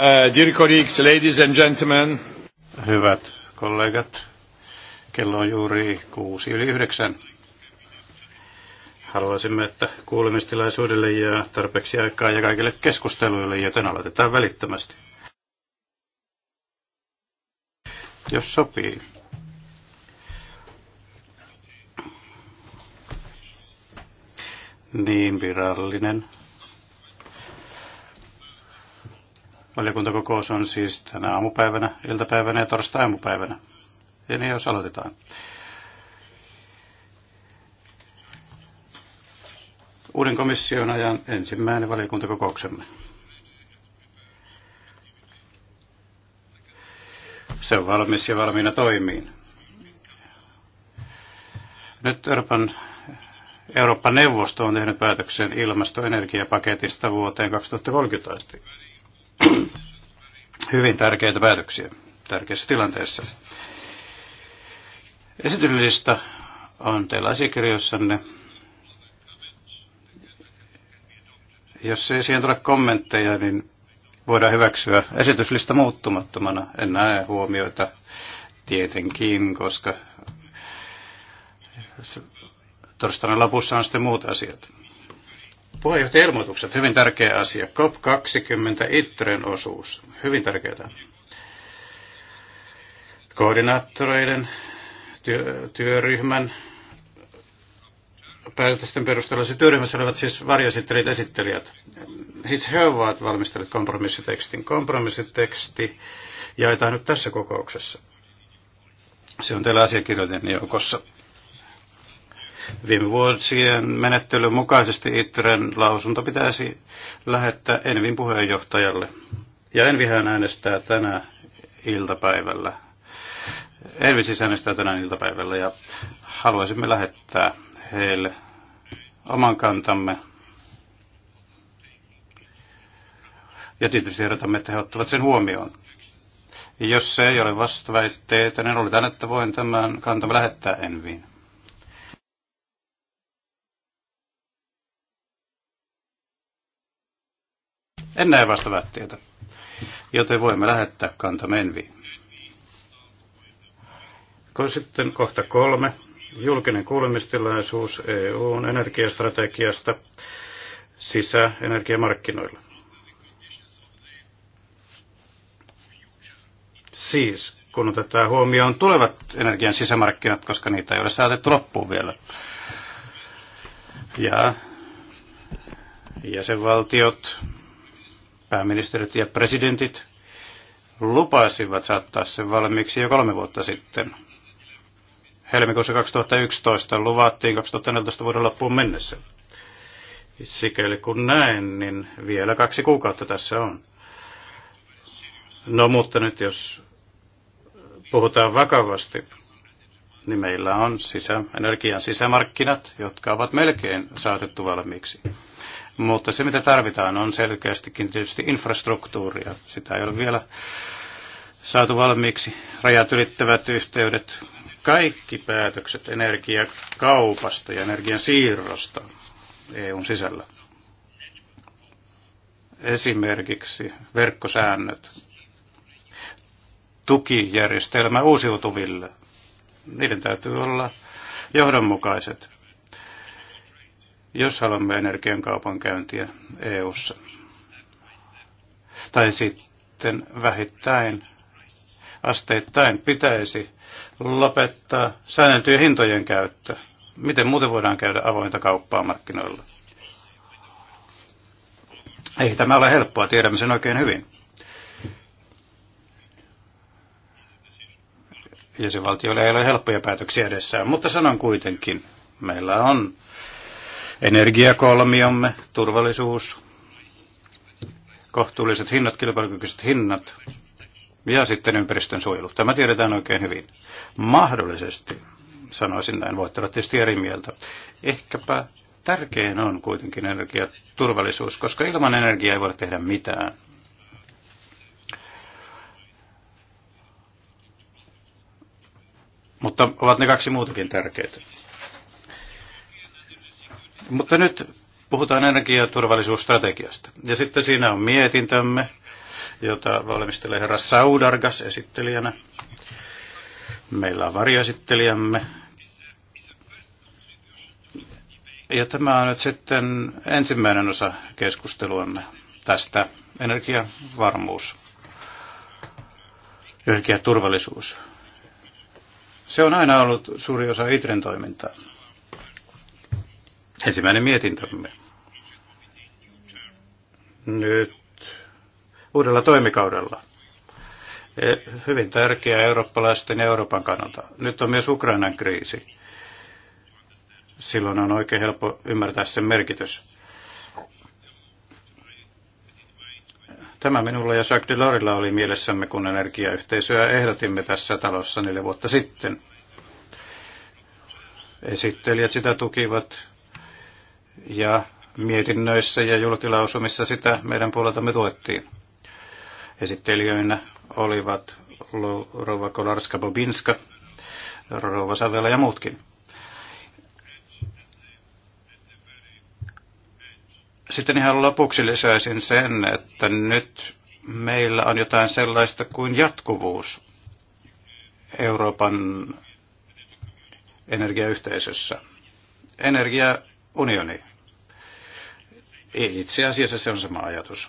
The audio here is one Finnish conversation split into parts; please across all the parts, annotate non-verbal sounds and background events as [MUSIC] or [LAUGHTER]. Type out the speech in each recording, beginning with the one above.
Uh, dear colleagues, ladies and gentlemen. Hyvät kollegat, kello on juuri kuusi yli yhdeksän. Haluaisimme, että kuulemistilaisuudelle jää tarpeeksi aikaa ja kaikille keskusteluille, joten aloitetaan välittömästi. Jos sopii. Niin virallinen Valiokuntakokous on siis tänä aamupäivänä, iltapäivänä ja torstai-aamupäivänä. Ja niin jos aloitetaan. Uuden komission ajan ensimmäinen valiokuntakokouksemme. Se on valmis ja valmiina toimiin. Nyt Euroopan Euroopan neuvosto on tehnyt päätöksen ilmasto- energiapaketista vuoteen 2030 asti hyvin tärkeitä päätöksiä tärkeässä tilanteessa. Esityslista on teillä asiakirjoissanne. Jos ei siihen tule kommentteja, niin voidaan hyväksyä esityslista muuttumattomana. En näe huomioita tietenkin, koska torstaina lopussa on sitten muut asiat ilmoitukset, hyvin tärkeä asia. COP20 Ittren osuus, hyvin tärkeää. Koordinaattoreiden työ, työryhmän päätösten perusteella se työryhmässä olivat siis varjoesittelijät esittelijät. He ovat valmistelleet kompromissitekstin. Kompromissiteksti jaetaan nyt tässä kokouksessa. Se on teillä asiakirjojen joukossa. Viime vuosien menettelyn mukaisesti Itren lausunto pitäisi lähettää Envin puheenjohtajalle. Ja Envihän äänestää tänä iltapäivällä. Envi siis äänestää tänä iltapäivällä ja haluaisimme lähettää heille oman kantamme. Ja tietysti ehdotamme, että he ottavat sen huomioon. Jos se ei ole vastaväitteitä, niin oletan, että voin tämän kantamme lähettää Enviin. En näe vastaväitteitä, joten voimme lähettää kantamme enviin. Sitten kohta kolme. Julkinen kuulemistilaisuus EUn energiastrategiasta sisäenergiamarkkinoilla. Siis, kun otetaan huomioon tulevat energian sisämarkkinat, koska niitä ei ole saatettu loppuun vielä. Ja jäsenvaltiot pääministerit ja presidentit lupasivat saattaa sen valmiiksi jo kolme vuotta sitten. Helmikuussa 2011 luvattiin 2014 vuoden loppuun mennessä. Sikäli kun näen, niin vielä kaksi kuukautta tässä on. No mutta nyt jos puhutaan vakavasti, niin meillä on sisä, energian sisämarkkinat, jotka ovat melkein saatettu valmiiksi. Mutta se, mitä tarvitaan, on selkeästikin tietysti infrastruktuuria. Sitä ei ole vielä saatu valmiiksi. Rajat ylittävät yhteydet, kaikki päätökset energiakaupasta ja energian siirrosta EUn sisällä. Esimerkiksi verkkosäännöt, tukijärjestelmä uusiutuville. Niiden täytyy olla johdonmukaiset jos haluamme energian kaupankäyntiä EU-ssa. Tai sitten vähittäin, asteittain pitäisi lopettaa säänneltyjen hintojen käyttö. Miten muuten voidaan käydä avointa kauppaa markkinoilla? Ei tämä ole helppoa, tiedämme sen oikein hyvin. Jäsenvaltioilla ei ole helppoja päätöksiä edessään, mutta sanon kuitenkin, meillä on energiakolmiomme, turvallisuus, kohtuulliset hinnat, kilpailukykyiset hinnat ja sitten ympäristön suojelu. Tämä tiedetään oikein hyvin. Mahdollisesti, sanoisin näin, voitte olla tietysti eri mieltä. Ehkäpä tärkein on kuitenkin energiaturvallisuus, koska ilman energiaa ei voida tehdä mitään. Mutta ovat ne kaksi muutakin tärkeitä. Mutta nyt puhutaan energiaturvallisuusstrategiasta. Ja sitten siinä on mietintömme, jota valmistelee herra Saudargas esittelijänä. Meillä on varjoesittelijämme. Ja tämä on nyt sitten ensimmäinen osa keskusteluamme tästä energiavarmuus, energiaturvallisuus. Se on aina ollut suuri osa ITREn toimintaa. Ensimmäinen mietintömme. Nyt uudella toimikaudella. E, hyvin tärkeä eurooppalaisten ja Euroopan kannalta. Nyt on myös Ukrainan kriisi. Silloin on oikein helppo ymmärtää sen merkitys. Tämä minulla ja Jacques Delorilla oli mielessämme, kun energiayhteisöä ehdotimme tässä talossa neljä vuotta sitten. Esittelijät sitä tukivat, ja mietinnöissä ja julkilausumissa sitä meidän puoleltamme tuettiin. Esittelijöinä olivat Rova Kolarska-Bobinska, Rova Savela ja muutkin. Sitten ihan lopuksi lisäisin sen, että nyt meillä on jotain sellaista kuin jatkuvuus Euroopan energiayhteisössä. Energiaunioni itse asiassa se on sama ajatus.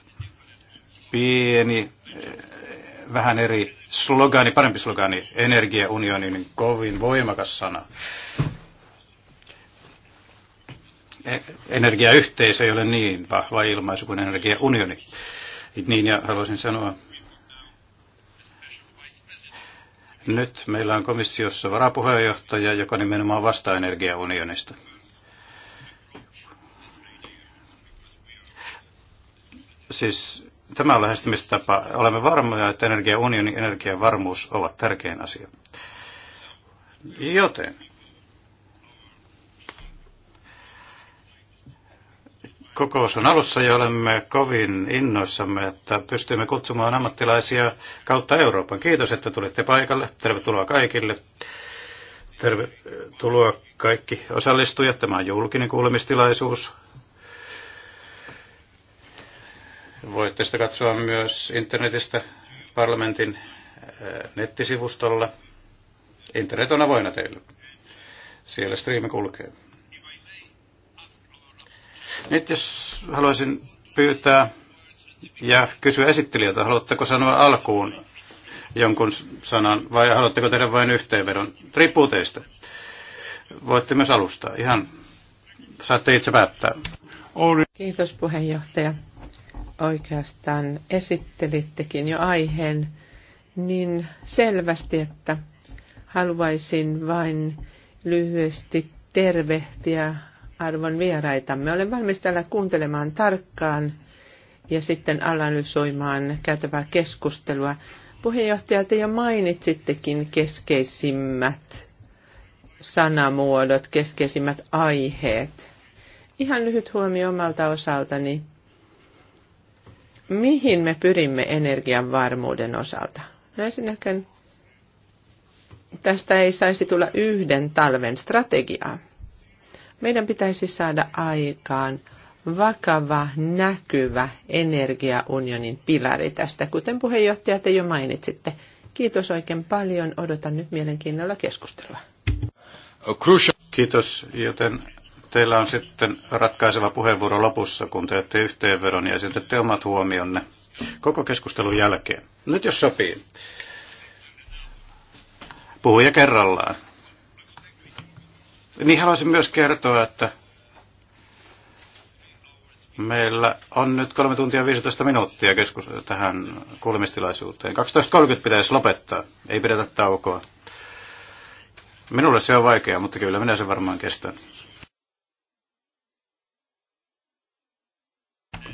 Pieni, vähän eri slogani, parempi slogani, energiaunioni, niin kovin voimakas sana. E, energiayhteisö ei ole niin vahva ilmaisu kuin energiaunioni. Niin, ja haluaisin sanoa, nyt meillä on komissiossa varapuheenjohtaja, joka nimenomaan vastaa energiaunionista. Siis tämä on lähestymistapa. Olemme varmoja, että energiaunionin energiavarmuus ovat tärkein asia. Joten kokous on alussa ja olemme kovin innoissamme, että pystymme kutsumaan ammattilaisia kautta Euroopan. Kiitos, että tulitte paikalle. Tervetuloa kaikille. Tervetuloa kaikki osallistujat. Tämä on julkinen kuulemistilaisuus. Voitte sitä katsoa myös internetistä parlamentin äh, nettisivustolla. Internet on avoinna teille. Siellä striimi kulkee. Nyt jos haluaisin pyytää ja kysyä esittelijöitä, haluatteko sanoa alkuun jonkun sanan vai haluatteko tehdä vain yhteenvedon? Riippuu teistä. Voitte myös alustaa. Ihan saatte itse päättää. Kiitos puheenjohtaja oikeastaan esittelittekin jo aiheen niin selvästi, että haluaisin vain lyhyesti tervehtiä arvon vieraitamme. Olen valmis täällä kuuntelemaan tarkkaan ja sitten analysoimaan käytävää keskustelua. Puheenjohtaja, te jo mainitsittekin keskeisimmät sanamuodot, keskeisimmät aiheet. Ihan lyhyt huomio omalta osaltani mihin me pyrimme energian varmuuden osalta. No ensinnäkin tästä ei saisi tulla yhden talven strategiaa. Meidän pitäisi saada aikaan vakava, näkyvä energiaunionin pilari tästä, kuten puheenjohtaja te jo mainitsitte. Kiitos oikein paljon. Odotan nyt mielenkiinnolla keskustelua. Kiitos, joten Teillä on sitten ratkaiseva puheenvuoro lopussa, kun teette yhteenvedon ja esitätte omat huomionne koko keskustelun jälkeen. Nyt jos sopii. Puhuja kerrallaan. Niin haluaisin myös kertoa, että meillä on nyt 3 tuntia 15 minuuttia keskus tähän kuulemistilaisuuteen. 12.30 pitäisi lopettaa, ei pidetä taukoa. Minulle se on vaikeaa, mutta kyllä minä sen varmaan kestän.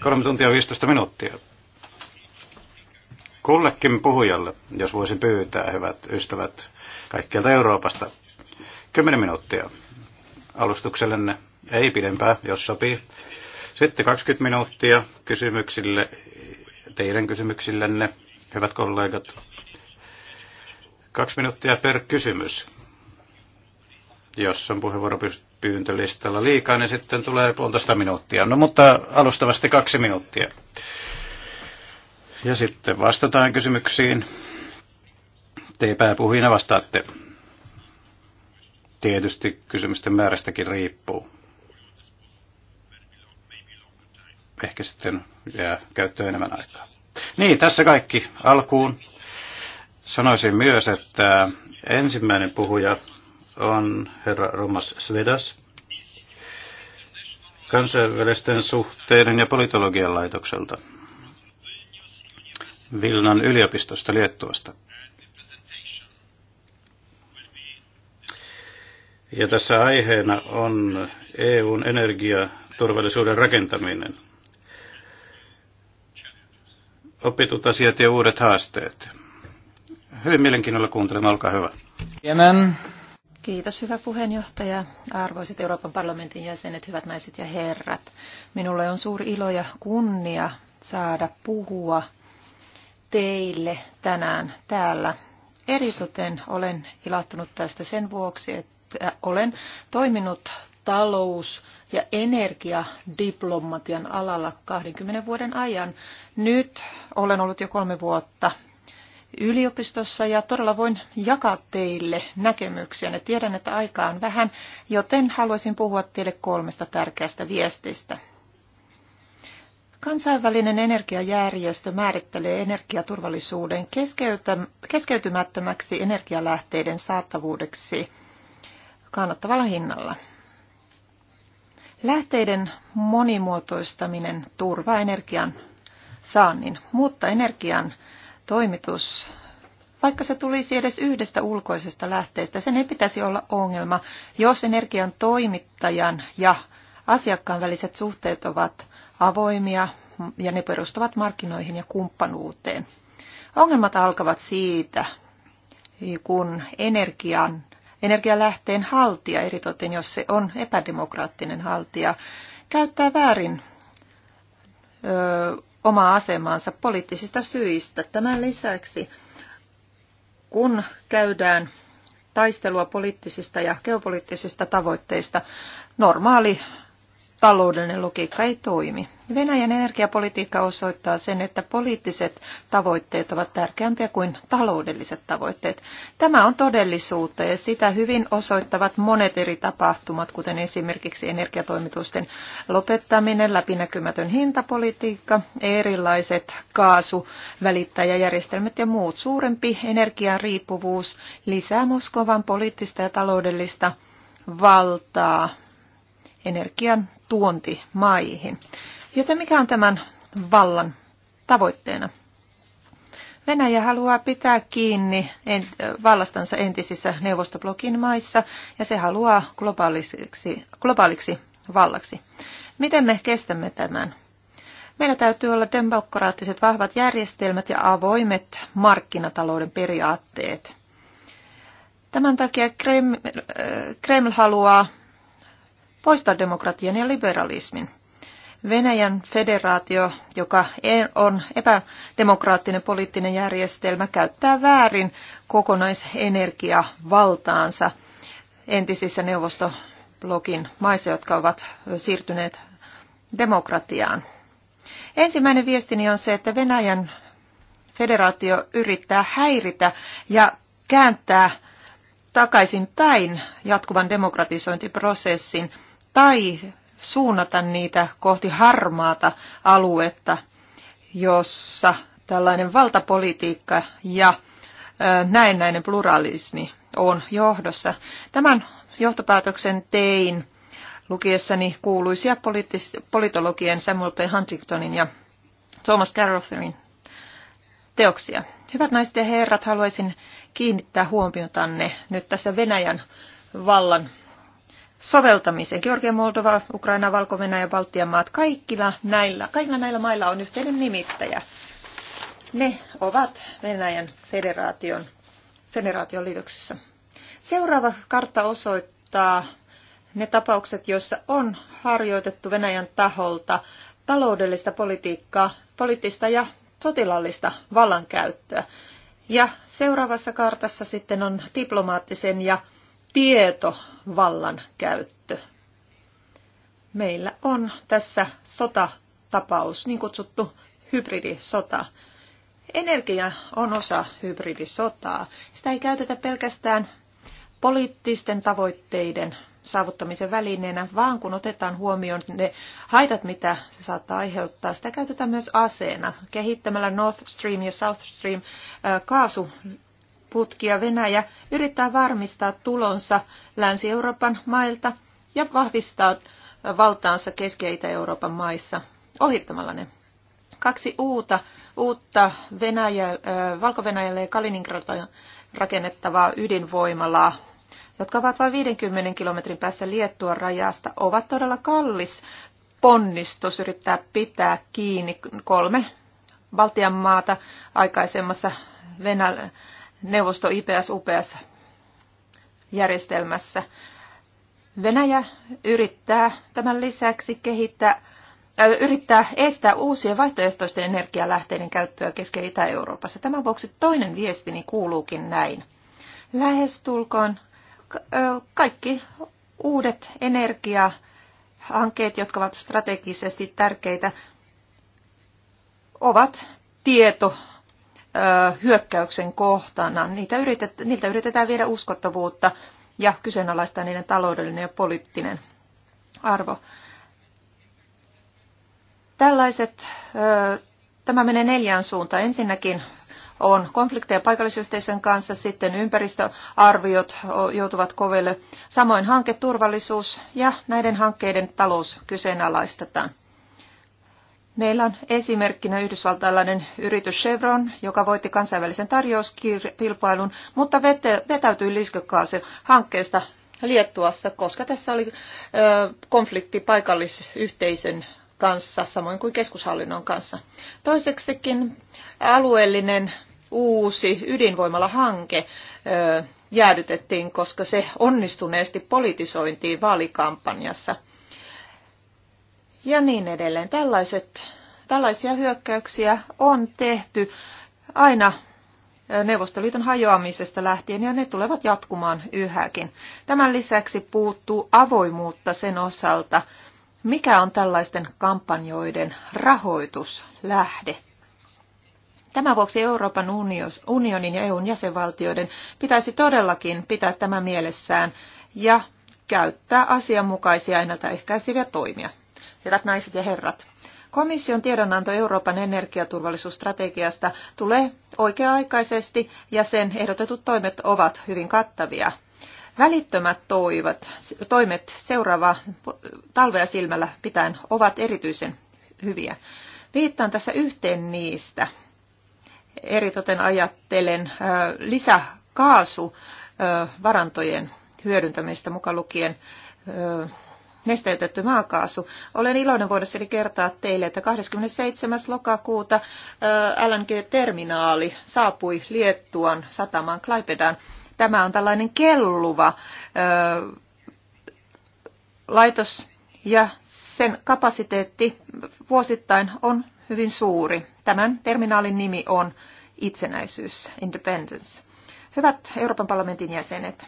Kolme tuntia 15 minuuttia. Kullekin puhujalle, jos voisin pyytää, hyvät ystävät, kaikkialta Euroopasta. Kymmenen minuuttia alustuksellenne, ei pidempää, jos sopii. Sitten 20 minuuttia kysymyksille, teidän kysymyksillenne, hyvät kollegat. Kaksi minuuttia per kysymys, jos on puheenvuoro pyyntölistalla liikaa, niin sitten tulee puolitoista minuuttia. No mutta alustavasti kaksi minuuttia. Ja sitten vastataan kysymyksiin. Te pääpuhina vastaatte. Tietysti kysymysten määrästäkin riippuu. Ehkä sitten jää käyttöön enemmän aikaa. Niin, tässä kaikki alkuun. Sanoisin myös, että ensimmäinen puhuja on herra Romas Svedas kansainvälisten suhteiden ja politologian laitokselta Vilnan yliopistosta Liettuasta. Ja tässä aiheena on EUn energiaturvallisuuden rakentaminen. Opitut asiat ja uudet haasteet. Hyvin mielenkiinnolla kuuntelemaan, olkaa hyvä. Jemen. Kiitos hyvä puheenjohtaja, arvoisat Euroopan parlamentin jäsenet, hyvät naiset ja herrat. Minulle on suuri ilo ja kunnia saada puhua teille tänään täällä. Eritoten olen ilahtunut tästä sen vuoksi, että olen toiminut talous- ja energiadiplomatian alalla 20 vuoden ajan. Nyt olen ollut jo kolme vuotta yliopistossa ja todella voin jakaa teille näkemyksiä. Ne tiedän, että aikaa on vähän, joten haluaisin puhua teille kolmesta tärkeästä viestistä. Kansainvälinen energiajärjestö määrittelee energiaturvallisuuden keskeytymättömäksi energialähteiden saattavuudeksi kannattavalla hinnalla. Lähteiden monimuotoistaminen turvaa energian saannin, mutta energian toimitus, vaikka se tulisi edes yhdestä ulkoisesta lähteestä, sen ei pitäisi olla ongelma, jos energian toimittajan ja asiakkaan väliset suhteet ovat avoimia ja ne perustuvat markkinoihin ja kumppanuuteen. Ongelmat alkavat siitä, kun energian, energialähteen haltija, eritoten jos se on epädemokraattinen haltija, käyttää väärin ö, omaa asemaansa poliittisista syistä. Tämän lisäksi, kun käydään taistelua poliittisista ja geopoliittisista tavoitteista, normaali taloudellinen logiikka ei toimi. Venäjän energiapolitiikka osoittaa sen, että poliittiset tavoitteet ovat tärkeämpiä kuin taloudelliset tavoitteet. Tämä on todellisuutta ja sitä hyvin osoittavat monet eri tapahtumat, kuten esimerkiksi energiatoimitusten lopettaminen, läpinäkymätön hintapolitiikka, erilaiset kaasuvälittäjäjärjestelmät ja muut. Suurempi energian riippuvuus lisää Moskovan poliittista ja taloudellista valtaa energian tuontimaihin. Joten mikä on tämän vallan tavoitteena? Venäjä haluaa pitää kiinni vallastansa entisissä neuvostoblokin maissa ja se haluaa globaaliksi, globaaliksi vallaksi. Miten me kestämme tämän? Meillä täytyy olla demokraattiset vahvat järjestelmät ja avoimet markkinatalouden periaatteet. Tämän takia Kreml, Kreml haluaa poistaa demokratian ja liberalismin. Venäjän federaatio, joka e- on epädemokraattinen poliittinen järjestelmä, käyttää väärin kokonaisenergiavaltaansa entisissä neuvostoblogin maissa, jotka ovat siirtyneet demokratiaan. Ensimmäinen viestini on se, että Venäjän federaatio yrittää häiritä ja kääntää takaisin päin jatkuvan demokratisointiprosessin – tai suunnata niitä kohti harmaata aluetta, jossa tällainen valtapolitiikka ja näennäinen pluralismi on johdossa. Tämän johtopäätöksen tein lukiessani kuuluisia politologien Samuel P. Huntingtonin ja Thomas Carrotherin teoksia. Hyvät naiset ja herrat, haluaisin kiinnittää huomiotanne nyt tässä Venäjän vallan soveltamiseen. Georgia, Moldova, Ukraina, valko ja Baltian maat, kaikilla näillä, kaikilla näillä mailla on yhteinen nimittäjä. Ne ovat Venäjän federaation, federaation liitoksissa. Seuraava kartta osoittaa ne tapaukset, joissa on harjoitettu Venäjän taholta taloudellista politiikkaa, poliittista ja sotilaallista vallankäyttöä. Ja seuraavassa kartassa sitten on diplomaattisen ja tietovallan käyttö. Meillä on tässä sotatapaus, niin kutsuttu hybridisota. Energia on osa hybridisotaa. Sitä ei käytetä pelkästään poliittisten tavoitteiden saavuttamisen välineenä, vaan kun otetaan huomioon ne haitat, mitä se saattaa aiheuttaa, sitä käytetään myös aseena. Kehittämällä North Stream ja South Stream kaasu ja Venäjä yrittää varmistaa tulonsa Länsi-Euroopan mailta ja vahvistaa valtaansa Keski- ja Itä-Euroopan maissa ohittamalla ne. Kaksi uutta, uutta Venäjä, äh, Valko-Venäjälle ja Kaliningradan rakennettavaa ydinvoimalaa, jotka ovat vain 50 kilometrin päässä Liettuan rajasta, ovat todella kallis ponnistus yrittää pitää kiinni kolme Baltian maata aikaisemmassa Venäjällä neuvosto IPS-UPS järjestelmässä. Venäjä yrittää tämän lisäksi kehittää, äh, yrittää estää uusien vaihtoehtoisten energialähteiden käyttöä Keski- ja Itä-Euroopassa. Tämän vuoksi toinen viestini kuuluukin näin. Lähestulkoon äh, kaikki uudet energiahankkeet, jotka ovat strategisesti tärkeitä, ovat tieto hyökkäyksen kohtana. Niitä yritetään, niiltä yritetään viedä uskottavuutta ja kyseenalaistaa niiden taloudellinen ja poliittinen arvo. Tällaiset, tämä menee neljään suuntaan. Ensinnäkin on konflikteja paikallisyhteisön kanssa, sitten ympäristöarviot joutuvat koville, samoin hanketurvallisuus ja näiden hankkeiden talous kyseenalaistetaan. Meillä on esimerkkinä yhdysvaltalainen yritys Chevron, joka voitti kansainvälisen tarjouskilpailun, mutta vetäytyi hankkeesta Liettuassa, koska tässä oli ö, konflikti paikallisyhteisön kanssa, samoin kuin keskushallinnon kanssa. Toiseksikin alueellinen uusi ydinvoimalahanke ö, jäädytettiin, koska se onnistuneesti politisointiin vaalikampanjassa ja niin edelleen. Tällaiset, tällaisia hyökkäyksiä on tehty aina Neuvostoliiton hajoamisesta lähtien ja ne tulevat jatkumaan yhäkin. Tämän lisäksi puuttuu avoimuutta sen osalta, mikä on tällaisten kampanjoiden rahoituslähde. Tämän vuoksi Euroopan unionin ja EUn jäsenvaltioiden pitäisi todellakin pitää tämä mielessään ja käyttää asianmukaisia ennaltaehkäiseviä toimia. Hyvät naiset ja herrat, komission tiedonanto Euroopan energiaturvallisuusstrategiasta tulee oikea-aikaisesti ja sen ehdotetut toimet ovat hyvin kattavia. Välittömät toivat, toimet seuraavaa talvea silmällä pitäen ovat erityisen hyviä. Viittaan tässä yhteen niistä. Eritoten ajattelen lisäkaasuvarantojen hyödyntämistä mukaan lukien nesteytetty maakaasu. Olen iloinen voidessani kertoa teille, että 27. lokakuuta LNG-terminaali saapui Liettuan satamaan Klaipedan. Tämä on tällainen kelluva laitos ja sen kapasiteetti vuosittain on hyvin suuri. Tämän terminaalin nimi on itsenäisyys, independence. Hyvät Euroopan parlamentin jäsenet,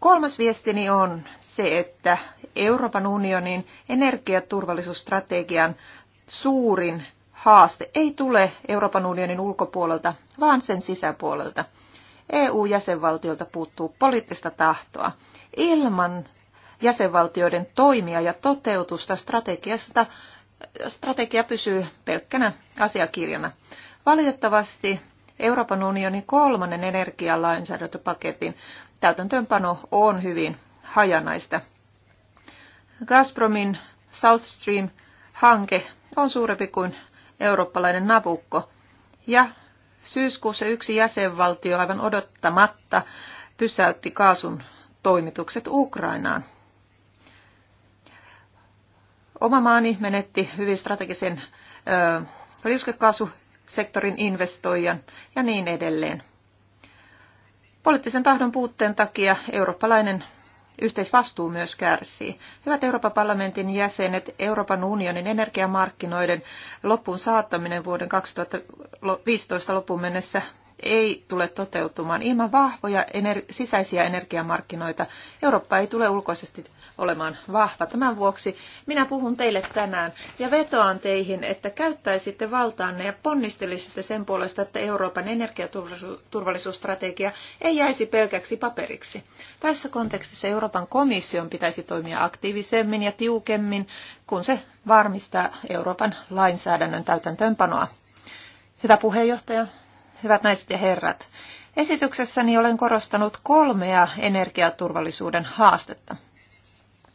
Kolmas viestini on se, että Euroopan unionin energiaturvallisuusstrategian suurin haaste ei tule Euroopan unionin ulkopuolelta, vaan sen sisäpuolelta. EU-jäsenvaltiolta puuttuu poliittista tahtoa. Ilman jäsenvaltioiden toimia ja toteutusta strategiasta strategia pysyy pelkkänä asiakirjana. Valitettavasti Euroopan unionin kolmannen energialainsäädäntöpaketin täytäntöönpano on hyvin hajanaista. Gazpromin South Stream-hanke on suurempi kuin eurooppalainen Nabukko, ja syyskuussa yksi jäsenvaltio aivan odottamatta pysäytti kaasun toimitukset Ukrainaan. Oma maani menetti hyvin strategisen liuskekaasusektorin investoijan ja niin edelleen. Poliittisen tahdon puutteen takia eurooppalainen Yhteisvastuu myös kärsii. Hyvät Euroopan parlamentin jäsenet, Euroopan unionin energiamarkkinoiden loppuun saattaminen vuoden 2015 loppuun mennessä ei tule toteutumaan. Ilman vahvoja ener- sisäisiä energiamarkkinoita Eurooppa ei tule ulkoisesti olemaan vahva. Tämän vuoksi minä puhun teille tänään ja vetoan teihin, että käyttäisitte valtaanne ja ponnistelisitte sen puolesta, että Euroopan energiaturvallisuusstrategia ei jäisi pelkäksi paperiksi. Tässä kontekstissa Euroopan komission pitäisi toimia aktiivisemmin ja tiukemmin, kun se varmistaa Euroopan lainsäädännön täytäntöönpanoa. Hyvä puheenjohtaja, hyvät naiset ja herrat. Esityksessäni olen korostanut kolmea energiaturvallisuuden haastetta.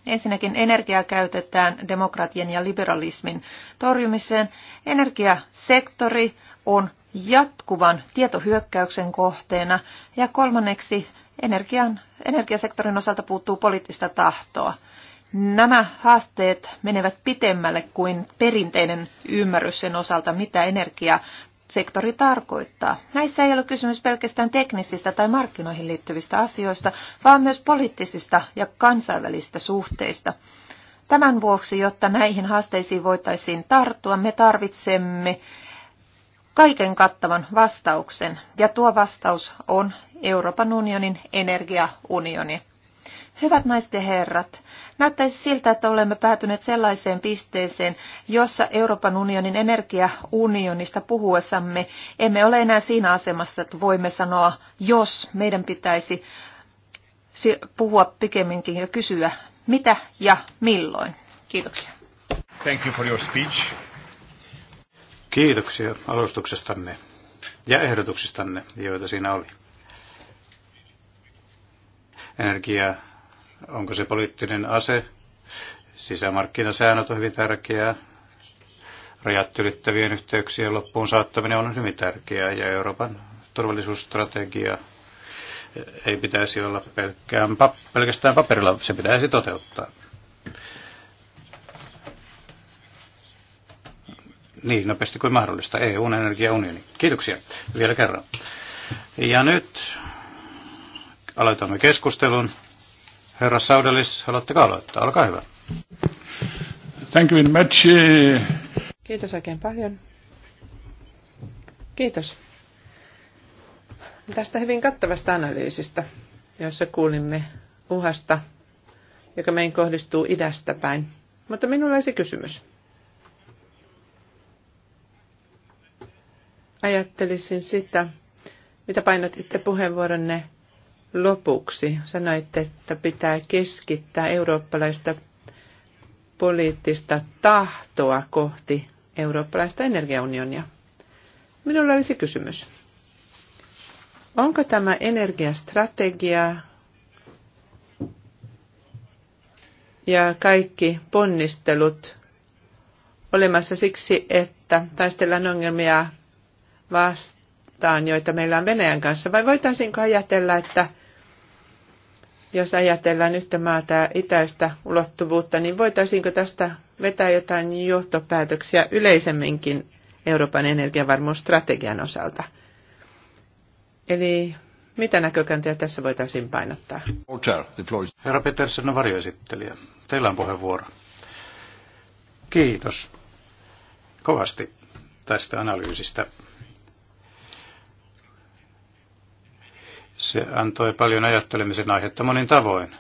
Ensinnäkin energiaa käytetään demokratian ja liberalismin torjumiseen. Energiasektori on jatkuvan tietohyökkäyksen kohteena ja kolmanneksi energian, energiasektorin osalta puuttuu poliittista tahtoa. Nämä haasteet menevät pitemmälle kuin perinteinen ymmärrys sen osalta, mitä energia sektori tarkoittaa. Näissä ei ole kysymys pelkästään teknisistä tai markkinoihin liittyvistä asioista, vaan myös poliittisista ja kansainvälisistä suhteista. Tämän vuoksi, jotta näihin haasteisiin voitaisiin tarttua, me tarvitsemme kaiken kattavan vastauksen, ja tuo vastaus on Euroopan unionin energiaunioni. Hyvät naiset ja herrat, näyttäisi siltä, että olemme päätyneet sellaiseen pisteeseen, jossa Euroopan unionin energiaunionista puhuessamme emme ole enää siinä asemassa, että voimme sanoa, jos meidän pitäisi puhua pikemminkin ja kysyä, mitä ja milloin. Kiitoksia. Thank you for your speech. Kiitoksia alustuksestanne ja ehdotuksistanne, joita siinä oli. Energia Onko se poliittinen ase? Sisämarkkinasäännöt on hyvin tärkeää. Rajat ylittävien yhteyksien loppuun saattaminen on hyvin tärkeää ja Euroopan turvallisuusstrategia ei pitäisi olla pelkkään, pelkästään paperilla, se pitäisi toteuttaa. niin nopeasti kuin mahdollista. EUn energiaunioni. Kiitoksia vielä kerran. Ja nyt aloitamme keskustelun. Herra Saudelis, haluatteko aloittaa? Olkaa hyvä. Thank you very much. Eh. Kiitos oikein paljon. Kiitos tästä hyvin kattavasta analyysistä, jossa kuulimme uhasta, joka meihin kohdistuu idästä päin. Mutta minulla olisi kysymys. Ajattelisin sitä, mitä painotitte puheenvuoronne lopuksi sanoitte, että pitää keskittää eurooppalaista poliittista tahtoa kohti eurooppalaista energiaunionia. Minulla olisi kysymys. Onko tämä energiastrategia ja kaikki ponnistelut olemassa siksi, että taistellaan ongelmia vastaan, joita meillä on Venäjän kanssa, vai voitaisiinko ajatella, että – jos ajatellaan yhtä maata itäistä ulottuvuutta, niin voitaisiinko tästä vetää jotain johtopäätöksiä yleisemminkin Euroopan energiavarmuusstrategian osalta? Eli mitä näkökantoja tässä voitaisiin painottaa? Herra Petersen on no varjoesittelijä. Teillä on puheenvuoro. Kiitos kovasti tästä analyysistä. Se antoi paljon ajattelemisen aihetta monin tavoin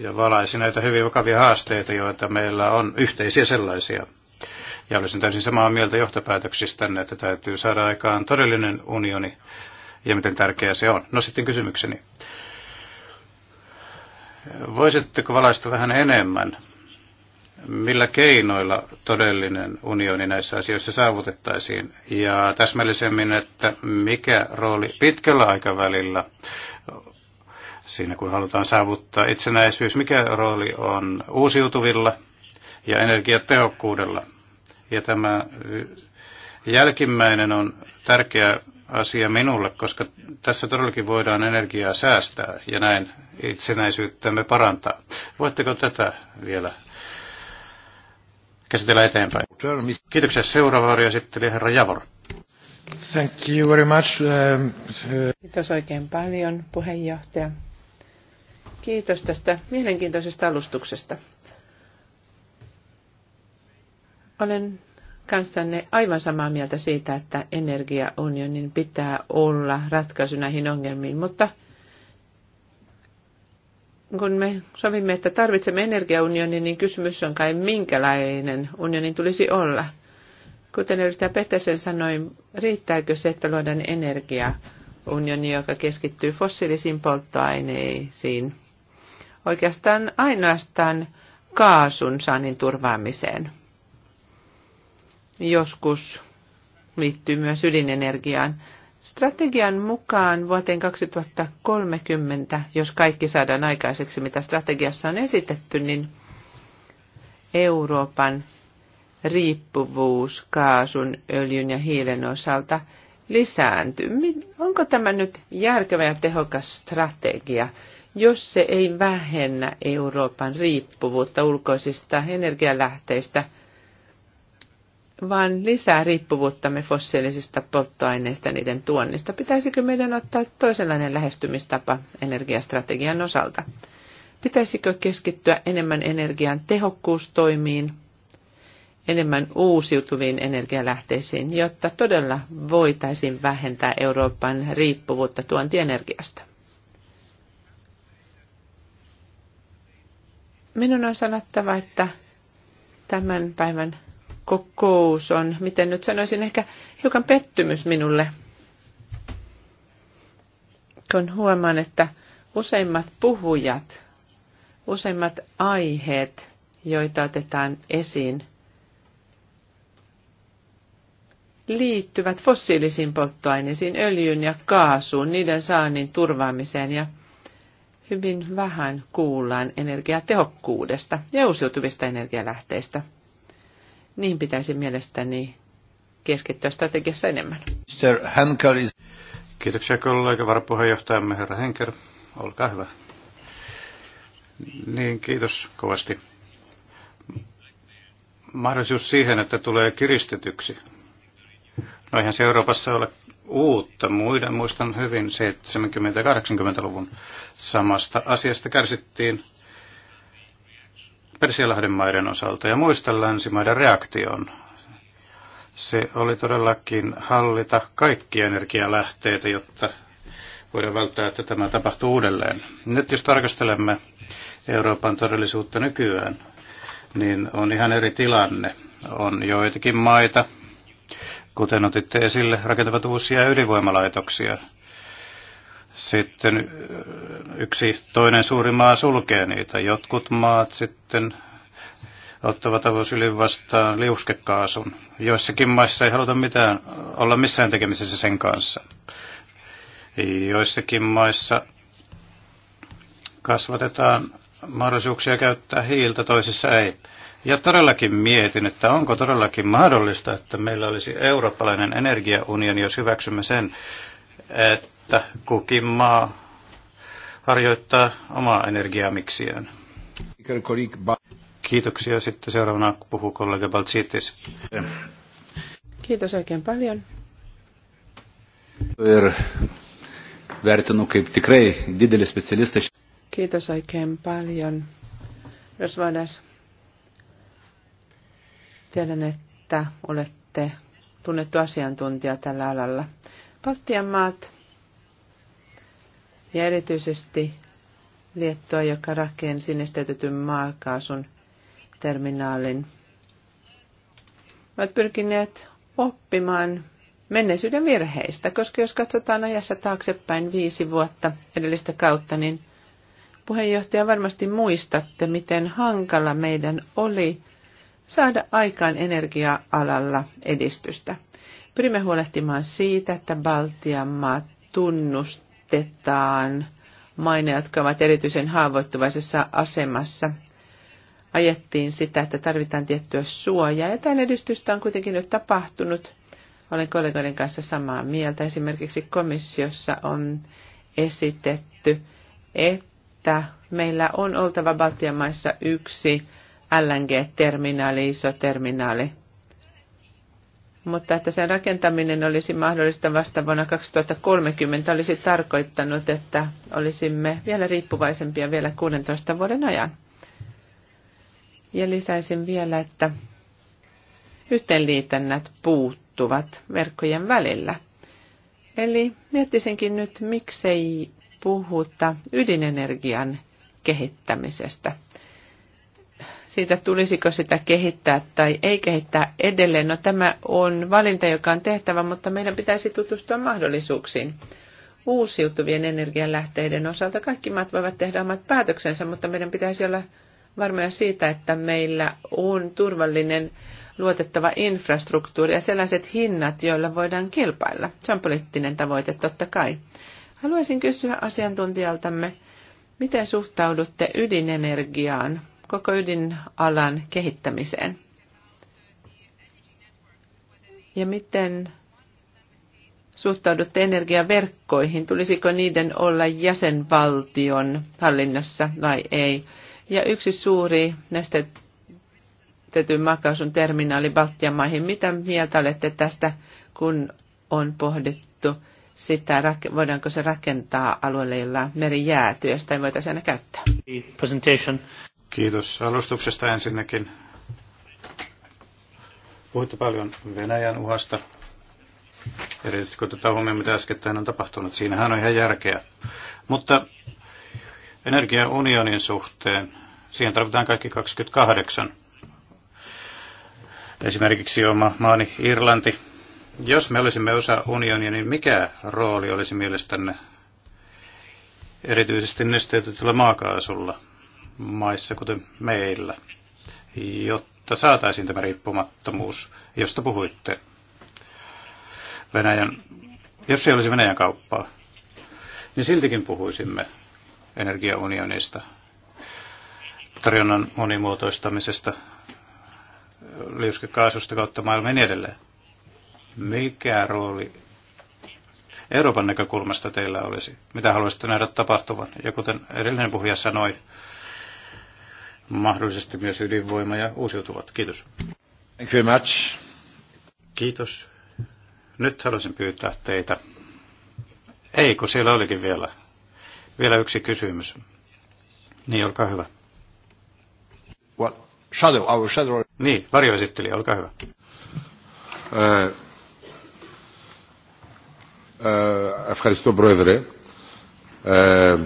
ja valaisi näitä hyvin vakavia haasteita, joita meillä on, yhteisiä sellaisia. Ja olisin täysin samaa mieltä johtopäätöksistä, että täytyy saada aikaan todellinen unioni ja miten tärkeää se on. No sitten kysymykseni. Voisitteko valaista vähän enemmän millä keinoilla todellinen unioni näissä asioissa saavutettaisiin ja täsmällisemmin, että mikä rooli pitkällä aikavälillä siinä kun halutaan saavuttaa itsenäisyys, mikä rooli on uusiutuvilla ja energiatehokkuudella. Ja tämä jälkimmäinen on tärkeä asia minulle, koska tässä todellakin voidaan energiaa säästää ja näin itsenäisyyttämme parantaa. Voitteko tätä vielä käsitellä eteenpäin. Kiitoksia seuraava varjoesittelijä herra Javor. Thank you very much. Um, uh, Kiitos oikein paljon puheenjohtaja. Kiitos tästä mielenkiintoisesta alustuksesta. Olen kanssanne aivan samaa mieltä siitä, että energiaunionin pitää olla ratkaisu näihin ongelmiin, mutta kun me sovimme, että tarvitsemme energiaunionin, niin kysymys on kai minkälainen unionin tulisi olla. Kuten edustaja Petesen sanoi, riittääkö se, että luodaan energiaunioni, joka keskittyy fossiilisiin polttoaineisiin? Oikeastaan ainoastaan kaasun saannin turvaamiseen. Joskus liittyy myös ydinenergiaan. Strategian mukaan vuoteen 2030, jos kaikki saadaan aikaiseksi, mitä strategiassa on esitetty, niin Euroopan riippuvuus kaasun, öljyn ja hiilen osalta lisääntyy. Onko tämä nyt järkevä ja tehokas strategia, jos se ei vähennä Euroopan riippuvuutta ulkoisista energialähteistä – vaan lisää riippuvuuttamme fossiilisista polttoaineista ja niiden tuonnista. Pitäisikö meidän ottaa toisenlainen lähestymistapa energiastrategian osalta? Pitäisikö keskittyä enemmän energian tehokkuustoimiin, enemmän uusiutuviin energialähteisiin, jotta todella voitaisiin vähentää Euroopan riippuvuutta tuontienergiasta? Minun on sanottava, että tämän päivän kokous on, miten nyt sanoisin, ehkä hiukan pettymys minulle, kun huomaan, että useimmat puhujat, useimmat aiheet, joita otetaan esiin, liittyvät fossiilisiin polttoaineisiin, öljyyn ja kaasuun, niiden saannin turvaamiseen ja hyvin vähän kuullaan energiatehokkuudesta ja uusiutuvista energialähteistä. Niin pitäisi mielestäni keskittyä strategiassa enemmän. Mr. Henkel is... Kiitoksia kollega varapuheenjohtajamme herra Henker. Olkaa hyvä. Niin, kiitos kovasti. Mahdollisuus siihen, että tulee kiristetyksi. No eihän se Euroopassa ole uutta. muistan hyvin 70-80-luvun samasta asiasta kärsittiin Persialahden maiden osalta ja muista länsimaiden reaktion. Se oli todellakin hallita kaikkia energialähteitä, jotta voidaan välttää, että tämä tapahtuu uudelleen. Nyt jos tarkastelemme Euroopan todellisuutta nykyään, niin on ihan eri tilanne. On joitakin maita, kuten otitte esille, rakentavat uusia ydinvoimalaitoksia – sitten yksi toinen suuri maa sulkee niitä. Jotkut maat sitten ottavat avosylin vastaan liuskekaasun. Joissakin maissa ei haluta mitään, olla missään tekemisessä sen kanssa. Joissakin maissa kasvatetaan mahdollisuuksia käyttää hiiltä, toisissa ei. Ja todellakin mietin, että onko todellakin mahdollista, että meillä olisi eurooppalainen energiaunioni, jos hyväksymme sen, että että kukin maa harjoittaa omaa energiamiksiään. Kiitoksia. Sitten seuraavana puhuu kollega Baltsitis. Kiitos oikein paljon. Kiitos oikein paljon. Rosvadas, tiedän, että olette tunnettu asiantuntija tällä alalla. Baltian maat ja erityisesti Liettua, joka rakensi nesteytetyn maakaasun terminaalin, ovat pyrkineet oppimaan menneisyyden virheistä, koska jos katsotaan ajassa taaksepäin viisi vuotta edellistä kautta, niin puheenjohtaja varmasti muistatte, miten hankala meidän oli saada aikaan energia-alalla edistystä. Pyrimme huolehtimaan siitä, että Baltian maat tunnustavat autetaan maine, jotka ovat erityisen haavoittuvaisessa asemassa. Ajettiin sitä, että tarvitaan tiettyä suojaa. Ja tämän edistystä on kuitenkin nyt tapahtunut. Olen kollegoiden kanssa samaa mieltä. Esimerkiksi komissiossa on esitetty, että meillä on oltava Baltian maissa yksi LNG-terminaali, iso terminaali – mutta että sen rakentaminen olisi mahdollista vasta vuonna 2030 olisi tarkoittanut, että olisimme vielä riippuvaisempia vielä 16 vuoden ajan. Ja lisäisin vielä, että yhteenliitännät puuttuvat verkkojen välillä. Eli miettisinkin nyt, miksei puhuta ydinenergian kehittämisestä siitä, tulisiko sitä kehittää tai ei kehittää edelleen. No tämä on valinta, joka on tehtävä, mutta meidän pitäisi tutustua mahdollisuuksiin. Uusiutuvien energianlähteiden osalta kaikki maat voivat tehdä omat päätöksensä, mutta meidän pitäisi olla varmoja siitä, että meillä on turvallinen luotettava infrastruktuuri ja sellaiset hinnat, joilla voidaan kilpailla. Se on poliittinen tavoite totta kai. Haluaisin kysyä asiantuntijaltamme, miten suhtaudutte ydinenergiaan koko ydinalan kehittämiseen. Ja miten suhtaudutte energiaverkkoihin? Tulisiko niiden olla jäsenvaltion hallinnassa vai ei? Ja yksi suuri näistä nestetty makausun terminaali Baltian maihin. Mitä mieltä olette tästä, kun on pohdittu sitä, voidaanko se rakentaa alueelle, jolla meri jäätyy, ja sitä ei voitaisiin aina käyttää? Kiitos alustuksesta ensinnäkin. Puhuitte paljon Venäjän uhasta, erityisesti kun tätä huomioon, mitä äskettäin on tapahtunut. Siinähän on ihan järkeä. Mutta energiaunionin suhteen, siihen tarvitaan kaikki 28. Esimerkiksi oma maani Irlanti. Jos me olisimme osa unionia, niin mikä rooli olisi mielestänne erityisesti nesteytetyllä maakaasulla maissa, kuten meillä, jotta saataisiin tämä riippumattomuus, josta puhuitte. Venäjän, jos ei olisi Venäjän kauppaa, niin siltikin puhuisimme energiaunionista, tarjonnan monimuotoistamisesta, liuskekaasusta kautta maailman ja niin edelleen. Mikä rooli Euroopan näkökulmasta teillä olisi? Mitä haluaisitte nähdä tapahtuvan? Ja kuten edellinen puhuja sanoi, mahdollisesti myös ydinvoima ja uusiutuvat. Kiitos. Thank you very much. Kiitos. Nyt haluaisin pyytää teitä. Ei, kun siellä olikin vielä, vielä yksi kysymys. Niin, olkaa hyvä. Well, shadow, our shadow. Niin, varjoesittelijä, olkaa hyvä. Uh, uh, Uh,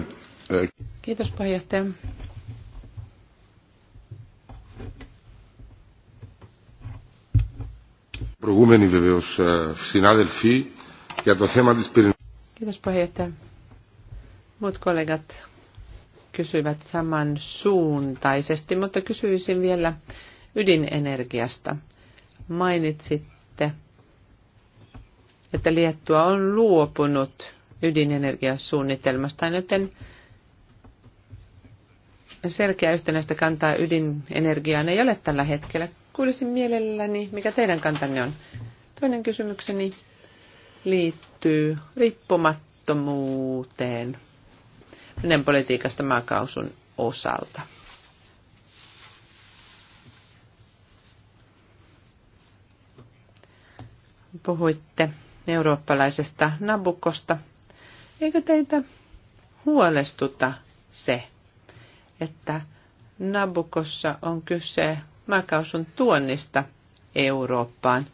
uh, Kiitos puheenjohtaja. προηγούμενοι βεβαίως για το θέμα της Kiitos puheenjohtaja. Muut kollegat kysyivät samansuuntaisesti, mutta kysyisin vielä ydinenergiasta. Mainitsitte, että Liettua on luopunut ydinenergiasuunnitelmasta, joten selkeä yhtenäistä kantaa ydinenergiaan ei ole tällä hetkellä. Kuulisin mielelläni, mikä teidän kantanne on. Toinen kysymykseni liittyy riippumattomuuteen Venäjän politiikasta maakausun osalta. Puhuitte eurooppalaisesta Nabukosta. Eikö teitä huolestuta se, että Nabukossa on kyse maakausun tuonnista Eurooppaan,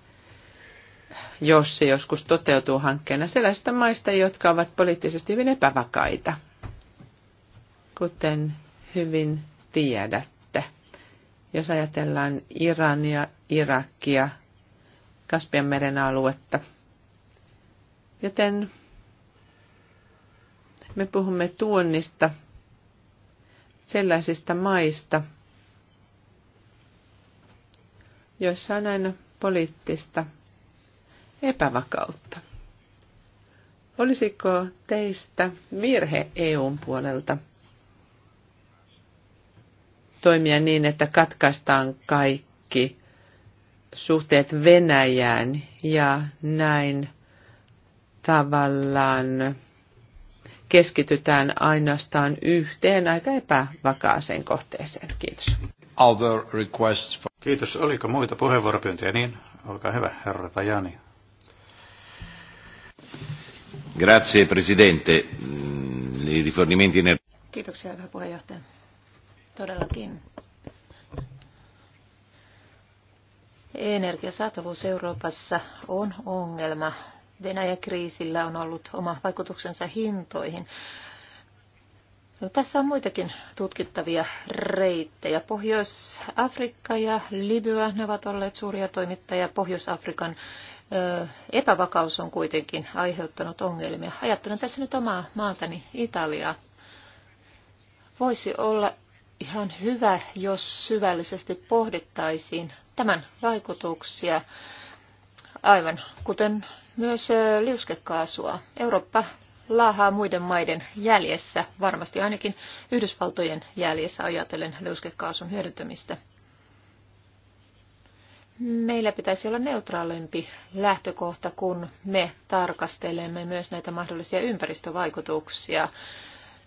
jos se joskus toteutuu hankkeena sellaisista maista, jotka ovat poliittisesti hyvin epävakaita, kuten hyvin tiedätte. Jos ajatellaan Irania, Irakia, Kaspian meren aluetta. Joten me puhumme tuonnista sellaisista maista, joissa on aina poliittista epävakautta. Olisiko teistä virhe EUn puolelta toimia niin, että katkaistaan kaikki suhteet Venäjään ja näin tavallaan keskitytään ainoastaan yhteen aika epävakaaseen kohteeseen. Kiitos other requests for... Kiitos. Oliko muita puheenvuoropyyntöjä? Niin, olkaa hyvä, herra Tajani. Grazie, presidente. Mm, I rifornimenti... Kiitoksia, hyvä puheenjohtaja. Todellakin. Energiasaatavuus Euroopassa on ongelma. Venäjäkriisillä on ollut oma vaikutuksensa hintoihin. No, tässä on muitakin tutkittavia reittejä. Pohjois-Afrikka ja Libya, ne ovat olleet suuria toimittajia. Pohjois-Afrikan epävakaus on kuitenkin aiheuttanut ongelmia. Ajattelen tässä nyt omaa maatani Italiaa. Voisi olla ihan hyvä, jos syvällisesti pohdittaisiin tämän vaikutuksia, aivan kuten myös liuskekaasua. Eurooppa laahaa muiden maiden jäljessä, varmasti ainakin Yhdysvaltojen jäljessä ajatellen liuskekaasun hyödyntämistä. Meillä pitäisi olla neutraalimpi lähtökohta, kun me tarkastelemme myös näitä mahdollisia ympäristövaikutuksia.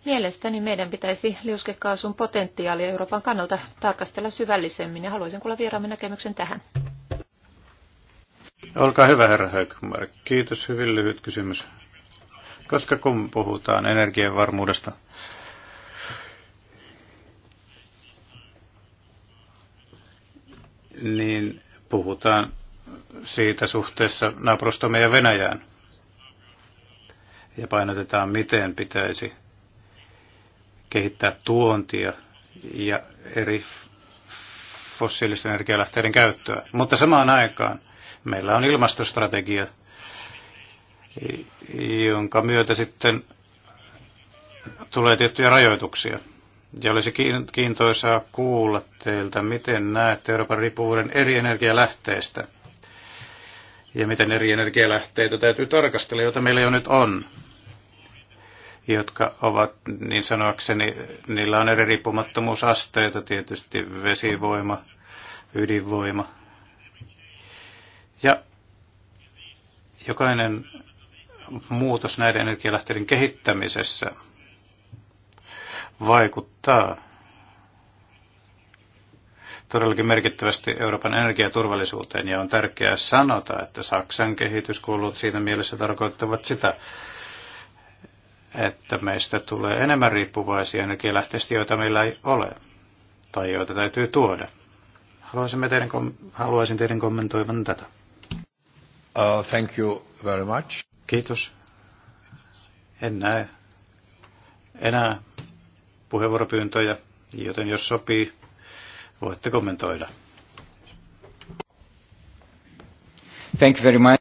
Mielestäni meidän pitäisi liuskekaasun potentiaalia Euroopan kannalta tarkastella syvällisemmin ja haluaisin kuulla vieraamme näkemyksen tähän. Olkaa hyvä, herra Högmark. Kiitos. Hyvin lyhyt kysymys koska kun puhutaan varmuudesta, niin puhutaan siitä suhteessa naapurustomme ja Venäjään. Ja painotetaan, miten pitäisi kehittää tuontia ja eri fossiilisten energialähteiden käyttöä. Mutta samaan aikaan meillä on ilmastostrategia – jonka myötä sitten tulee tiettyjä rajoituksia. Ja olisi kiintoisaa kuulla teiltä, miten näette Euroopan riippuvuuden eri energialähteistä ja miten eri energialähteitä täytyy tarkastella, joita meillä jo nyt on, jotka ovat niin sanoakseni, niillä on eri riippumattomuusasteita, tietysti vesivoima, ydinvoima. Ja jokainen muutos näiden energialähteiden kehittämisessä vaikuttaa todellakin merkittävästi Euroopan energiaturvallisuuteen ja on tärkeää sanota, että Saksan kehityskulut siinä mielessä tarkoittavat sitä, että meistä tulee enemmän riippuvaisia energialähteistä, joita meillä ei ole tai joita täytyy tuoda. teidän, haluaisin teidän kommentoivan tätä. Uh, thank you very much. Kiitos. En näe enää puheenvuoropyyntöjä, joten jos sopii, voitte kommentoida. Thank you very much.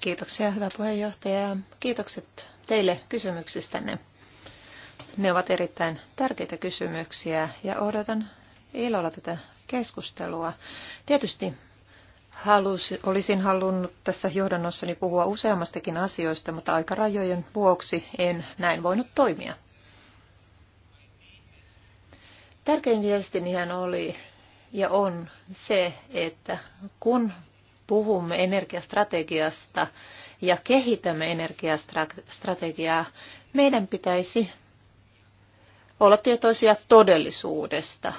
Kiitoksia, hyvä puheenjohtaja. Kiitokset teille kysymyksistänne. Ne ovat erittäin tärkeitä kysymyksiä ja odotan ilolla tätä keskustelua. Tietysti Halusi, olisin halunnut tässä johdannossani puhua useammastakin asioista, mutta aikarajojen vuoksi en näin voinut toimia. Tärkein viestinihän oli ja on se, että kun puhumme energiastrategiasta ja kehitämme energiastrategiaa, meidän pitäisi olla tietoisia todellisuudesta.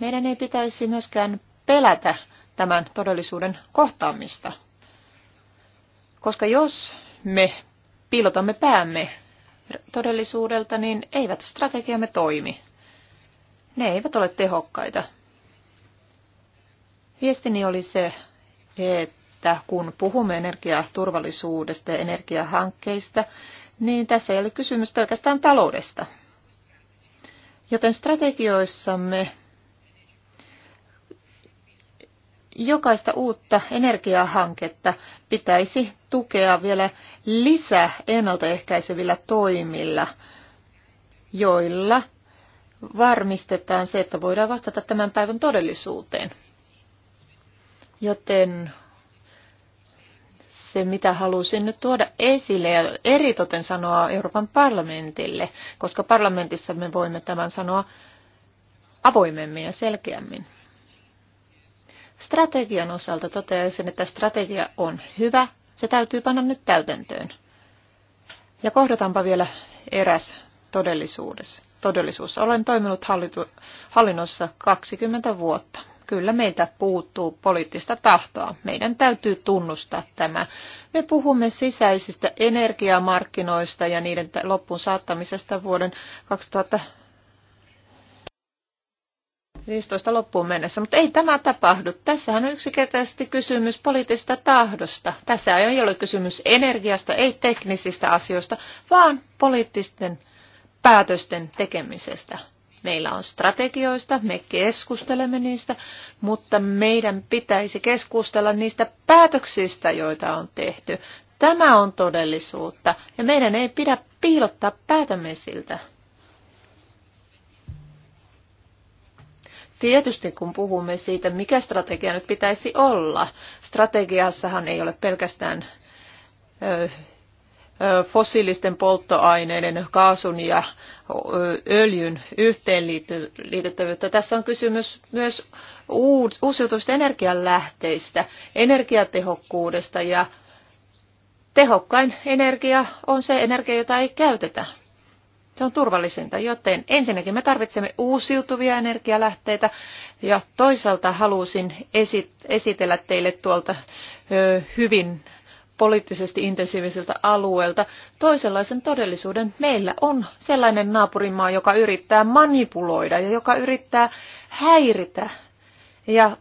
Meidän ei pitäisi myöskään pelätä tämän todellisuuden kohtaamista. Koska jos me piilotamme päämme todellisuudelta, niin eivät strategiamme toimi. Ne eivät ole tehokkaita. Viestini oli se, että kun puhumme energiaturvallisuudesta ja energiahankkeista, niin tässä ei ole kysymys pelkästään taloudesta. Joten strategioissamme jokaista uutta energiahanketta pitäisi tukea vielä lisää ennaltaehkäisevillä toimilla, joilla varmistetaan se, että voidaan vastata tämän päivän todellisuuteen. Joten se, mitä halusin nyt tuoda esille ja eritoten sanoa Euroopan parlamentille, koska parlamentissa me voimme tämän sanoa avoimemmin ja selkeämmin. Strategian osalta toteaisin, että strategia on hyvä. Se täytyy panna nyt täytäntöön. Ja kohdataanpa vielä eräs todellisuudessa. todellisuus. Olen toiminut hallitu, hallinnossa 20 vuotta. Kyllä meiltä puuttuu poliittista tahtoa. Meidän täytyy tunnustaa tämä. Me puhumme sisäisistä energiamarkkinoista ja niiden loppuun saattamisesta vuoden 2000 15 loppuun mennessä, mutta ei tämä tapahdu. Tässähän on yksinkertaisesti kysymys poliittisesta tahdosta. Tässä ei ole kysymys energiasta, ei teknisistä asioista, vaan poliittisten päätösten tekemisestä. Meillä on strategioista, me keskustelemme niistä, mutta meidän pitäisi keskustella niistä päätöksistä, joita on tehty. Tämä on todellisuutta ja meidän ei pidä piilottaa päätämme siltä. Tietysti kun puhumme siitä, mikä strategia nyt pitäisi olla, strategiassahan ei ole pelkästään fossiilisten polttoaineiden, kaasun ja öljyn yhteenliitettävyyttä. Tässä on kysymys myös uusiutuvista energianlähteistä, energiatehokkuudesta ja tehokkain energia on se energia, jota ei käytetä. Se on turvallisinta, joten ensinnäkin me tarvitsemme uusiutuvia energialähteitä ja toisaalta halusin esitellä teille tuolta hyvin poliittisesti intensiiviseltä alueelta toisenlaisen todellisuuden. Meillä on sellainen naapurimaa, joka yrittää manipuloida ja joka yrittää häiritä ja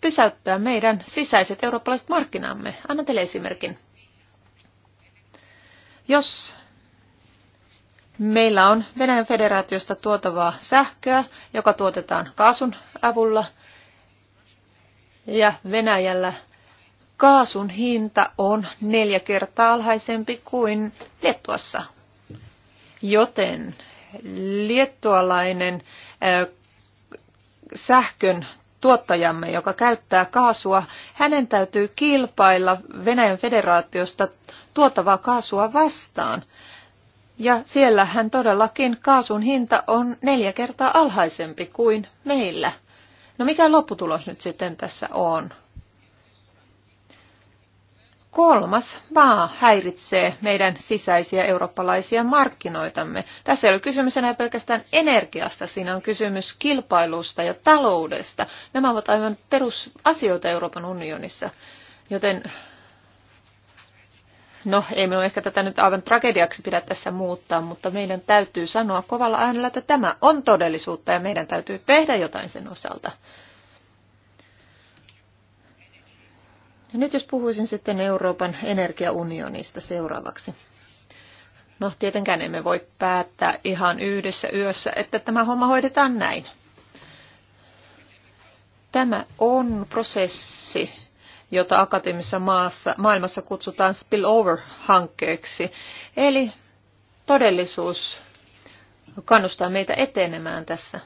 pysäyttää meidän sisäiset eurooppalaiset markkinamme. Anna teille esimerkin. Jos Meillä on Venäjän federaatiosta tuotavaa sähköä, joka tuotetaan kaasun avulla. Ja Venäjällä kaasun hinta on neljä kertaa alhaisempi kuin Liettuassa. Joten liettualainen sähkön tuottajamme, joka käyttää kaasua, hänen täytyy kilpailla Venäjän federaatiosta tuotavaa kaasua vastaan. Ja siellähän todellakin kaasun hinta on neljä kertaa alhaisempi kuin meillä. No mikä lopputulos nyt sitten tässä on? Kolmas maa häiritsee meidän sisäisiä eurooppalaisia markkinoitamme. Tässä ei ole kysymys enää pelkästään energiasta, siinä on kysymys kilpailusta ja taloudesta. Nämä ovat aivan perusasioita Euroopan unionissa, joten No, ei minun ehkä tätä nyt aivan tragediaksi pidä tässä muuttaa, mutta meidän täytyy sanoa kovalla äänellä, että tämä on todellisuutta ja meidän täytyy tehdä jotain sen osalta. Ja nyt jos puhuisin sitten Euroopan energiaunionista seuraavaksi. No, tietenkään emme voi päättää ihan yhdessä yössä, että tämä homma hoidetaan näin. Tämä on prosessi, jota akateemisessa maassa, maailmassa kutsutaan spillover-hankkeeksi. Eli todellisuus kannustaa meitä etenemään tässä.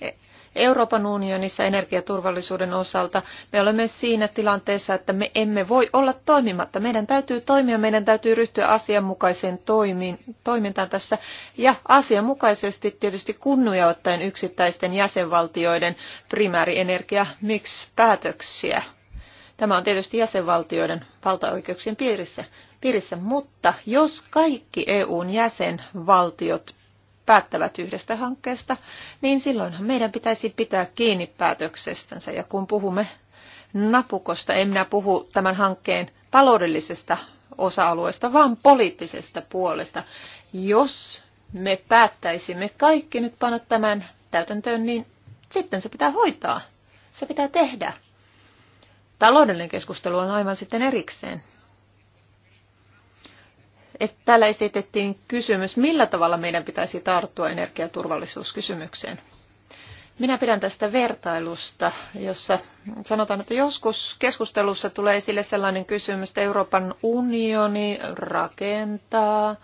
E- Euroopan unionissa energiaturvallisuuden osalta me olemme siinä tilanteessa, että me emme voi olla toimimatta. Meidän täytyy toimia, meidän täytyy ryhtyä asianmukaiseen toimiin, toimintaan tässä ja asianmukaisesti tietysti kunnioittaen yksittäisten jäsenvaltioiden primäärienergia miksi päätöksiä. Tämä on tietysti jäsenvaltioiden valtaoikeuksien piirissä, piirissä, mutta jos kaikki EUn jäsenvaltiot päättävät yhdestä hankkeesta, niin silloinhan meidän pitäisi pitää kiinni päätöksestänsä. Ja kun puhumme Napukosta, en minä puhu tämän hankkeen taloudellisesta osa-alueesta, vaan poliittisesta puolesta. Jos me päättäisimme kaikki nyt panna tämän täytäntöön, niin sitten se pitää hoitaa. Se pitää tehdä. Taloudellinen keskustelu on aivan sitten erikseen. Täällä esitettiin kysymys, millä tavalla meidän pitäisi tarttua energiaturvallisuuskysymykseen. Minä pidän tästä vertailusta, jossa sanotaan, että joskus keskustelussa tulee esille sellainen kysymys, että Euroopan unioni rakentaa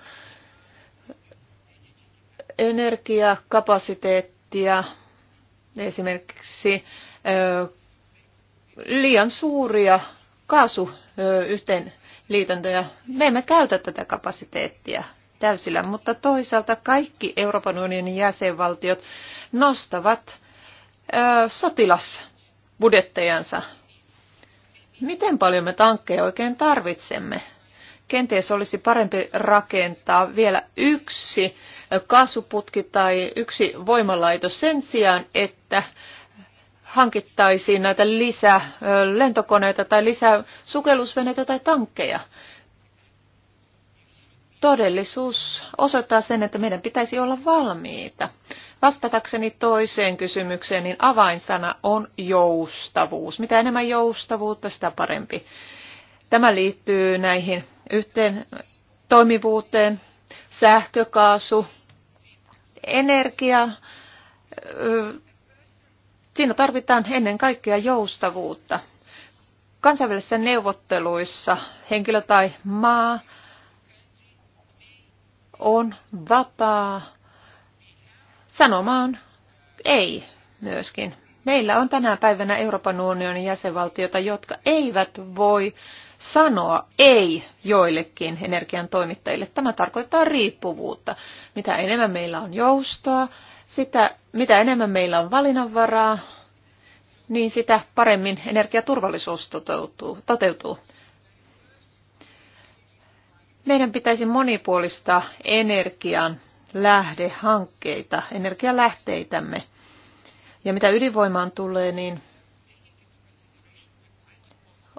energiakapasiteettia esimerkiksi liian suuria kaasuyhteen liitäntöjä. Me emme käytä tätä kapasiteettia täysillä, mutta toisaalta kaikki Euroopan unionin jäsenvaltiot nostavat sotilasbudjettejansa. Miten paljon me tankkeja oikein tarvitsemme? Kenties olisi parempi rakentaa vielä yksi kaasuputki tai yksi voimalaitos sen sijaan, että hankittaisiin näitä lisää lentokoneita tai lisää sukellusveneitä tai tankkeja. Todellisuus osoittaa sen, että meidän pitäisi olla valmiita. Vastatakseni toiseen kysymykseen, niin avainsana on joustavuus. Mitä enemmän joustavuutta, sitä parempi. Tämä liittyy näihin yhteen toimivuuteen, sähkökaasu, energia, Siinä tarvitaan ennen kaikkea joustavuutta. Kansainvälisissä neuvotteluissa henkilö tai maa on vapaa sanomaan ei myöskin. Meillä on tänä päivänä Euroopan unionin jäsenvaltioita, jotka eivät voi sanoa ei joillekin energian toimittajille. Tämä tarkoittaa riippuvuutta. Mitä enemmän meillä on joustoa, sitä, mitä enemmän meillä on valinnanvaraa, niin sitä paremmin energiaturvallisuus toteutuu. toteutuu. Meidän pitäisi monipuolistaa energian lähdehankkeita, energialähteitämme. Ja mitä ydinvoimaan tulee, niin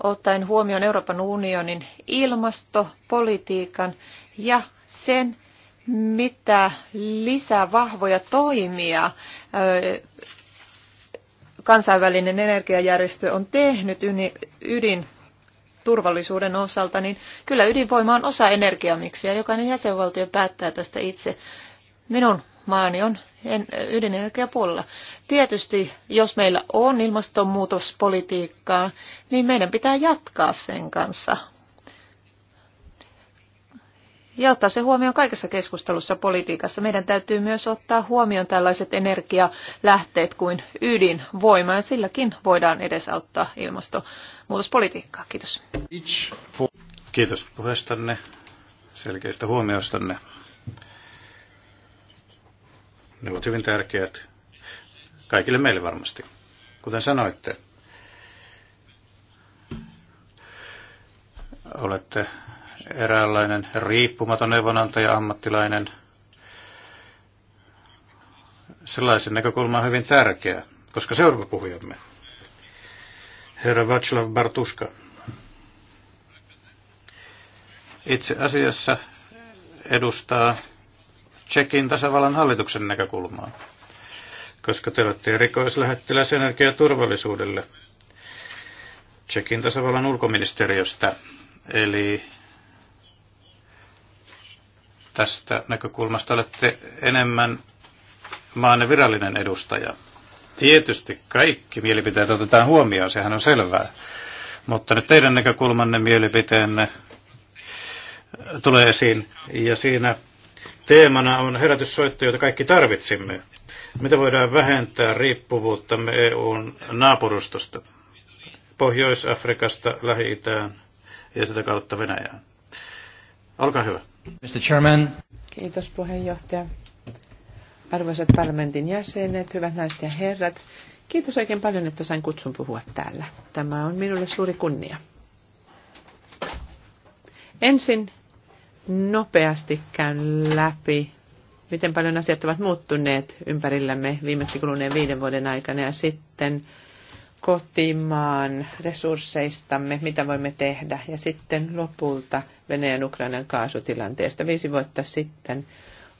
ottaen huomioon Euroopan unionin ilmastopolitiikan ja sen mitä lisää vahvoja toimia kansainvälinen energiajärjestö on tehnyt ydin turvallisuuden osalta, niin kyllä ydinvoima on osa energiamiksiä. Jokainen jäsenvaltio päättää tästä itse. Minun maani on ydinenergiapuolella. Tietysti, jos meillä on ilmastonmuutospolitiikkaa, niin meidän pitää jatkaa sen kanssa ja ottaa se huomioon kaikessa keskustelussa politiikassa. Meidän täytyy myös ottaa huomioon tällaiset energialähteet kuin ydinvoima, ja silläkin voidaan edesauttaa ilmastonmuutospolitiikkaa. Kiitos. Kiitos puheestanne, selkeistä huomioistanne. Ne ovat hyvin tärkeät kaikille meille varmasti. Kuten sanoitte, olette eräänlainen riippumaton neuvonantaja ammattilainen. Sellaisen näkökulma on hyvin tärkeä, koska seuraava puhujamme, herra Václav Bartuska, itse asiassa edustaa Tsekin tasavallan hallituksen näkökulmaa, koska te olette erikoislähettiläs energiaturvallisuudelle Tsekin tasavallan ulkoministeriöstä, eli Tästä näkökulmasta olette enemmän maan virallinen edustaja. Tietysti kaikki mielipiteet otetaan huomioon, sehän on selvää. Mutta nyt teidän näkökulmanne mielipiteenne tulee esiin. Ja siinä teemana on herätyssoitto, jota kaikki tarvitsimme. Mitä voidaan vähentää riippuvuuttamme EUn naapurustosta? Pohjois-Afrikasta, Lähi-Itään ja sitä kautta Venäjään. Olkaa hyvä. Mr. Chairman. Kiitos puheenjohtaja. Arvoisat parlamentin jäsenet, hyvät naiset ja herrat, kiitos oikein paljon, että sain kutsun puhua täällä. Tämä on minulle suuri kunnia. Ensin nopeasti käyn läpi, miten paljon asiat ovat muuttuneet ympärillämme viimeksi kuluneen viiden vuoden aikana ja sitten kotimaan resursseistamme, mitä voimme tehdä, ja sitten lopulta Venäjän Ukrainan kaasutilanteesta. Viisi vuotta sitten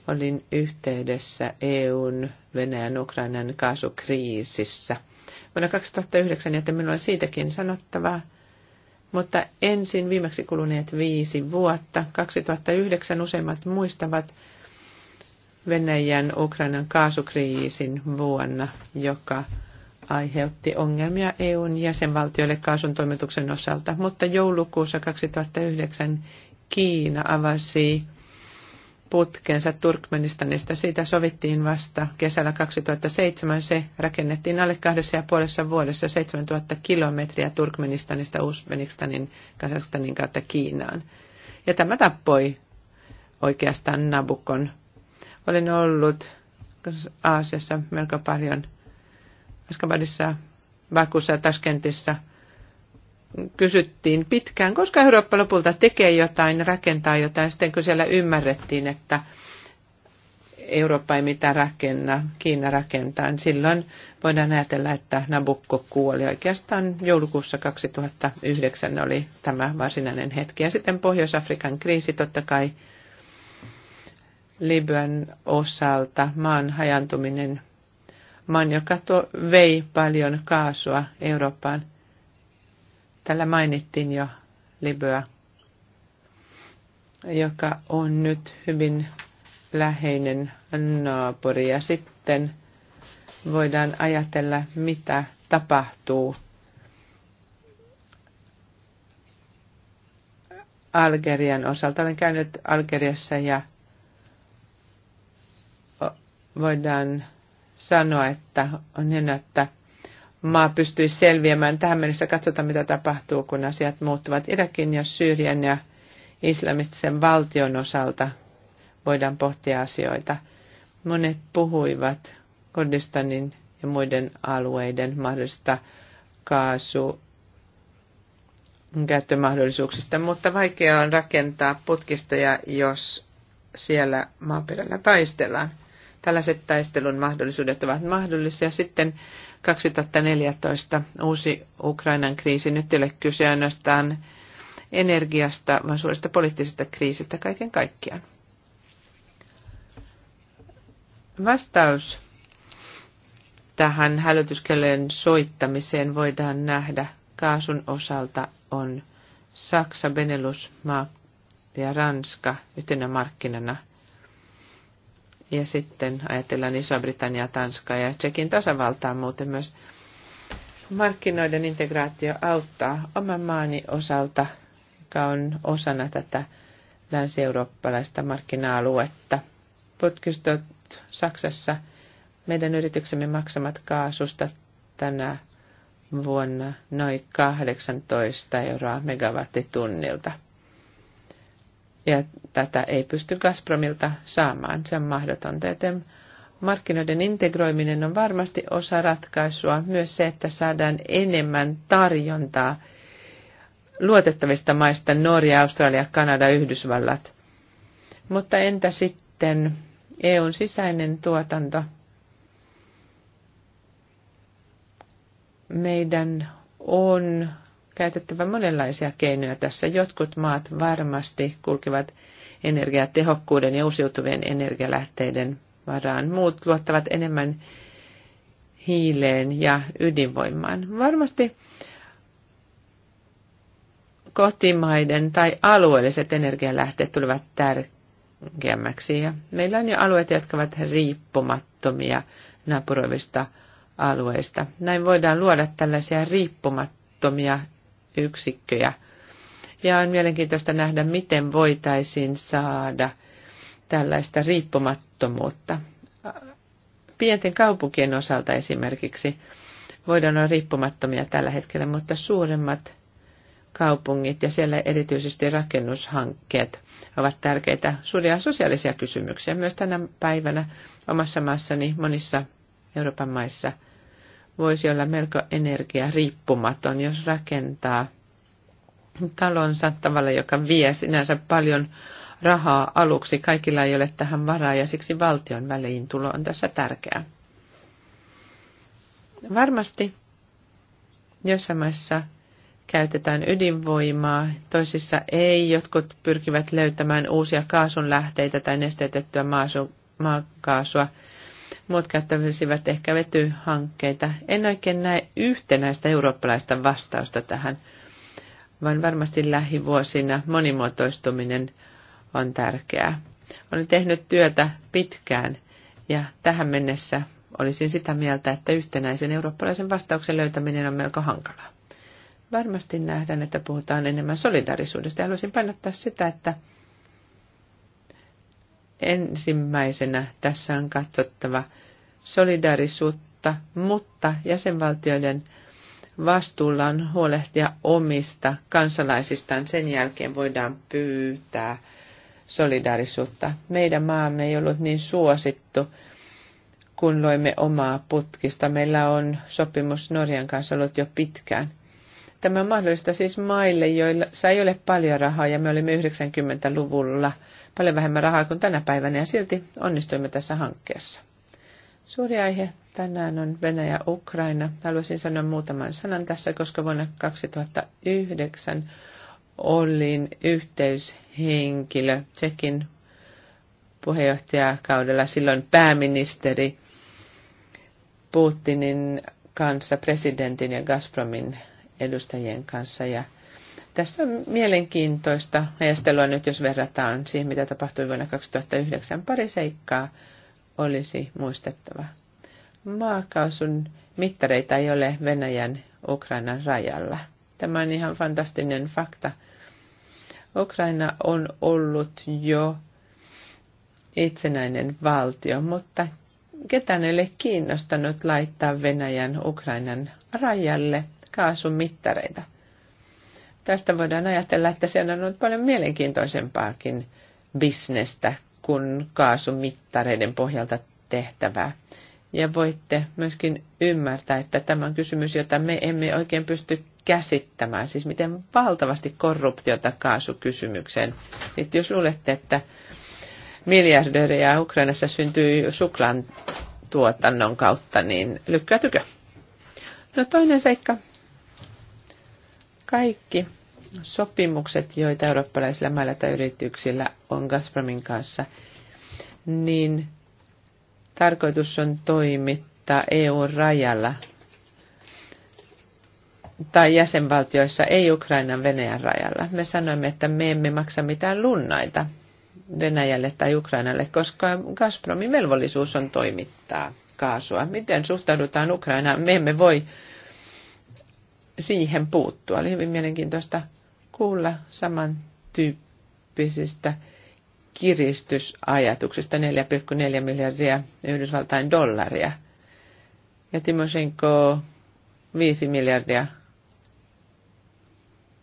olin yhteydessä EUn Venäjän Ukrainan kaasukriisissä vuonna 2009, joten minulla on siitäkin sanottavaa. Mutta ensin viimeksi kuluneet viisi vuotta, 2009 useimmat muistavat Venäjän Ukrainan kaasukriisin vuonna, joka aiheutti ongelmia EUn jäsenvaltioille kaasun toimituksen osalta, mutta joulukuussa 2009 Kiina avasi putkensa Turkmenistanista. Siitä sovittiin vasta kesällä 2007. Se rakennettiin alle kahdessa ja puolessa vuodessa 7000 kilometriä Turkmenistanista Uzbekistanin Kazakstanin kautta Kiinaan. Ja tämä tappoi oikeastaan Nabukon. Olen ollut Aasiassa melko paljon – Askabadissa, Bakussa ja Taskentissa kysyttiin pitkään, koska Eurooppa lopulta tekee jotain, rakentaa jotain, sitten kun siellä ymmärrettiin, että Eurooppa ei mitään rakenna, Kiina rakentaa, niin silloin voidaan ajatella, että Nabukko kuoli. Oikeastaan joulukuussa 2009 oli tämä varsinainen hetki. Ja sitten Pohjois-Afrikan kriisi totta kai Libyan osalta, maan hajantuminen Maniokato vei paljon kaasua Eurooppaan. Tällä mainittiin jo Libya, joka on nyt hyvin läheinen naapuri. Ja sitten voidaan ajatella, mitä tapahtuu Algerian osalta. Olen käynyt Algeriassa ja voidaan sanoa, että on niin, että maa pystyisi selviämään. Tähän mennessä katsotaan, mitä tapahtuu, kun asiat muuttuvat Irakin ja Syyrian ja islamistisen valtion osalta. Voidaan pohtia asioita. Monet puhuivat Kurdistanin ja muiden alueiden mahdollisista kaasu käyttömahdollisuuksista, mutta vaikea on rakentaa putkistoja, jos siellä maaperällä taistellaan. Tällaiset taistelun mahdollisuudet ovat mahdollisia. Sitten 2014 uusi Ukrainan kriisi. Nyt ei ole kyse ainoastaan energiasta, vaan suuresta poliittisesta kriisistä kaiken kaikkiaan. Vastaus tähän hälytyskellojen soittamiseen voidaan nähdä kaasun osalta on Saksa, Benelux, maa ja Ranska yhtenä markkinana – ja sitten ajatellaan Iso-Britannia, Tanska ja Tsekin tasavaltaa muuten myös. Markkinoiden integraatio auttaa oman maani osalta, joka on osana tätä länsi-eurooppalaista markkina-aluetta. Putkistot Saksassa meidän yrityksemme maksamat kaasusta tänä vuonna noin 18 euroa megawattitunnilta – ja tätä ei pysty Gazpromilta saamaan, se on mahdotonta, joten markkinoiden integroiminen on varmasti osa ratkaisua, myös se, että saadaan enemmän tarjontaa luotettavista maista Norja, Australia, Kanada, Yhdysvallat. Mutta entä sitten EUn sisäinen tuotanto? Meidän on käytettävä monenlaisia keinoja tässä. Jotkut maat varmasti kulkevat energiatehokkuuden ja uusiutuvien energialähteiden varaan. Muut luottavat enemmän hiileen ja ydinvoimaan. Varmasti kotimaiden tai alueelliset energialähteet tulevat tärkeämmäksi. Ja meillä on jo alueita, jotka ovat riippumattomia naapuroivista alueista. Näin voidaan luoda tällaisia riippumattomia yksikköjä. Ja on mielenkiintoista nähdä, miten voitaisiin saada tällaista riippumattomuutta. Pienten kaupunkien osalta esimerkiksi voidaan olla riippumattomia tällä hetkellä, mutta suuremmat kaupungit ja siellä erityisesti rakennushankkeet ovat tärkeitä suuria sosiaalisia kysymyksiä. Myös tänä päivänä omassa maassani monissa Euroopan maissa – voisi olla melko energiariippumaton, jos rakentaa talonsa tavalla, joka vie sinänsä paljon rahaa aluksi. Kaikilla ei ole tähän varaa ja siksi valtion väliin tulo on tässä tärkeää. Varmasti joissain maissa käytetään ydinvoimaa, toisissa ei. Jotkut pyrkivät löytämään uusia kaasunlähteitä tai nesteytettyä maakaasua muut käyttäisivät ehkä vetyhankkeita. En oikein näe yhtenäistä eurooppalaista vastausta tähän, vaan varmasti lähivuosina monimuotoistuminen on tärkeää. Olen tehnyt työtä pitkään ja tähän mennessä olisin sitä mieltä, että yhtenäisen eurooppalaisen vastauksen löytäminen on melko hankalaa. Varmasti nähdään, että puhutaan enemmän solidarisuudesta. Haluaisin painottaa sitä, että Ensimmäisenä tässä on katsottava solidaarisuutta, mutta jäsenvaltioiden vastuulla on huolehtia omista kansalaisistaan. Sen jälkeen voidaan pyytää solidaarisuutta. Meidän maamme ei ollut niin suosittu, kun loimme omaa putkista. Meillä on sopimus Norjan kanssa ollut jo pitkään. Tämä on mahdollista siis maille, joilla ei ole paljon rahaa, ja me olimme 90-luvulla – paljon vähemmän rahaa kuin tänä päivänä ja silti onnistuimme tässä hankkeessa. Suuri aihe tänään on Venäjä Ukraina. Haluaisin sanoa muutaman sanan tässä, koska vuonna 2009 olin yhteyshenkilö Tsekin puheenjohtajakaudella silloin pääministeri Putinin kanssa, presidentin ja Gazpromin edustajien kanssa. Ja tässä on mielenkiintoista ajastelua nyt, jos verrataan siihen, mitä tapahtui vuonna 2009. Pari seikkaa olisi muistettava. Maakaasun mittareita ei ole Venäjän Ukrainan rajalla. Tämä on ihan fantastinen fakta. Ukraina on ollut jo itsenäinen valtio, mutta ketään ei ole kiinnostanut laittaa Venäjän Ukrainan rajalle kaasumittareita. Tästä voidaan ajatella, että siellä on ollut paljon mielenkiintoisempaakin bisnestä kuin kaasumittareiden pohjalta tehtävää. Ja voitte myöskin ymmärtää, että tämä on kysymys, jota me emme oikein pysty käsittämään, siis miten valtavasti korruptiota kaasukysymykseen. Nyt jos luulette, että miljardöörejä Ukrainassa syntyy suklaan tuotannon kautta, niin tykö. No toinen seikka, kaikki sopimukset, joita eurooppalaisilla mailla tai yrityksillä on Gazpromin kanssa, niin tarkoitus on toimittaa EU-rajalla tai jäsenvaltioissa, ei Ukrainan Venäjän rajalla. Me sanoimme, että me emme maksa mitään lunnaita Venäjälle tai Ukrainalle, koska Gazpromin velvollisuus on toimittaa kaasua. Miten suhtaudutaan Ukrainaan? Me emme voi siihen puuttua. Oli hyvin mielenkiintoista kuulla samantyyppisistä kiristysajatuksista 4,4 miljardia Yhdysvaltain dollaria. Ja Timoshenko 5 miljardia.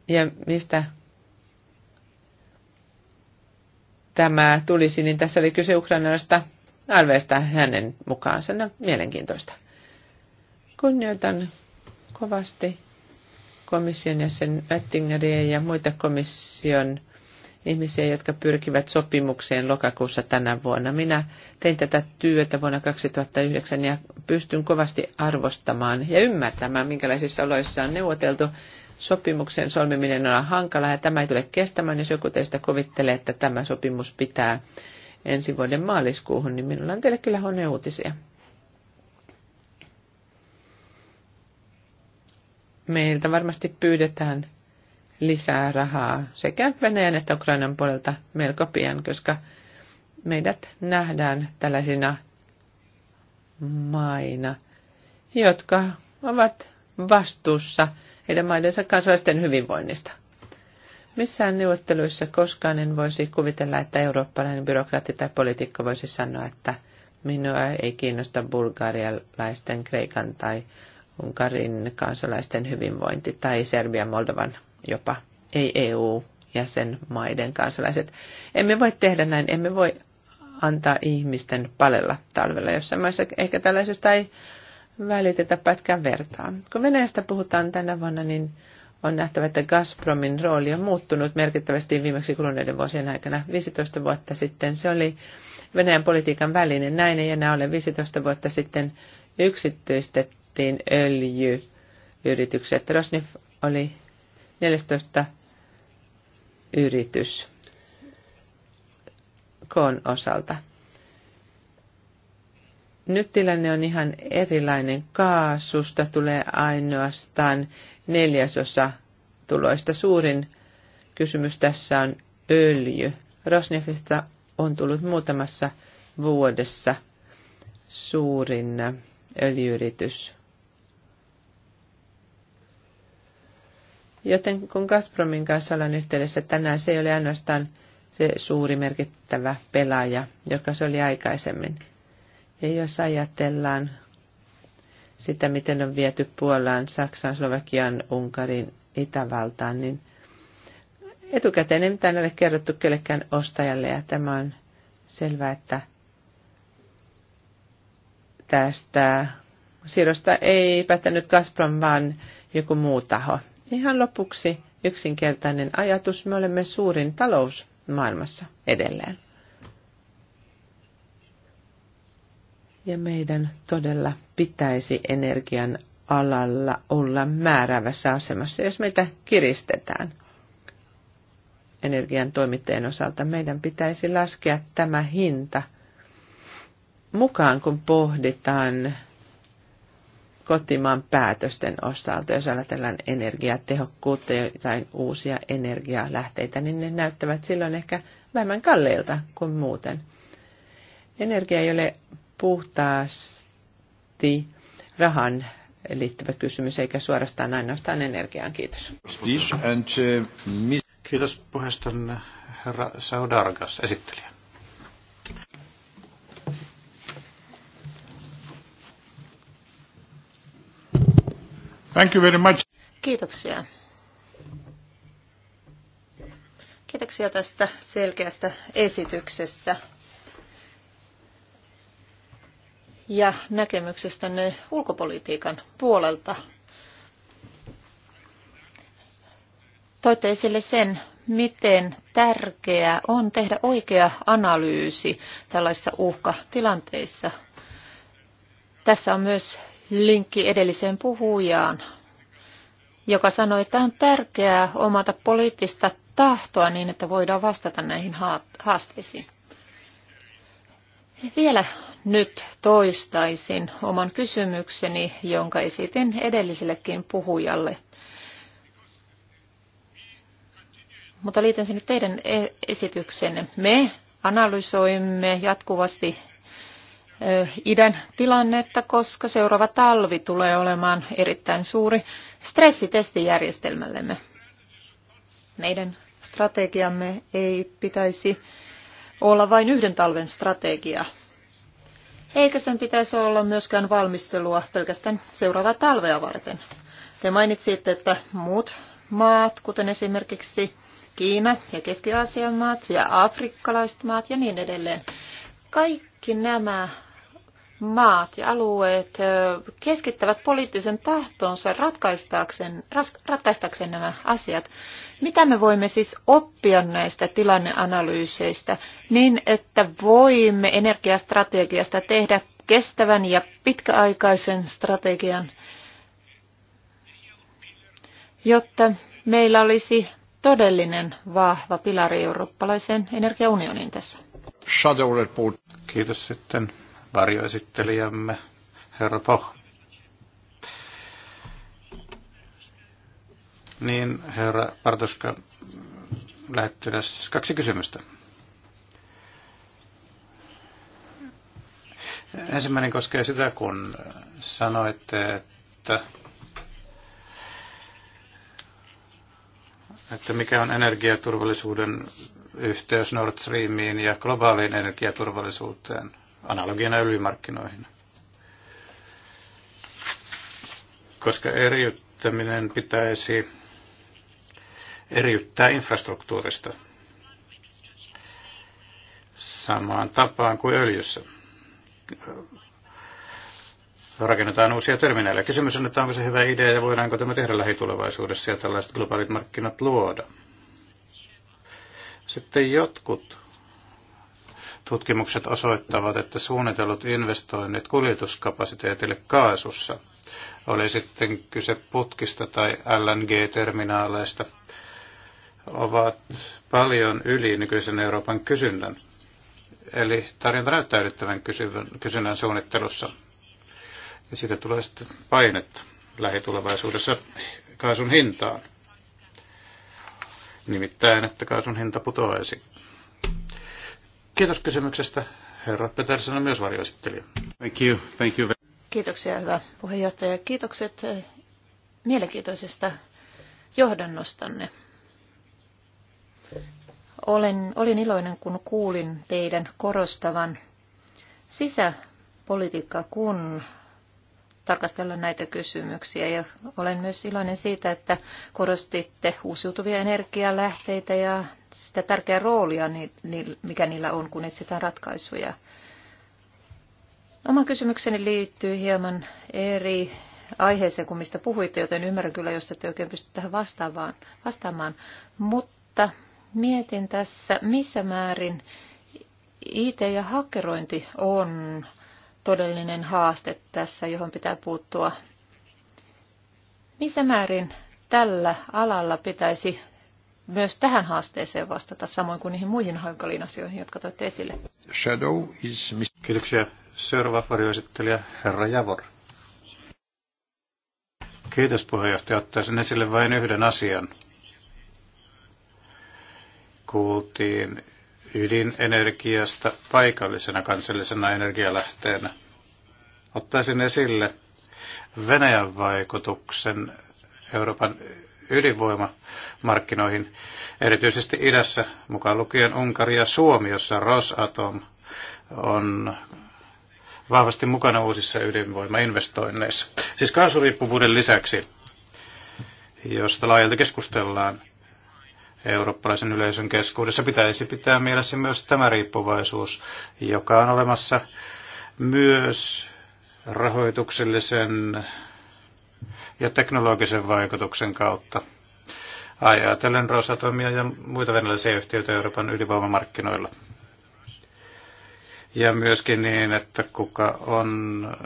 Ja mistä tämä tulisi, niin tässä oli kyse ukrainalaisesta alveesta hänen mukaansa. No, mielenkiintoista. Kunnioitan kovasti komission ja sen Oettingeria ja muita komission ihmisiä, jotka pyrkivät sopimukseen lokakuussa tänä vuonna. Minä tein tätä työtä vuonna 2009 ja pystyn kovasti arvostamaan ja ymmärtämään, minkälaisissa oloissa on neuvoteltu. Sopimuksen solmiminen on hankala ja tämä ei tule kestämään. Jos joku teistä kovittelee, että tämä sopimus pitää ensi vuoden maaliskuuhun, niin minulla on teille kyllä huonoja uutisia. meiltä varmasti pyydetään lisää rahaa sekä Venäjän että Ukrainan puolelta melko pian, koska meidät nähdään tällaisina maina, jotka ovat vastuussa heidän maidensa kansalaisten hyvinvoinnista. Missään neuvotteluissa koskaan en voisi kuvitella, että eurooppalainen byrokraatti tai poliitikko voisi sanoa, että minua ei kiinnosta bulgarialaisten, kreikan tai Unkarin kansalaisten hyvinvointi tai Serbian, Moldovan jopa ei EU-jäsenmaiden kansalaiset. Emme voi tehdä näin, emme voi antaa ihmisten palella talvella, jossa maissa ehkä tällaisesta ei välitetä pätkän vertaa. Kun Venäjästä puhutaan tänä vuonna, niin on nähtävä, että Gazpromin rooli on muuttunut merkittävästi viimeksi kuluneiden vuosien aikana. 15 vuotta sitten se oli Venäjän politiikan väline. Näin ei enää ole 15 vuotta sitten yksityistetty tehtiin öljyyritykset. Rosnif oli 14 yritys koon osalta. Nyt tilanne on ihan erilainen. Kaasusta tulee ainoastaan neljäsosa tuloista. Suurin kysymys tässä on öljy. Rosnefista on tullut muutamassa vuodessa suurin öljyyritys Joten kun Gazpromin kanssa ollaan yhteydessä tänään, se ei ole ainoastaan se suuri merkittävä pelaaja, joka se oli aikaisemmin. Ja jos ajatellaan sitä, miten on viety Puolaan, Saksaan, Slovakian, Unkarin, Itävaltaan, niin etukäteen ei mitään ole kerrottu kellekään ostajalle ja tämä on selvää, että tästä siirrosta ei päättänyt Gazprom, vaan joku muu taho. Ihan lopuksi yksinkertainen ajatus. Me olemme suurin talous maailmassa edelleen. Ja meidän todella pitäisi energian alalla olla määräävässä asemassa, jos meitä kiristetään energian toimittajien osalta. Meidän pitäisi laskea tämä hinta mukaan, kun pohditaan kotimaan päätösten osalta, jos ajatellaan energiatehokkuutta tai uusia energialähteitä, niin ne näyttävät silloin ehkä vähemmän kalleilta kuin muuten. Energia ei ole puhtaasti rahan liittyvä kysymys, eikä suorastaan ainoastaan energiaan. Kiitos. Eh, Kiitos puheestanne herra Saudargas, esittelijä. Thank you very much. Kiitoksia. Kiitoksia tästä selkeästä esityksestä ja näkemyksestänne ulkopolitiikan puolelta. Toitte esille sen, miten tärkeää on tehdä oikea analyysi tällaisissa uhkatilanteissa. Tässä on myös linkki edelliseen puhujaan, joka sanoi, että on tärkeää omata poliittista tahtoa niin, että voidaan vastata näihin haasteisiin. Vielä nyt toistaisin oman kysymykseni, jonka esitin edellisellekin puhujalle. Mutta liitän sen nyt teidän e-, esityksenne. Me analysoimme jatkuvasti idän tilannetta, koska seuraava talvi tulee olemaan erittäin suuri stressitestijärjestelmällemme. Meidän strategiamme ei pitäisi olla vain yhden talven strategia, eikä sen pitäisi olla myöskään valmistelua pelkästään seuraavaa talvea varten. Te mainitsitte, että muut maat, kuten esimerkiksi Kiina ja Keski-Aasian maat ja afrikkalaiset maat ja niin edelleen, kaikki nämä maat ja alueet keskittävät poliittisen tahtonsa ratkaistakseen, ratkaistaakseen nämä asiat. Mitä me voimme siis oppia näistä tilanneanalyyseistä niin, että voimme energiastrategiasta tehdä kestävän ja pitkäaikaisen strategian, jotta meillä olisi todellinen vahva pilari eurooppalaisen energiaunionin tässä. Shadow report. Kiitos sitten varjoesittelijämme, herra Poh. Niin, herra Partoska, lähettiläs, kaksi kysymystä. Ensimmäinen koskee sitä, kun sanoitte, että, että mikä on energiaturvallisuuden yhteys Nord Streamiin ja globaaliin energiaturvallisuuteen – analogiana öljymarkkinoihin. Koska eriyttäminen pitäisi eriyttää infrastruktuurista samaan tapaan kuin öljyssä. Rakennetaan uusia terminaaleja. Kysymys on, että onko se hyvä idea ja voidaanko tämä tehdä lähitulevaisuudessa ja tällaiset globaalit markkinat luoda. Sitten jotkut Tutkimukset osoittavat, että suunnitellut investoinnit kuljetuskapasiteetille kaasussa, oli sitten kyse putkista tai LNG-terminaaleista, ovat paljon yli nykyisen Euroopan kysynnän. Eli tarjonta näyttää yrittävän kysynnän suunnittelussa. Ja siitä tulee sitten painetta lähitulevaisuudessa kaasun hintaan. Nimittäin, että kaasun hinta putoaisi. Kiitos kysymyksestä. Herra Petersen on myös varjoesittelijä. Thank you. Thank you. Kiitoksia, hyvä puheenjohtaja. Kiitokset eh, mielenkiintoisesta johdannostanne. Olen, olin iloinen, kun kuulin teidän korostavan sisäpolitiikkaa, kun tarkastella näitä kysymyksiä. Ja olen myös iloinen siitä, että korostitte uusiutuvia energialähteitä ja sitä tärkeää roolia, mikä niillä on, kun etsitään ratkaisuja. Oma kysymykseni liittyy hieman eri aiheeseen kuin mistä puhuitte, joten ymmärrän kyllä, jos ette oikein pysty tähän vastaamaan. vastaamaan. Mutta mietin tässä, missä määrin IT ja hakkerointi on todellinen haaste tässä, johon pitää puuttua. Missä määrin tällä alalla pitäisi myös tähän haasteeseen vastata, samoin kuin niihin muihin hankaliin asioihin, jotka toitte esille? Shadow is... Kiitoksia. Seuraava varjoesittelijä, herra Javor. Kiitos puheenjohtaja. Ottaisin esille vain yhden asian. Kuultiin ydinenergiasta paikallisena kansallisena energialähteenä. Ottaisin esille Venäjän vaikutuksen Euroopan ydinvoimamarkkinoihin, erityisesti idässä, mukaan lukien Unkari ja Suomi, jossa Rosatom on vahvasti mukana uusissa ydinvoimainvestoinneissa. Siis kaasuriippuvuuden lisäksi, josta laajalta keskustellaan, eurooppalaisen yleisön keskuudessa. Pitäisi pitää mielessä myös tämä riippuvaisuus, joka on olemassa myös rahoituksellisen ja teknologisen vaikutuksen kautta. Ajatellen Rosatomia ja muita venäläisiä yhtiöitä Euroopan ydinvoimamarkkinoilla. Ja myöskin niin, että kuka on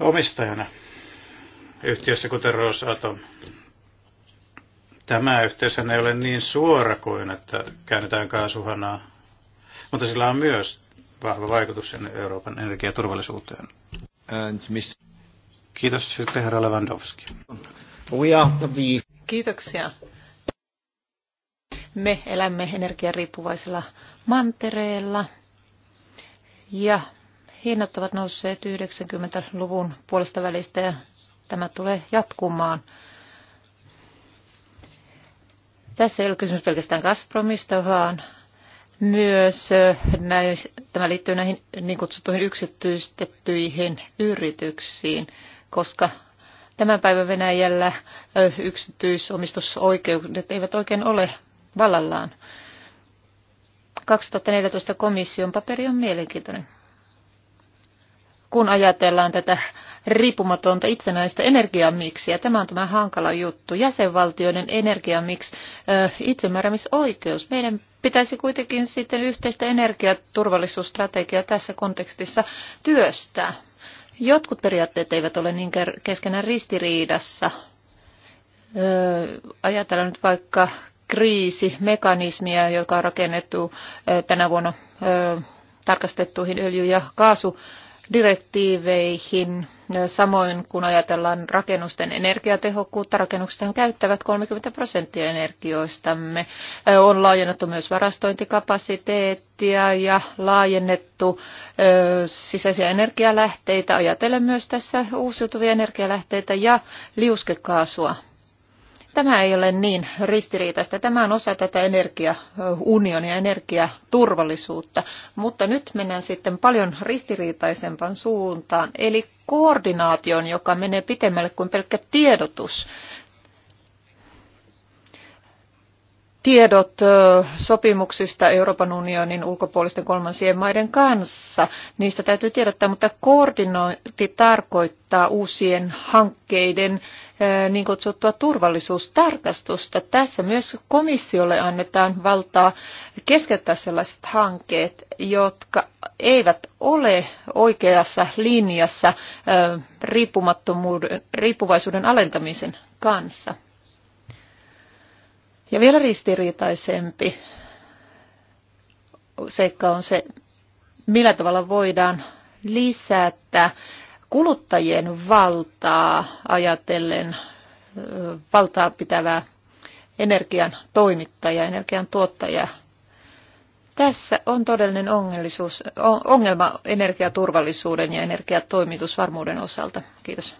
omistajana yhtiössä kuten Rosatom. Tämä yhteyshän ei ole niin suora kuin, että käännetään kaasuhanaa, mutta sillä on myös vahva vaikutus Euroopan energiaturvallisuuteen. Kiitos sitten herra Lewandowski. Kiitoksia. Me elämme energiariippuvaisella mantereella ja hinnat ovat nousseet 90-luvun puolesta välistä ja tämä tulee jatkumaan. Tässä ei ole kysymys pelkästään Gazpromista, vaan myös näin, tämä liittyy näihin niin kutsuttuihin yksityistettyihin yrityksiin, koska tämän päivän Venäjällä yksityisomistusoikeudet eivät oikein ole vallallaan. 2014 komission paperi on mielenkiintoinen. Kun ajatellaan tätä riippumatonta itsenäistä energiamiksiä. Tämä on tämä hankala juttu. Jäsenvaltioiden energiamiksi itsemääräämisoikeus. Meidän pitäisi kuitenkin sitten yhteistä energiaturvallisuusstrategiaa tässä kontekstissa työstää. Jotkut periaatteet eivät ole niinkään keskenään ristiriidassa. Ajatellaan nyt vaikka kriisimekanismia, joka on rakennettu tänä vuonna tarkastettuihin öljy- ja kaasu direktiiveihin, samoin kun ajatellaan rakennusten energiatehokkuutta. Rakennukset käyttävät 30 prosenttia energioistamme. On laajennettu myös varastointikapasiteettia ja laajennettu sisäisiä energialähteitä. Ajatellen myös tässä uusiutuvia energialähteitä ja liuskekaasua Tämä ei ole niin ristiriitaista. Tämä on osa tätä energiaunionia, energiaturvallisuutta, mutta nyt mennään sitten paljon ristiriitaisempaan suuntaan, eli koordinaation, joka menee pitemmälle kuin pelkkä tiedotus. tiedot sopimuksista Euroopan unionin ulkopuolisten kolmansien maiden kanssa. Niistä täytyy tiedottaa, mutta koordinointi tarkoittaa uusien hankkeiden niin kutsuttua turvallisuustarkastusta. Tässä myös komissiolle annetaan valtaa keskeyttää sellaiset hankkeet, jotka eivät ole oikeassa linjassa riippumattomuuden, riippuvaisuuden alentamisen kanssa. Ja vielä ristiriitaisempi seikka on se, millä tavalla voidaan lisätä kuluttajien valtaa ajatellen valtaa pitävää energian toimittajaa, energian tuottajaa. Tässä on todellinen ongelma energiaturvallisuuden ja energiatoimitusvarmuuden osalta. Kiitos.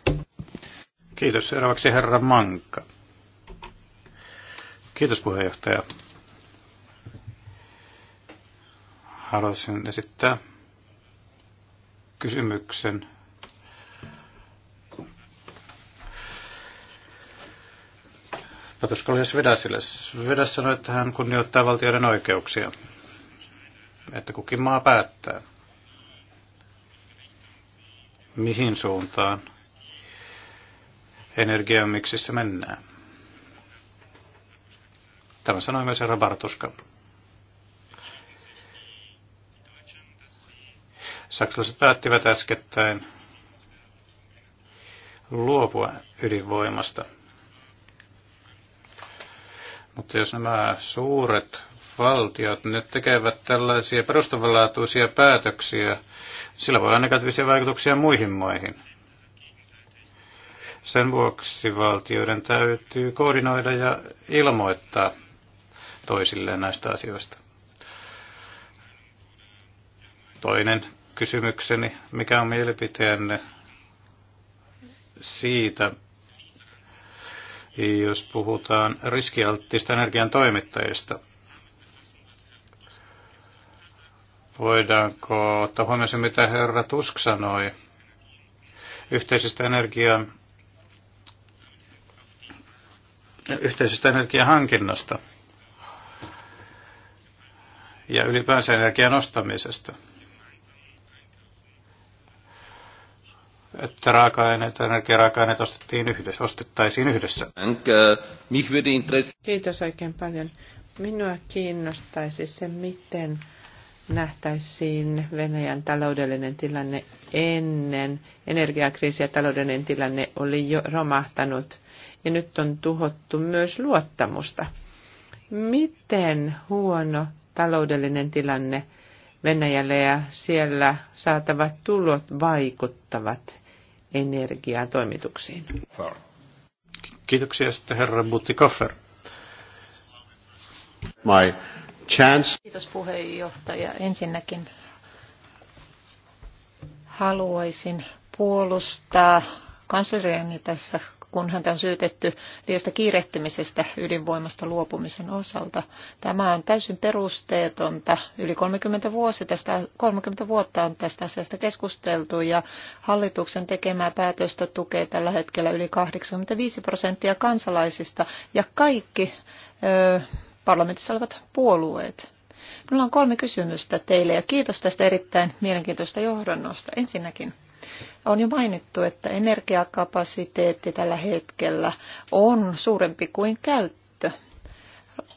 Kiitos. Seuraavaksi herra Manka. Kiitos puheenjohtaja. Haluaisin esittää kysymyksen Patuskoljas siis Vedasille. Vedas sanoi, että hän kunnioittaa valtioiden oikeuksia, että kukin maa päättää, mihin suuntaan energiamiksissä mennään. Tämä sanoi myös herra Bartuska. Saksalaiset päättivät äskettäin luopua ydinvoimasta – mutta jos nämä suuret valtiot nyt tekevät tällaisia perustavanlaatuisia päätöksiä, sillä voi olla negatiivisia vaikutuksia muihin maihin. Sen vuoksi valtioiden täytyy koordinoida ja ilmoittaa toisilleen näistä asioista. Toinen kysymykseni, mikä on mielipiteenne siitä, jos puhutaan riskialttista energian toimittajista. Voidaanko ottaa huomioon se, mitä herra Tusk sanoi yhteisestä energian yhteisestä energiahankinnasta ja ylipäänsä energian ostamisesta. että raaka-aineet, energiaraaka-aineet ostettiin yhdessä, ostettaisiin yhdessä. Kiitos oikein paljon. Minua kiinnostaisi se, miten nähtäisiin Venäjän taloudellinen tilanne ennen energiakriisiä. Taloudellinen tilanne oli jo romahtanut ja nyt on tuhottu myös luottamusta. Miten huono taloudellinen tilanne Venäjällä ja siellä saatavat tulot vaikuttavat toimituksiin. Kiitoksia sitten herra Buttikoffer. My chance. Kiitos puheenjohtaja. Ensinnäkin haluaisin puolustaa kansleriani tässä kun häntä on syytetty liiasta kiirehtimisestä ydinvoimasta luopumisen osalta. Tämä on täysin perusteetonta. Yli 30, vuosi tästä, 30 vuotta on tästä asiasta keskusteltu ja hallituksen tekemää päätöstä tukee tällä hetkellä yli 85 prosenttia kansalaisista ja kaikki ö, parlamentissa olevat puolueet. Minulla on kolme kysymystä teille ja kiitos tästä erittäin mielenkiintoista johdannosta. Ensinnäkin, on jo mainittu, että energiakapasiteetti tällä hetkellä on suurempi kuin käyttö.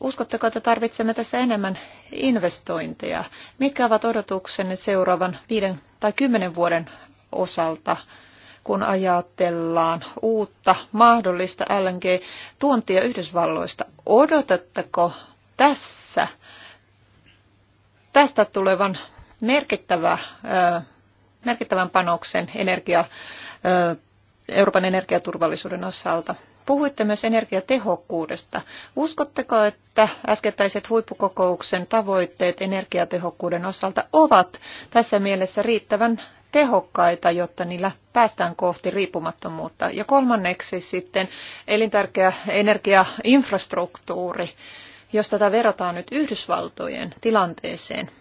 Uskotteko, että tarvitsemme tässä enemmän investointeja? Mitkä ovat odotuksenne seuraavan viiden tai kymmenen vuoden osalta, kun ajatellaan uutta mahdollista LNG-tuontia Yhdysvalloista? Odotatteko tässä tästä tulevan merkittävä merkittävän panoksen energia, Euroopan energiaturvallisuuden osalta. Puhuitte myös energiatehokkuudesta. Uskotteko, että äskettäiset huippukokouksen tavoitteet energiatehokkuuden osalta ovat tässä mielessä riittävän tehokkaita, jotta niillä päästään kohti riippumattomuutta? Ja kolmanneksi sitten elintärkeä energiainfrastruktuuri, josta tätä verrataan nyt Yhdysvaltojen tilanteeseen.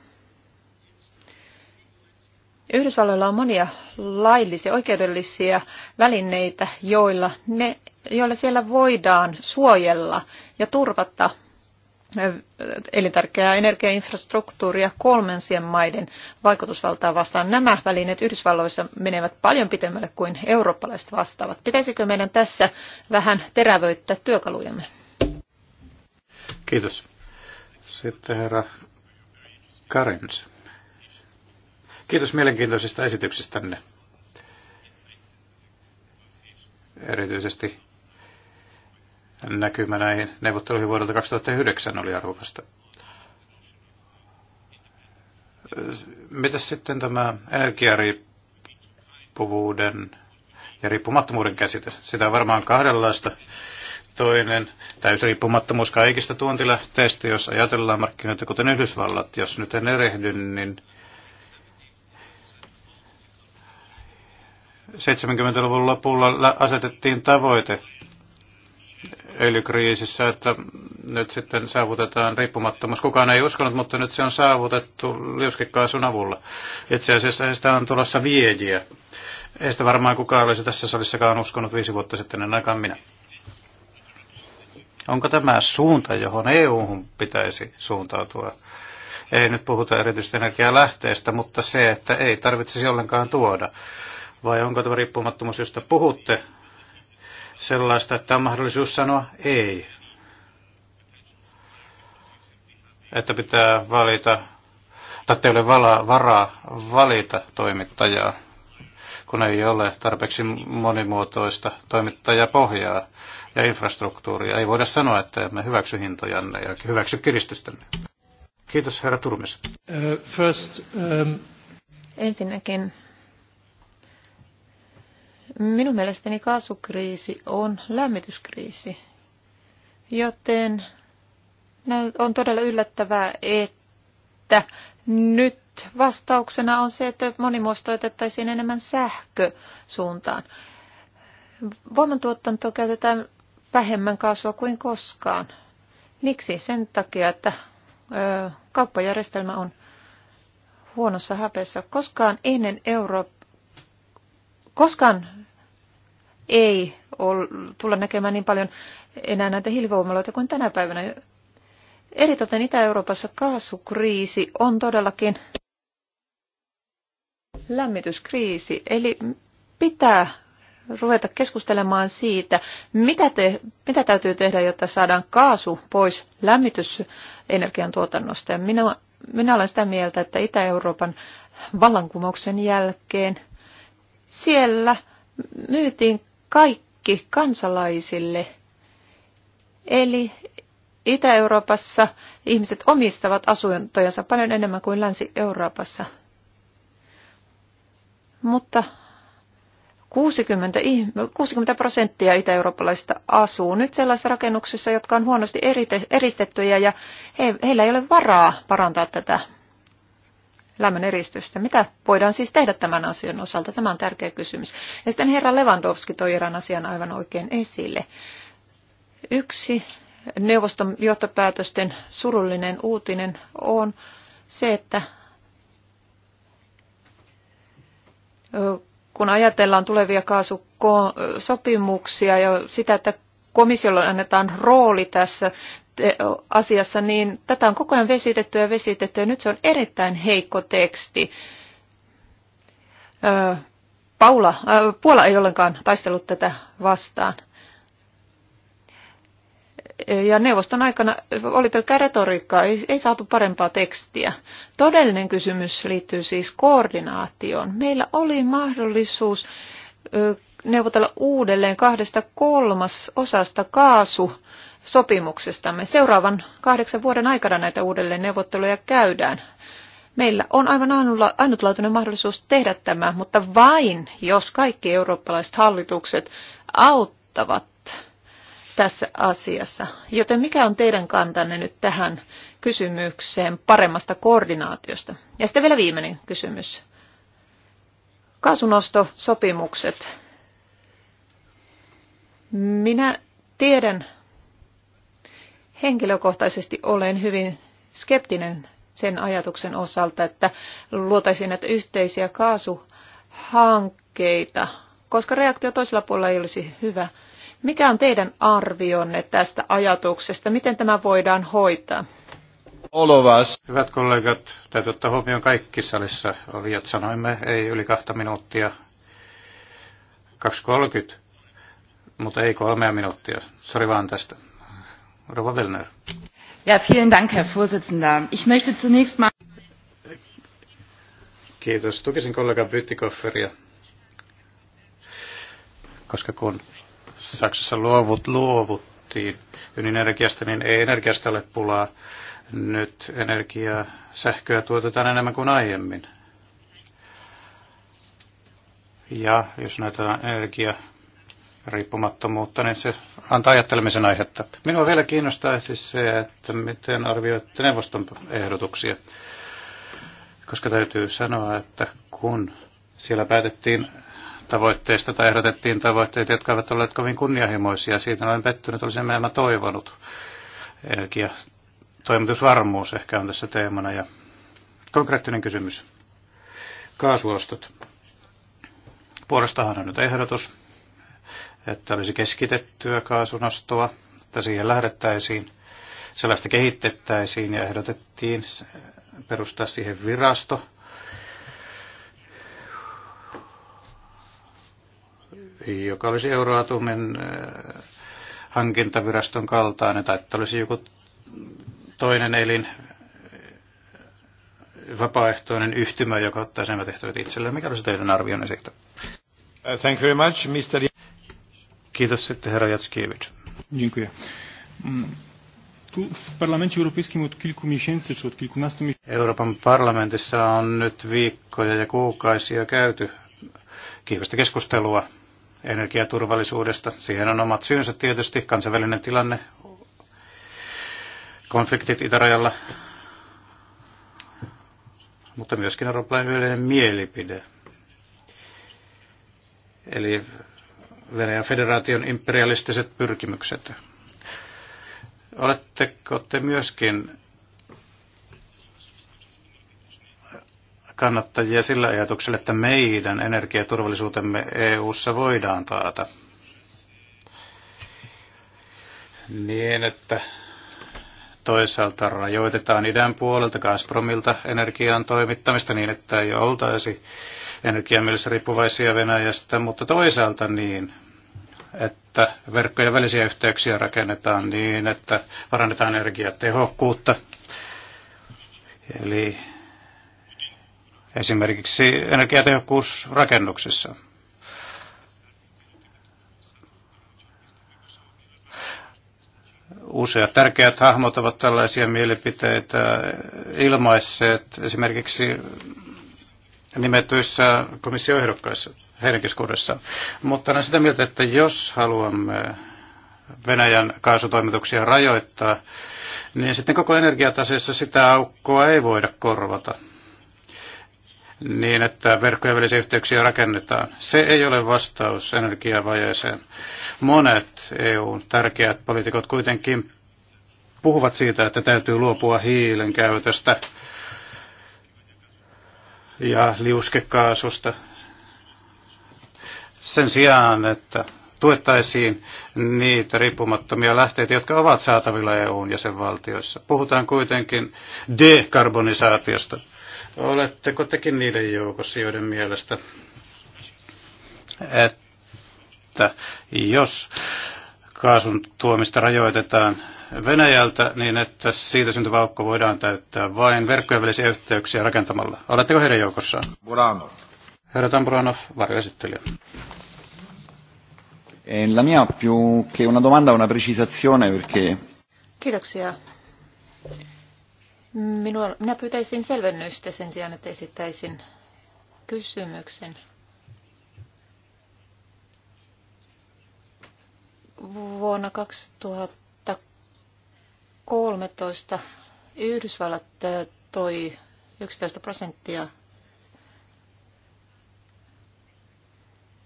Yhdysvalloilla on monia laillisia oikeudellisia välineitä, joilla, ne, joilla siellä voidaan suojella ja turvata elintärkeää energiainfrastruktuuria kolmansien maiden vaikutusvaltaa vastaan. Nämä välineet Yhdysvalloissa menevät paljon pitemmälle kuin eurooppalaiset vastaavat. Pitäisikö meidän tässä vähän terävöittää työkalujamme? Kiitos. Sitten herra Karens. Kiitos mielenkiintoisista esityksistänne. Erityisesti näkymä näihin neuvotteluihin vuodelta 2009 oli arvokasta. Mitäs sitten tämä energiariippuvuuden ja riippumattomuuden käsite? Sitä on varmaan kahdenlaista. Toinen riippumattomuus kaikista tuontilähteistä, jos ajatellaan markkinoita kuten Yhdysvallat. Jos nyt en erehdy, niin 70-luvun lopulla asetettiin tavoite öljykriisissä, että nyt sitten saavutetaan riippumattomuus. Kukaan ei uskonut, mutta nyt se on saavutettu liuskekaasun avulla. Itse asiassa heistä on tulossa viejiä. Ei sitä varmaan kukaan olisi tässä salissakaan uskonut viisi vuotta sitten, en aikaan minä. Onko tämä suunta, johon EU-hun pitäisi suuntautua? Ei nyt puhuta erityisesti energialähteestä, mutta se, että ei tarvitsisi ollenkaan tuoda vai onko tämä riippumattomuus, josta puhutte, sellaista, että on mahdollisuus sanoa ei? Että pitää valita, tai ei ole varaa valita toimittajaa, kun ei ole tarpeeksi monimuotoista toimittajapohjaa ja infrastruktuuria. Ei voida sanoa, että emme hyväksy hintojanne ja hyväksy kiristystänne. Kiitos herra Turmis. Uh, first, um... Ensinnäkin Minun mielestäni kaasukriisi on lämmityskriisi, joten on todella yllättävää, että nyt vastauksena on se, että monimuostoitettaisiin enemmän sähkösuuntaan. Voimantuotanto käytetään vähemmän kaasua kuin koskaan. Miksi? Sen takia, että ö, kauppajärjestelmä on huonossa hapeessa, Koskaan ennen Eurooppa koskaan ei ole tulla näkemään niin paljon enää näitä hiilivoimaloita kuin tänä päivänä. Eritoten Itä-Euroopassa kaasukriisi on todellakin lämmityskriisi, eli pitää ruveta keskustelemaan siitä, mitä, te, mitä täytyy tehdä, jotta saadaan kaasu pois lämmitysenergian tuotannosta. minä, minä olen sitä mieltä, että Itä-Euroopan vallankumouksen jälkeen – siellä myytiin kaikki kansalaisille. Eli Itä-Euroopassa ihmiset omistavat asuntojansa paljon enemmän kuin Länsi-Euroopassa. Mutta 60, 60 prosenttia itä-eurooppalaisista asuu nyt sellaisissa rakennuksissa, jotka on huonosti eristettyjä, ja he, heillä ei ole varaa parantaa tätä lämmön eristystä. Mitä voidaan siis tehdä tämän asian osalta? Tämä on tärkeä kysymys. Ja sitten herra Lewandowski toi erään asian aivan oikein esille. Yksi neuvoston johtopäätösten surullinen uutinen on se, että kun ajatellaan tulevia kaasusopimuksia ja sitä, että komissiolle annetaan rooli tässä asiassa, niin tätä on koko ajan vesitetty ja vesitetty, ja nyt se on erittäin heikko teksti. Paula, Puola ei ollenkaan taistellut tätä vastaan. Ja neuvoston aikana oli pelkkää retoriikkaa, ei, ei saatu parempaa tekstiä. Todellinen kysymys liittyy siis koordinaatioon. Meillä oli mahdollisuus neuvotella uudelleen kahdesta kolmas osasta kaasu sopimuksestamme. Seuraavan kahdeksan vuoden aikana näitä uudelleen neuvotteluja käydään. Meillä on aivan ainutlaatuinen mahdollisuus tehdä tämä, mutta vain jos kaikki eurooppalaiset hallitukset auttavat tässä asiassa. Joten mikä on teidän kantanne nyt tähän kysymykseen paremmasta koordinaatiosta? Ja sitten vielä viimeinen kysymys. Kaasunostosopimukset. Minä tiedän Henkilökohtaisesti olen hyvin skeptinen sen ajatuksen osalta, että luotaisiin näitä yhteisiä kaasuhankkeita, koska reaktio toisella puolella ei olisi hyvä. Mikä on teidän arvionne tästä ajatuksesta? Miten tämä voidaan hoitaa? Olovas. Hyvät kollegat, täytyy ottaa huomioon kaikki salissa olijat. Sanoimme ei yli kahta minuuttia, 2.30, mutta ei kolmea minuuttia. Sori vaan tästä. Rova Wellner. Ja, vielen Dank, Herr Vorsitzender. Ich möchte zunächst mal... Kiitos. Tukisin kollega Byttikofferia, koska kun Saksassa luovut luovuttiin ydinenergiasta, niin ei energiasta ole pulaa. Nyt energiaa, sähköä tuotetaan enemmän kuin aiemmin. Ja jos näitä energia riippumattomuutta, niin se antaa ajattelemisen aihetta. Minua vielä kiinnostaa siis se, että miten arvioitte neuvoston ehdotuksia, koska täytyy sanoa, että kun siellä päätettiin tavoitteista tai ehdotettiin tavoitteita, jotka eivät olleet kovin kunnianhimoisia, siitä olen pettynyt, olisin mä toivonut. Energia, toimitusvarmuus ehkä on tässä teemana ja konkreettinen kysymys. Kaasuostot. Puolestahan on nyt ehdotus että olisi keskitettyä kaasunostoa, että siihen lähdettäisiin, sellaista kehitettäisiin ja ehdotettiin perustaa siihen virasto, joka olisi Euroatomin äh, hankintaviraston kaltainen, tai että olisi joku toinen elin, äh, vapaaehtoinen yhtymä, joka ottaisi nämä tehtävät itselleen. Mikä olisi teidän arvionne siitä? Thank you very much, Mr. Kiitos sitten herra Jatskiewicz. Dziękuję. Mm, tu w Parlamencie Europejskim od kilku miesięcy czy od kilkunastu miesięcy... Euroopan parlamentissa on nyt viikkoja ja kuukausia käyty kiivasta keskustelua energiaturvallisuudesta. Siihen on omat syynsä tietysti, kansainvälinen tilanne, konfliktit itärajalla, mutta myöskin eurooppalainen yleinen mielipide. Eli Venäjän federaation imperialistiset pyrkimykset. Oletteko te myöskin kannattajia sillä ajatuksella, että meidän energiaturvallisuutemme EU-ssa voidaan taata? Niin, että Toisaalta rajoitetaan idän puolelta Gazpromilta energian toimittamista niin, että ei oltaisi energiamielessä riippuvaisia Venäjästä, mutta toisaalta niin, että verkkojen välisiä yhteyksiä rakennetaan niin, että parannetaan energiatehokkuutta. Eli esimerkiksi energiatehokkuus rakennuksissa. Useat tärkeät hahmot ovat tällaisia mielipiteitä ilmaisseet esimerkiksi nimetyissä komissioehdokkaissa heidän keskuudessaan. Mutta olen sitä mieltä, että jos haluamme Venäjän kaasutoimituksia rajoittaa, niin sitten koko energiataseessa sitä aukkoa ei voida korvata niin, että verkkojen välisiä yhteyksiä rakennetaan. Se ei ole vastaus energiavajeeseen. Monet EUn tärkeät poliitikot kuitenkin puhuvat siitä, että täytyy luopua hiilen käytöstä ja liuskekaasusta. Sen sijaan, että tuettaisiin niitä riippumattomia lähteitä, jotka ovat saatavilla EUn jäsenvaltioissa. Puhutaan kuitenkin dekarbonisaatiosta. Oletteko tekin niiden joukossa, joiden mielestä, että jos kaasun tuomista rajoitetaan Venäjältä, niin että siitä syntyvä aukko voidaan täyttää vain verkkojen välisiä yhteyksiä rakentamalla. Oletteko heidän joukossaan? Buranov. Herra Tamburanov, varjoesittelijä. Eh, la mia più che una domanda, una precisazione perché... Kiitoksia. Minua, minä pyytäisin selvennystä sen sijaan, että esittäisin kysymyksen. Vuonna 2013 Yhdysvallat toi 11 prosenttia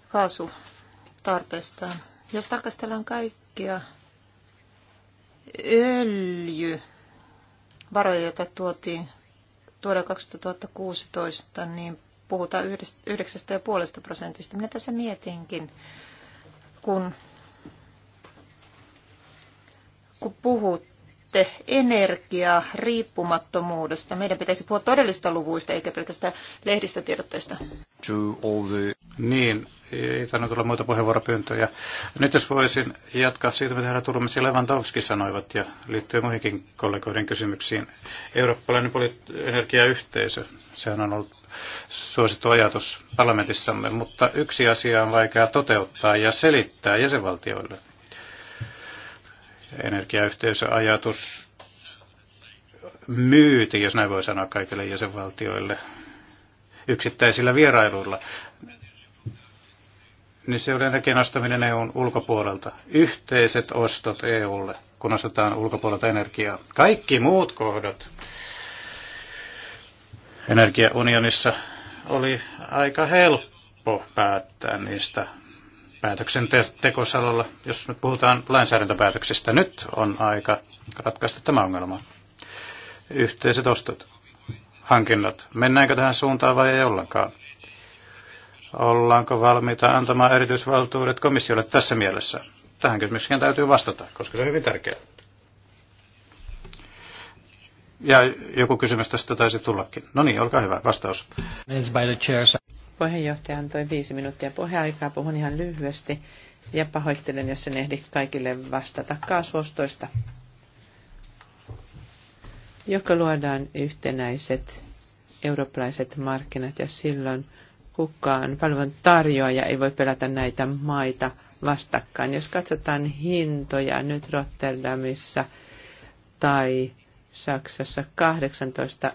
kaasutarpeestaan. Jos tarkastellaan kaikkia öljy varoja, joita tuotiin tuoda 2016, niin puhutaan 9,5 prosentista. Minä tässä mietinkin, kun, kun puhut puhuitte energiaa riippumattomuudesta. Meidän pitäisi puhua todellisista luvuista eikä pelkästään lehdistötiedotteista. Niin, ei tainnut olla muita puheenvuoropyyntöjä. Nyt jos voisin jatkaa siitä, mitä herra Turmes ja Lewandowski sanoivat ja liittyy muihinkin kollegoiden kysymyksiin. Eurooppalainen energiayhteisö, sehän on ollut suosittu ajatus parlamentissamme, mutta yksi asia on vaikea toteuttaa ja selittää jäsenvaltioille – energiayhteisöajatus myyti, jos näin voi sanoa kaikille jäsenvaltioille, yksittäisillä vierailuilla, niin se oli energian ostaminen EUn ulkopuolelta. Yhteiset ostot EUlle, kun ostetaan ulkopuolelta energiaa. Kaikki muut kohdat energiaunionissa oli aika helppo päättää niistä päätöksentekosalolla, jos nyt puhutaan lainsäädäntöpäätöksistä. Nyt on aika ratkaista tämä ongelma. Yhteiset ostot, hankinnat. Mennäänkö tähän suuntaan vai ei ollenkaan? Ollaanko valmiita antamaan erityisvaltuudet komissiolle tässä mielessä? Tähän kysymykseen täytyy vastata, koska se on hyvin tärkeää. Ja joku kysymys tästä taisi tullakin. No niin, olkaa hyvä, vastaus. Puheenjohtaja antoi viisi minuuttia puheaikaa. Puhun ihan lyhyesti ja pahoittelen, jos en ehdi kaikille vastata kaasuostoista. Joko luodaan yhtenäiset eurooppalaiset markkinat ja silloin kukaan palvelun tarjoaja ei voi pelätä näitä maita vastakkain. Jos katsotaan hintoja nyt Rotterdamissa tai Saksassa 18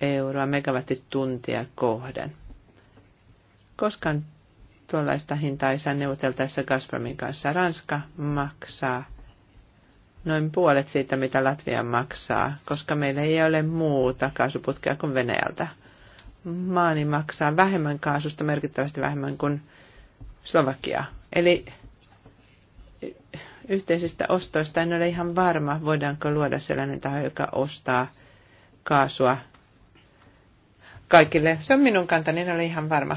euroa megawattituntia kohden koskaan tuollaista hintaa ei saa neuvoteltaessa Gazpromin kanssa. Ranska maksaa noin puolet siitä, mitä Latvia maksaa, koska meillä ei ole muuta kaasuputkea kuin Venäjältä. Maani maksaa vähemmän kaasusta, merkittävästi vähemmän kuin Slovakia. Eli yhteisistä ostoista en ole ihan varma, voidaanko luoda sellainen taho, joka ostaa kaasua kaikille. Se on minun kantani, en ole ihan varma.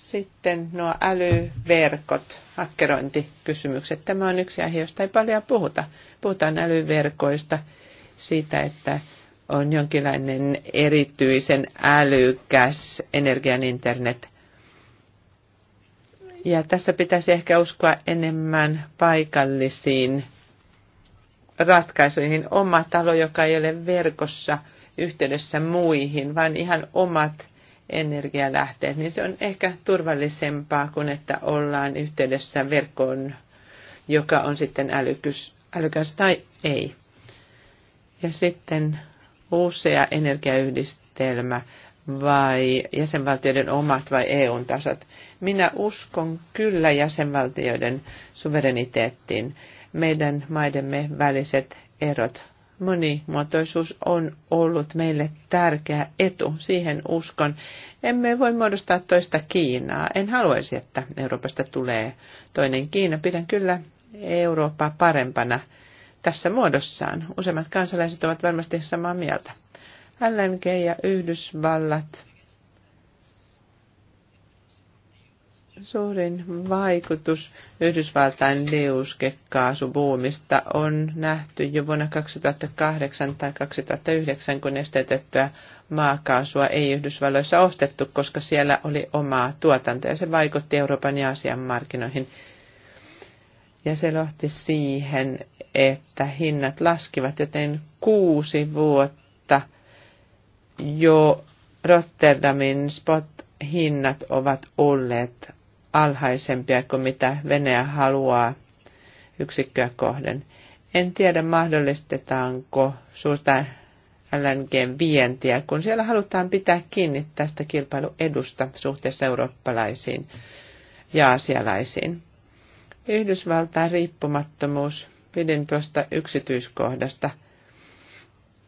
Sitten nuo älyverkot, hakkerointikysymykset. Tämä on yksi aihe, josta ei paljon puhuta. Puhutaan älyverkoista, siitä, että on jonkinlainen erityisen älykäs energian internet. Ja tässä pitäisi ehkä uskoa enemmän paikallisiin ratkaisuihin. Oma talo, joka ei ole verkossa yhteydessä muihin, vaan ihan omat energialähteet, niin se on ehkä turvallisempaa kuin että ollaan yhteydessä verkkoon, joka on sitten älykys, älykäs tai ei. Ja sitten uusia energiayhdistelmä vai jäsenvaltioiden omat vai EUn tasot. Minä uskon kyllä jäsenvaltioiden suvereniteettiin. Meidän maidemme väliset erot monimuotoisuus on ollut meille tärkeä etu, siihen uskon. Emme voi muodostaa toista Kiinaa. En haluaisi, että Euroopasta tulee toinen Kiina. Pidän kyllä Eurooppaa parempana tässä muodossaan. Useimmat kansalaiset ovat varmasti samaa mieltä. LNG ja Yhdysvallat Suurin vaikutus Yhdysvaltain liuskekaasubuumista on nähty jo vuonna 2008 tai 2009, kun estetettyä maakaasua ei Yhdysvalloissa ostettu, koska siellä oli omaa tuotantoa ja se vaikutti Euroopan ja Aasian markkinoihin. Ja se lohti siihen, että hinnat laskivat, joten kuusi vuotta jo Rotterdamin spot hinnat ovat olleet alhaisempia kuin mitä Venäjä haluaa yksikköä kohden. En tiedä, mahdollistetaanko suurta LNG-vientiä, kun siellä halutaan pitää kiinni tästä kilpailuedusta suhteessa eurooppalaisiin ja asialaisiin. Yhdysvaltain riippumattomuus, pidin tuosta yksityiskohdasta.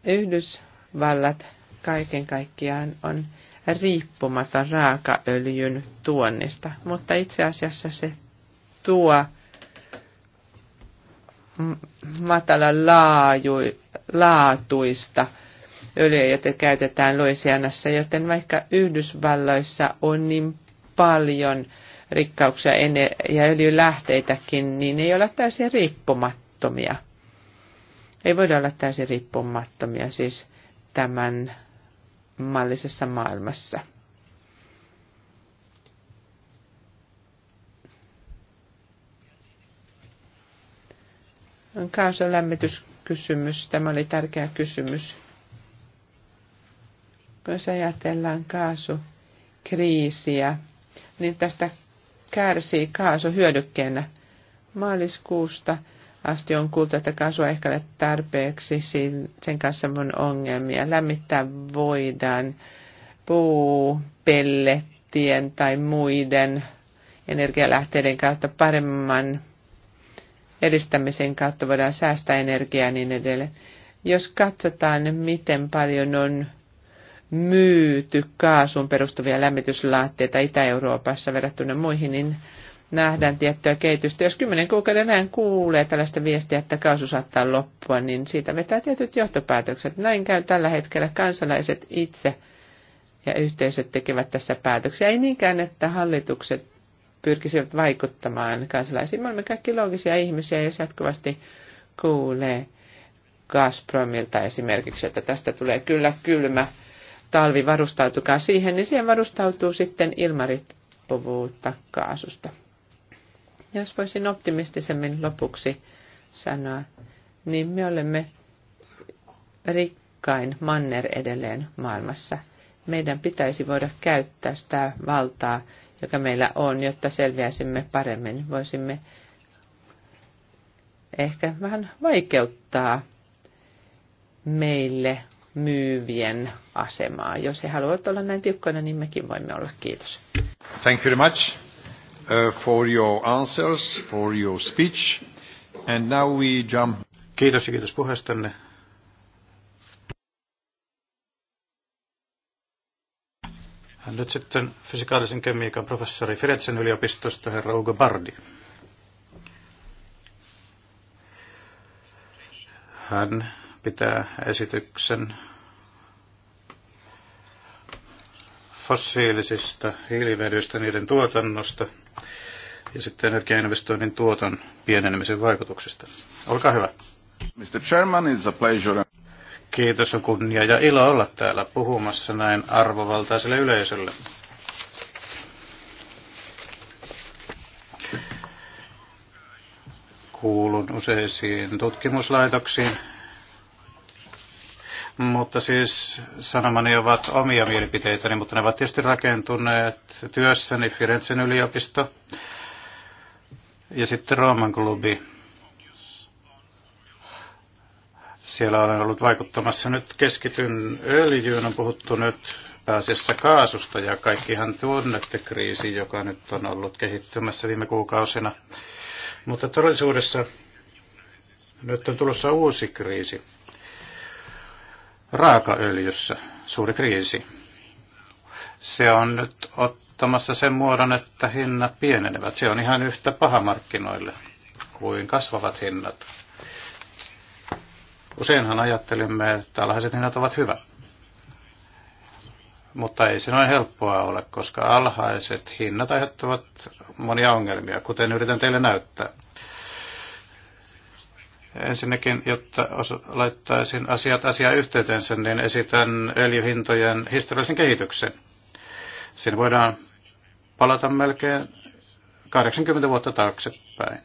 Yhdysvallat kaiken kaikkiaan on riippumatta raakaöljyn tuonnista, mutta itse asiassa se tuo matala laaju, laatuista öljyä, jota käytetään Louisianassa, joten vaikka Yhdysvalloissa on niin paljon rikkauksia ja öljylähteitäkin, niin ei ole täysin riippumattomia. Ei voida olla täysin riippumattomia siis tämän mallisessa maailmassa. lämmityskysymys, tämä oli tärkeä kysymys. se ajatellaan kaasukriisiä, niin tästä kärsii kaasu hyödykkeenä maaliskuusta – asti on kuultu, että kaasua ehkä ole tarpeeksi, sen kanssa on ongelmia. Lämmittää voidaan puupellettien tai muiden energialähteiden kautta paremman edistämisen kautta voidaan säästää energiaa niin edelleen. Jos katsotaan, miten paljon on myyty kaasuun perustuvia lämmityslaatteita Itä-Euroopassa verrattuna muihin, niin nähdään tiettyä kehitystä. Jos kymmenen kuukauden ajan kuulee tällaista viestiä, että kaasu saattaa loppua, niin siitä vetää tietyt johtopäätökset. Näin käy tällä hetkellä kansalaiset itse ja yhteisöt tekevät tässä päätöksiä. Ei niinkään, että hallitukset pyrkisivät vaikuttamaan kansalaisiin. Me olemme kaikki loogisia ihmisiä, jos jatkuvasti kuulee Gazpromilta esimerkiksi, että tästä tulee kyllä kylmä talvi, varustautukaa siihen, niin siihen varustautuu sitten ilmariippuvuutta kaasusta. Jos voisin optimistisemmin lopuksi sanoa, niin me olemme rikkain manner edelleen maailmassa. Meidän pitäisi voida käyttää sitä valtaa, joka meillä on, jotta selviäisimme paremmin. Voisimme ehkä vähän vaikeuttaa meille myyvien asemaa. Jos he haluavat olla näin tiukkoina, niin mekin voimme olla. Kiitos. Thank you very much. Uh, for your answers, for your speech. And now we jump. Kiitos ja kiitos puheestanne. Nyt sitten fysikaalisen kemiikan professori Firenzen yliopistosta, herra Ugo Bardi. Hän pitää esityksen fossiilisista hiilivedyistä, niiden tuotannosta – ja sitten energiainvestoinnin tuoton pienenemisen vaikutuksista. Olkaa hyvä. Mr. Chairman, it's a pleasure. Kiitos, on kunnia ja ilo olla täällä puhumassa näin arvovaltaiselle yleisölle. Kuulun useisiin tutkimuslaitoksiin, mutta siis sanomani ovat omia mielipiteitäni, mutta ne ovat tietysti rakentuneet työssäni Firenzen yliopisto, ja sitten Rooman klubi. Siellä olen ollut vaikuttamassa. Nyt keskityn öljyyn. On puhuttu nyt pääasiassa kaasusta ja kaikkihan tunnette kriisi, joka nyt on ollut kehittymässä viime kuukausina. Mutta todellisuudessa nyt on tulossa uusi kriisi. Raakaöljyssä suuri kriisi se on nyt ottamassa sen muodon, että hinnat pienenevät. Se on ihan yhtä paha markkinoille kuin kasvavat hinnat. Useinhan ajattelemme, että alhaiset hinnat ovat hyvä. Mutta ei se noin helppoa ole, koska alhaiset hinnat aiheuttavat monia ongelmia, kuten yritän teille näyttää. Ensinnäkin, jotta laittaisin asiat asiaa yhteytensä, niin esitän öljyhintojen historiallisen kehityksen. Siinä voidaan palata melkein 80 vuotta taaksepäin.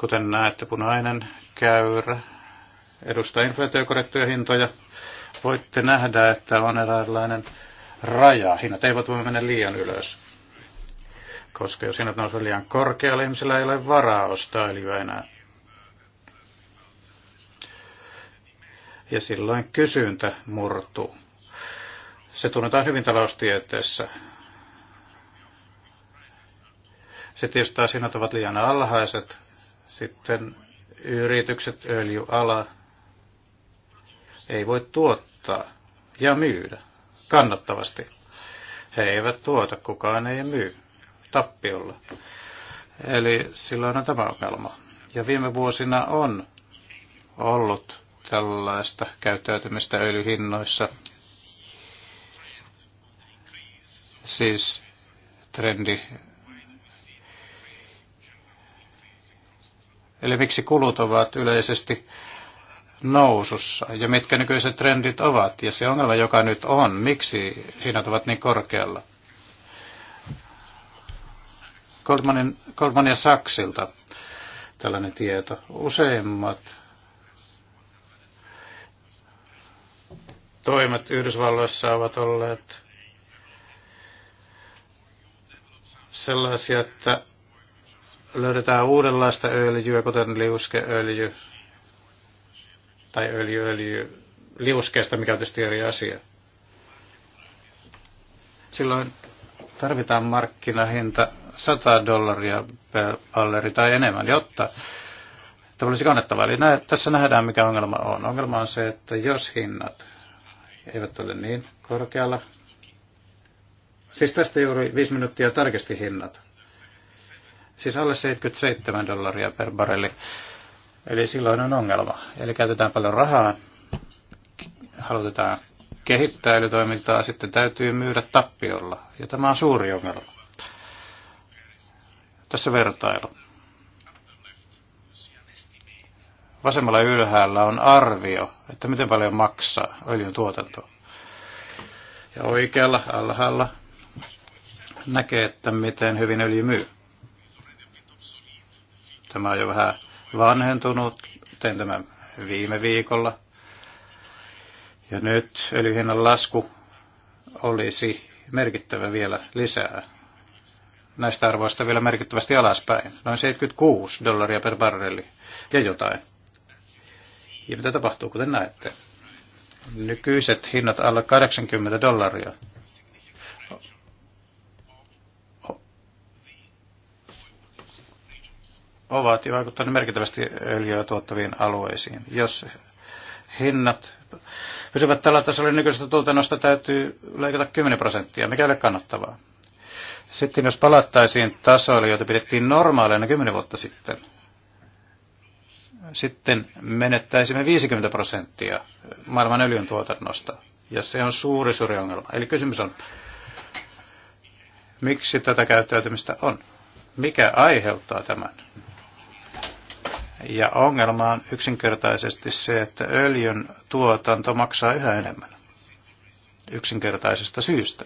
Kuten näette, punainen käyrä edustaa inflaatiokorjattuja hintoja. Voitte nähdä, että on eräänlainen raja. Hinnat eivät voi mennä liian ylös. Koska jos hinnat nousevat liian korkealle, ihmisillä ei ole varaa ostaa öljyä enää. Ja silloin kysyntä murtuu. Se tunnetaan hyvin taloustieteessä. Sitten jos taas hinnat ovat liian alhaiset, sitten yritykset, öljyala, ei voi tuottaa ja myydä kannattavasti. He eivät tuota, kukaan ei myy tappiolla. Eli silloin on tämä ongelma. Ja viime vuosina on ollut tällaista käyttäytymistä öljyhinnoissa Siis trendi. Eli miksi kulut ovat yleisesti nousussa ja mitkä nykyiset trendit ovat ja se ongelma, joka nyt on, miksi hinnat ovat niin korkealla. Goldmanin, Goldman ja Saksilta tällainen tieto. Useimmat toimet Yhdysvalloissa ovat olleet sellaisia, että löydetään uudenlaista öljyä, kuten liuskeöljy tai öljyöljy liuskeesta, mikä on tietysti eri asia. Silloin tarvitaan markkinahinta 100 dollaria per palleri tai enemmän, jotta tämä olisi kannattavaa. Eli nä, tässä nähdään, mikä ongelma on. Ongelma on se, että jos hinnat eivät ole niin korkealla Siis tästä juuri viisi minuuttia tarkisti hinnat. Siis alle 77 dollaria per barreli. Eli silloin on ongelma. Eli käytetään paljon rahaa, halutetaan kehittää öljytoimintaa, sitten täytyy myydä tappiolla. Ja tämä on suuri ongelma. Tässä vertailu. Vasemmalla ylhäällä on arvio, että miten paljon maksaa öljyn tuotanto. Ja oikealla alhaalla näkee, että miten hyvin öljy myy. Tämä on jo vähän vanhentunut. Tein tämän viime viikolla. Ja nyt öljyhinnan lasku olisi merkittävä vielä lisää. Näistä arvoista vielä merkittävästi alaspäin. Noin 76 dollaria per barreli ja jotain. Ja mitä tapahtuu, kuten näette? Nykyiset hinnat alle 80 dollaria ovat jo vaikuttaneet merkittävästi öljyä tuottaviin alueisiin. Jos hinnat pysyvät tällä tasolla, niin nykyisestä tuotannosta täytyy leikata 10 prosenttia, mikä ei ole kannattavaa. Sitten jos palattaisiin tasoille, joita pidettiin normaaleina 10 vuotta sitten, sitten menettäisimme 50 prosenttia maailman öljyn tuotannosta. Ja se on suuri, suuri ongelma. Eli kysymys on, miksi tätä käyttäytymistä on? Mikä aiheuttaa tämän? Ja ongelma on yksinkertaisesti se, että öljyn tuotanto maksaa yhä enemmän. Yksinkertaisesta syystä.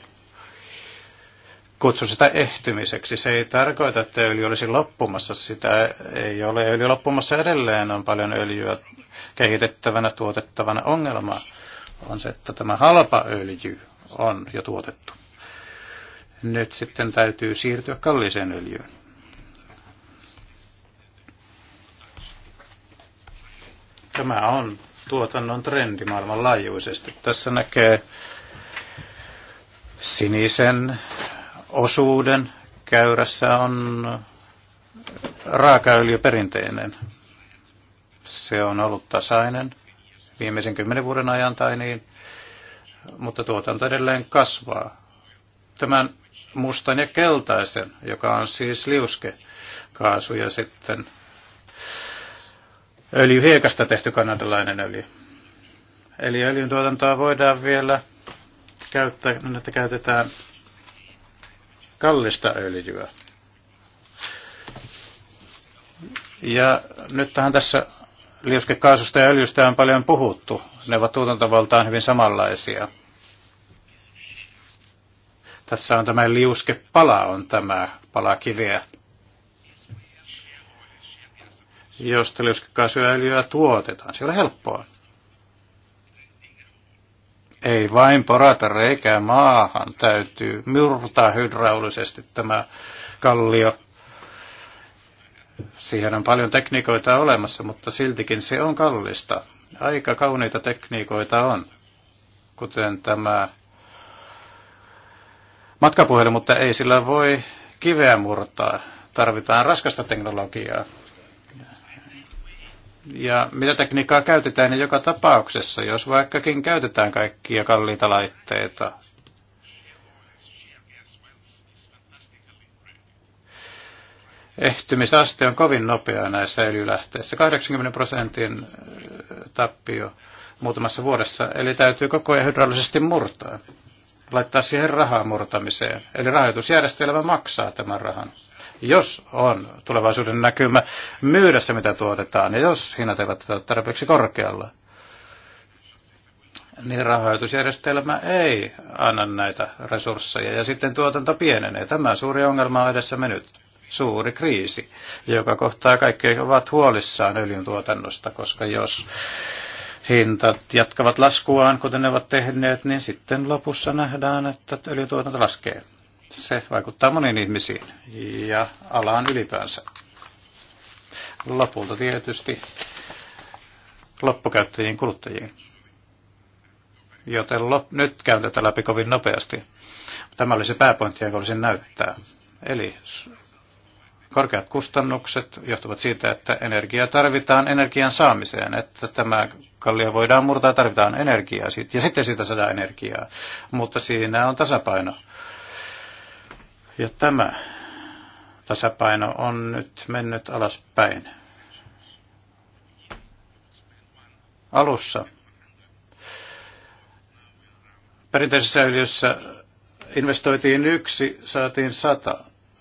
Kutsun sitä ehtymiseksi. Se ei tarkoita, että öljy olisi loppumassa. Sitä ei ole öljy loppumassa edelleen. On paljon öljyä kehitettävänä, tuotettavana. Ongelma on se, että tämä halpa öljy on jo tuotettu. Nyt sitten täytyy siirtyä kalliiseen öljyyn Tämä on tuotannon trendi maailmanlaajuisesti. Tässä näkee sinisen osuuden. Käyrässä on raakaöljy perinteinen. Se on ollut tasainen viimeisen kymmenen vuoden ajan tai niin, mutta tuotanto edelleen kasvaa. Tämän mustan ja keltaisen, joka on siis liuskekaasu ja sitten öljyhiekasta tehty kanadalainen öljy. Eli öljyntuotantoa voidaan vielä käyttää, niin että käytetään kallista öljyä. Ja tähän tässä liuskekaasusta ja öljystä on paljon puhuttu. Ne ovat tuotantovaltaan hyvin samanlaisia. Tässä on tämä liuskepala, on tämä palakiviä josta liuskekaasuöljyä tuotetaan. Se on helppoa. Ei vain porata reikää maahan, täytyy murtaa hydraulisesti tämä kallio. Siihen on paljon tekniikoita olemassa, mutta siltikin se on kallista. Aika kauniita tekniikoita on, kuten tämä matkapuhelu, mutta ei sillä voi kiveä murtaa. Tarvitaan raskasta teknologiaa ja mitä tekniikkaa käytetään, niin joka tapauksessa, jos vaikkakin käytetään kaikkia kalliita laitteita, ehtymisaste on kovin nopea näissä öljylähteissä, 80 prosentin äh, tappio muutamassa vuodessa, eli täytyy koko ajan hydraulisesti murtaa, laittaa siihen rahaa murtamiseen. Eli rahoitusjärjestelmä maksaa tämän rahan jos on tulevaisuuden näkymä myydä se, mitä tuotetaan, ja jos hinnat eivät ole tarpeeksi korkealla, niin rahoitusjärjestelmä ei anna näitä resursseja, ja sitten tuotanto pienenee. Tämä suuri ongelma on edessä mennyt. suuri kriisi, joka kohtaa kaikki ovat huolissaan tuotannosta, koska jos hintat jatkavat laskuaan, kuten ne ovat tehneet, niin sitten lopussa nähdään, että öljytuotanto laskee. Se vaikuttaa moniin ihmisiin ja alaan ylipäänsä. Lopulta tietysti loppukäyttäjiin kuluttajiin. Joten lop- nyt käyn tätä läpi kovin nopeasti. Tämä oli se pääpointti, jonka olisin näyttää. Eli korkeat kustannukset johtuvat siitä, että energiaa tarvitaan energian saamiseen, että tämä kallio voidaan murtaa, tarvitaan energiaa ja sitten siitä saadaan energiaa. Mutta siinä on tasapaino ja tämä tasapaino on nyt mennyt alaspäin. Alussa perinteisessä yliössä investoitiin yksi, saatiin sata.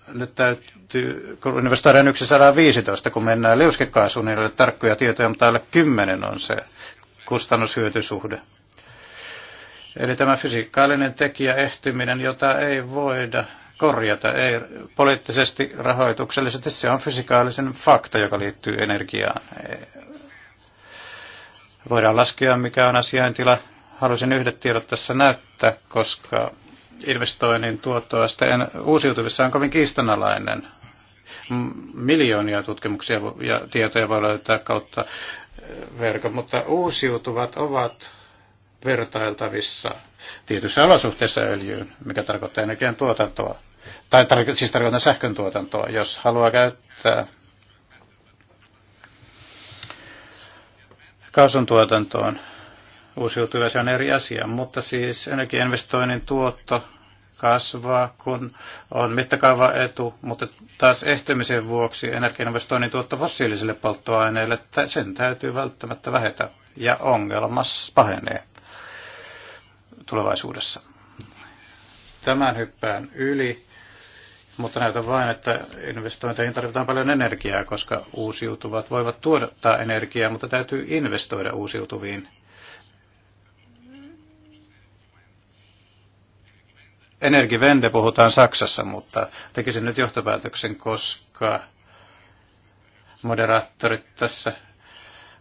Nyt täytyy, kun investoidaan yksi, saadaan 15, kun mennään liuskekaasuun, niin ei tarkkoja tietoja, mutta alle 10 on se kustannushyötysuhde. Eli tämä fysikaalinen tekijä ehtyminen, jota ei voida korjata. Ei poliittisesti, rahoituksellisesti, se on fysikaalisen fakta, joka liittyy energiaan. Voidaan laskea, mikä on asiaintila. Haluaisin yhdet tiedot tässä näyttää, koska investoinnin tuottoaste uusiutuvissa on kovin kiistanalainen. Miljoonia tutkimuksia ja tietoja voi löytää kautta eh, verkon, mutta uusiutuvat ovat vertailtavissa tietyissä olosuhteissa öljyyn, mikä tarkoittaa energian tuotantoa tai tar- siis tarkoitan sähköntuotantoa, jos haluaa käyttää kaasun tuotantoon uusiutuvia, se on eri asia, mutta siis energiainvestoinnin tuotto kasvaa, kun on mittakaava etu, mutta taas ehtymisen vuoksi energiainvestoinnin tuotto fossiilisille polttoaineille, sen täytyy välttämättä vähetä ja ongelmas pahenee tulevaisuudessa. Tämän hyppään yli mutta näytän vain, että investointeihin tarvitaan paljon energiaa, koska uusiutuvat voivat tuottaa energiaa, mutta täytyy investoida uusiutuviin. Energivende puhutaan Saksassa, mutta tekisin nyt johtopäätöksen, koska moderaattorit tässä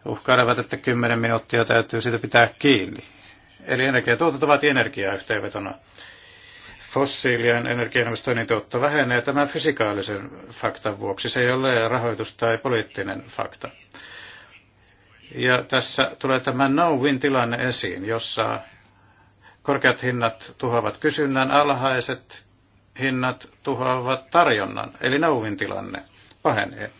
uhkailevat, että 10 minuuttia täytyy siitä pitää kiinni. Eli energiatuotot ovat energiaa yhteenvetona fossiilien energiainvestoinnin tuotto vähenee tämän fysikaalisen faktan vuoksi. Se ei ole rahoitus tai poliittinen fakta. Ja tässä tulee tämä no-win-tilanne esiin, jossa korkeat hinnat tuhoavat kysynnän, alhaiset hinnat tuhoavat tarjonnan, eli no-win tilanne pahenee.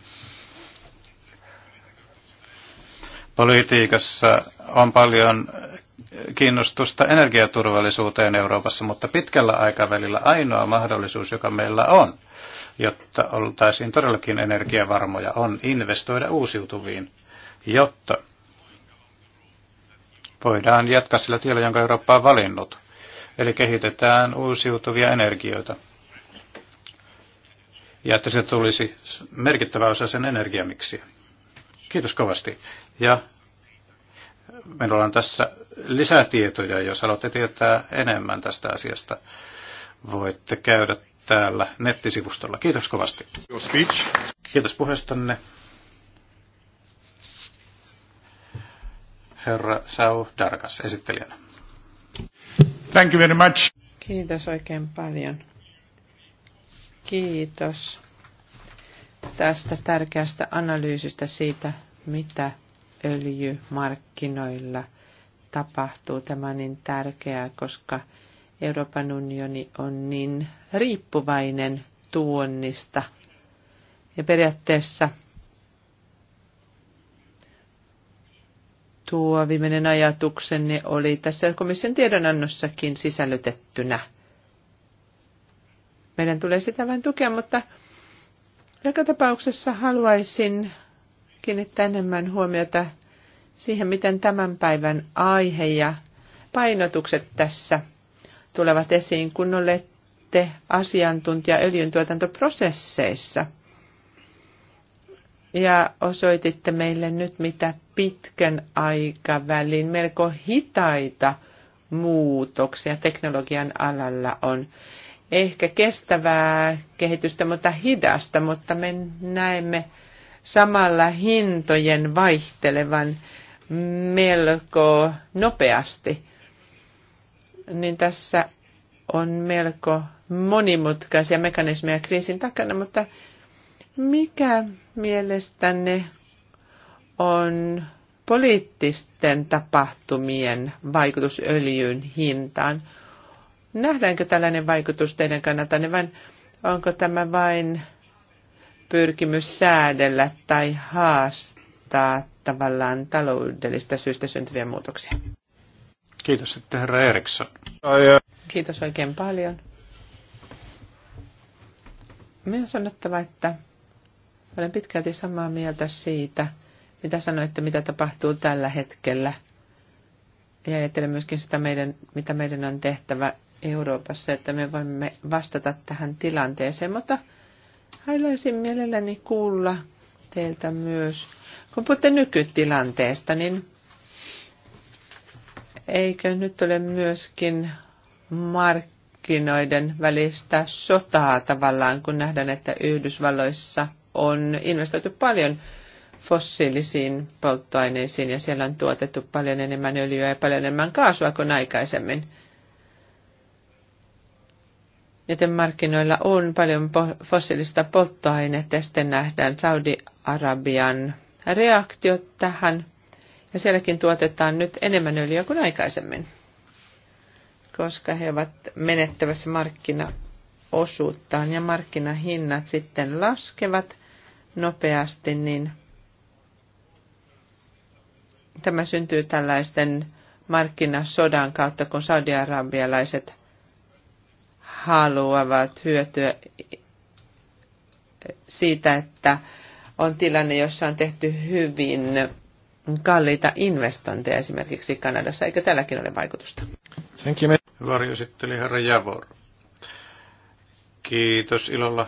Politiikassa on paljon kiinnostusta energiaturvallisuuteen Euroopassa, mutta pitkällä aikavälillä ainoa mahdollisuus, joka meillä on, jotta oltaisiin todellakin energiavarmoja, on investoida uusiutuviin, jotta voidaan jatkaa sillä tiellä, jonka Eurooppa on valinnut. Eli kehitetään uusiutuvia energioita. Ja että se tulisi merkittävä osa sen energiamiksiä. Kiitos kovasti. Ja minulla on tässä lisätietoja, jos haluatte tietää enemmän tästä asiasta. Voitte käydä täällä nettisivustolla. Kiitos kovasti. Kiitos puheestanne. Herra Sau Darkas, esittelijänä. Thank you very much. Kiitos oikein paljon. Kiitos tästä tärkeästä analyysistä siitä, mitä öljymarkkinoilla – tapahtuu. Tämä on niin tärkeää, koska Euroopan unioni on niin riippuvainen tuonnista. Ja periaatteessa tuo viimeinen ajatuksenne oli tässä komission tiedonannossakin sisällytettynä. Meidän tulee sitä vain tukea, mutta joka tapauksessa haluaisin kiinnittää enemmän huomiota siihen, miten tämän päivän aihe ja painotukset tässä tulevat esiin, kun olette asiantuntija öljyntuotantoprosesseissa. Ja osoititte meille nyt, mitä pitkän aikavälin melko hitaita muutoksia teknologian alalla on. Ehkä kestävää kehitystä, mutta hidasta, mutta me näemme samalla hintojen vaihtelevan melko nopeasti, niin tässä on melko monimutkaisia mekanismeja kriisin takana, mutta mikä mielestänne on poliittisten tapahtumien vaikutus öljyn hintaan? Nähdäänkö tällainen vaikutus teidän niin vai onko tämä vain pyrkimys säädellä tai haastaa tavallaan taloudellista syystä syntyviä muutoksia. Kiitos sitten herra Eriksson. Kiitos oikein paljon. Minä on sanottava, että olen pitkälti samaa mieltä siitä, mitä sanoitte, mitä tapahtuu tällä hetkellä. Ja ajattelen myöskin sitä, meidän, mitä meidän on tehtävä Euroopassa, että me voimme vastata tähän tilanteeseen. Mutta haluaisin mielelläni kuulla teiltä myös kun puhutte nykytilanteesta, niin eikö nyt ole myöskin markkinoiden välistä sotaa tavallaan, kun nähdään, että Yhdysvalloissa on investoitu paljon fossiilisiin polttoaineisiin ja siellä on tuotettu paljon enemmän öljyä ja paljon enemmän kaasua kuin aikaisemmin. Joten markkinoilla on paljon fossiilista polttoainetta ja sitten nähdään Saudi-Arabian reaktiot tähän. Ja sielläkin tuotetaan nyt enemmän öljyä kuin aikaisemmin, koska he ovat menettävässä markkinaosuuttaan ja markkinahinnat sitten laskevat nopeasti, niin tämä syntyy tällaisten markkinasodan kautta, kun Saudi saudi-arabialaiset haluavat hyötyä siitä, että on tilanne, jossa on tehty hyvin kalliita investointeja esimerkiksi Kanadassa. Eikö tälläkin ole vaikutusta? Thank you. herra Javor. Kiitos ilolla.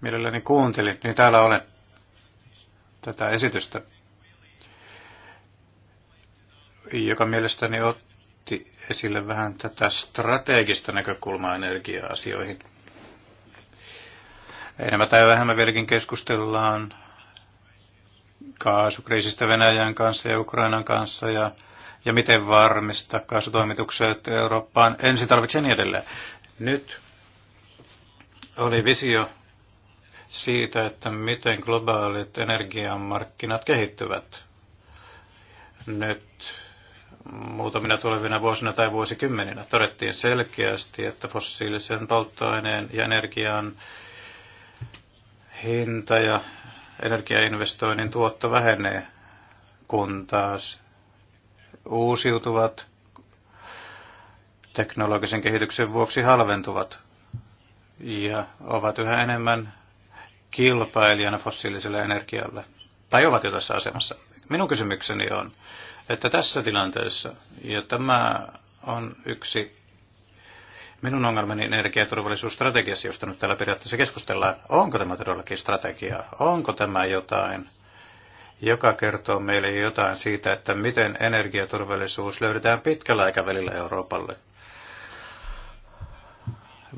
Mielelläni kuuntelin. Niin täällä olen tätä esitystä, joka mielestäni otti esille vähän tätä strategista näkökulmaa energia-asioihin. Enemmän tai vähemmän vieläkin keskustellaan kaasukriisistä Venäjän kanssa ja Ukrainan kanssa ja, ja miten varmistaa kaasutoimitukset Eurooppaan ensi tarvitsen niin edelleen. Nyt oli visio siitä, että miten globaalit energiamarkkinat kehittyvät. Nyt muutamina tulevina vuosina tai vuosikymmeninä todettiin selkeästi, että fossiilisen polttoaineen ja energian hinta ja energiainvestoinnin tuotto vähenee, kun taas uusiutuvat teknologisen kehityksen vuoksi halventuvat ja ovat yhä enemmän kilpailijana fossiiliselle energialle. Tai ovat jo tässä asemassa. Minun kysymykseni on, että tässä tilanteessa, ja tämä on yksi Minun ongelmani energiaturvallisuusstrategiassa, josta nyt täällä periaatteessa keskustellaan, onko tämä todellakin strategia? Onko tämä jotain, joka kertoo meille jotain siitä, että miten energiaturvallisuus löydetään pitkällä aikavälillä Euroopalle?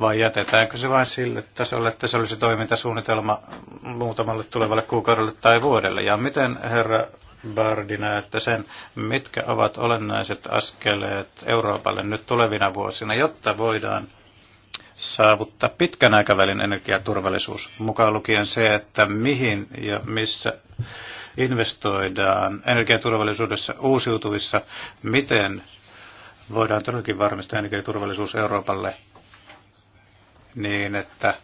Vai jätetäänkö se vain sille tasolle, että se olisi toimintasuunnitelma muutamalle tulevalle kuukaudelle tai vuodelle? Ja miten, herra Bardina, että sen, mitkä ovat olennaiset askeleet Euroopalle nyt tulevina vuosina, jotta voidaan saavuttaa pitkän aikavälin energiaturvallisuus, mukaan lukien se, että mihin ja missä investoidaan energiaturvallisuudessa uusiutuvissa, miten voidaan todellakin varmistaa energiaturvallisuus Euroopalle niin, että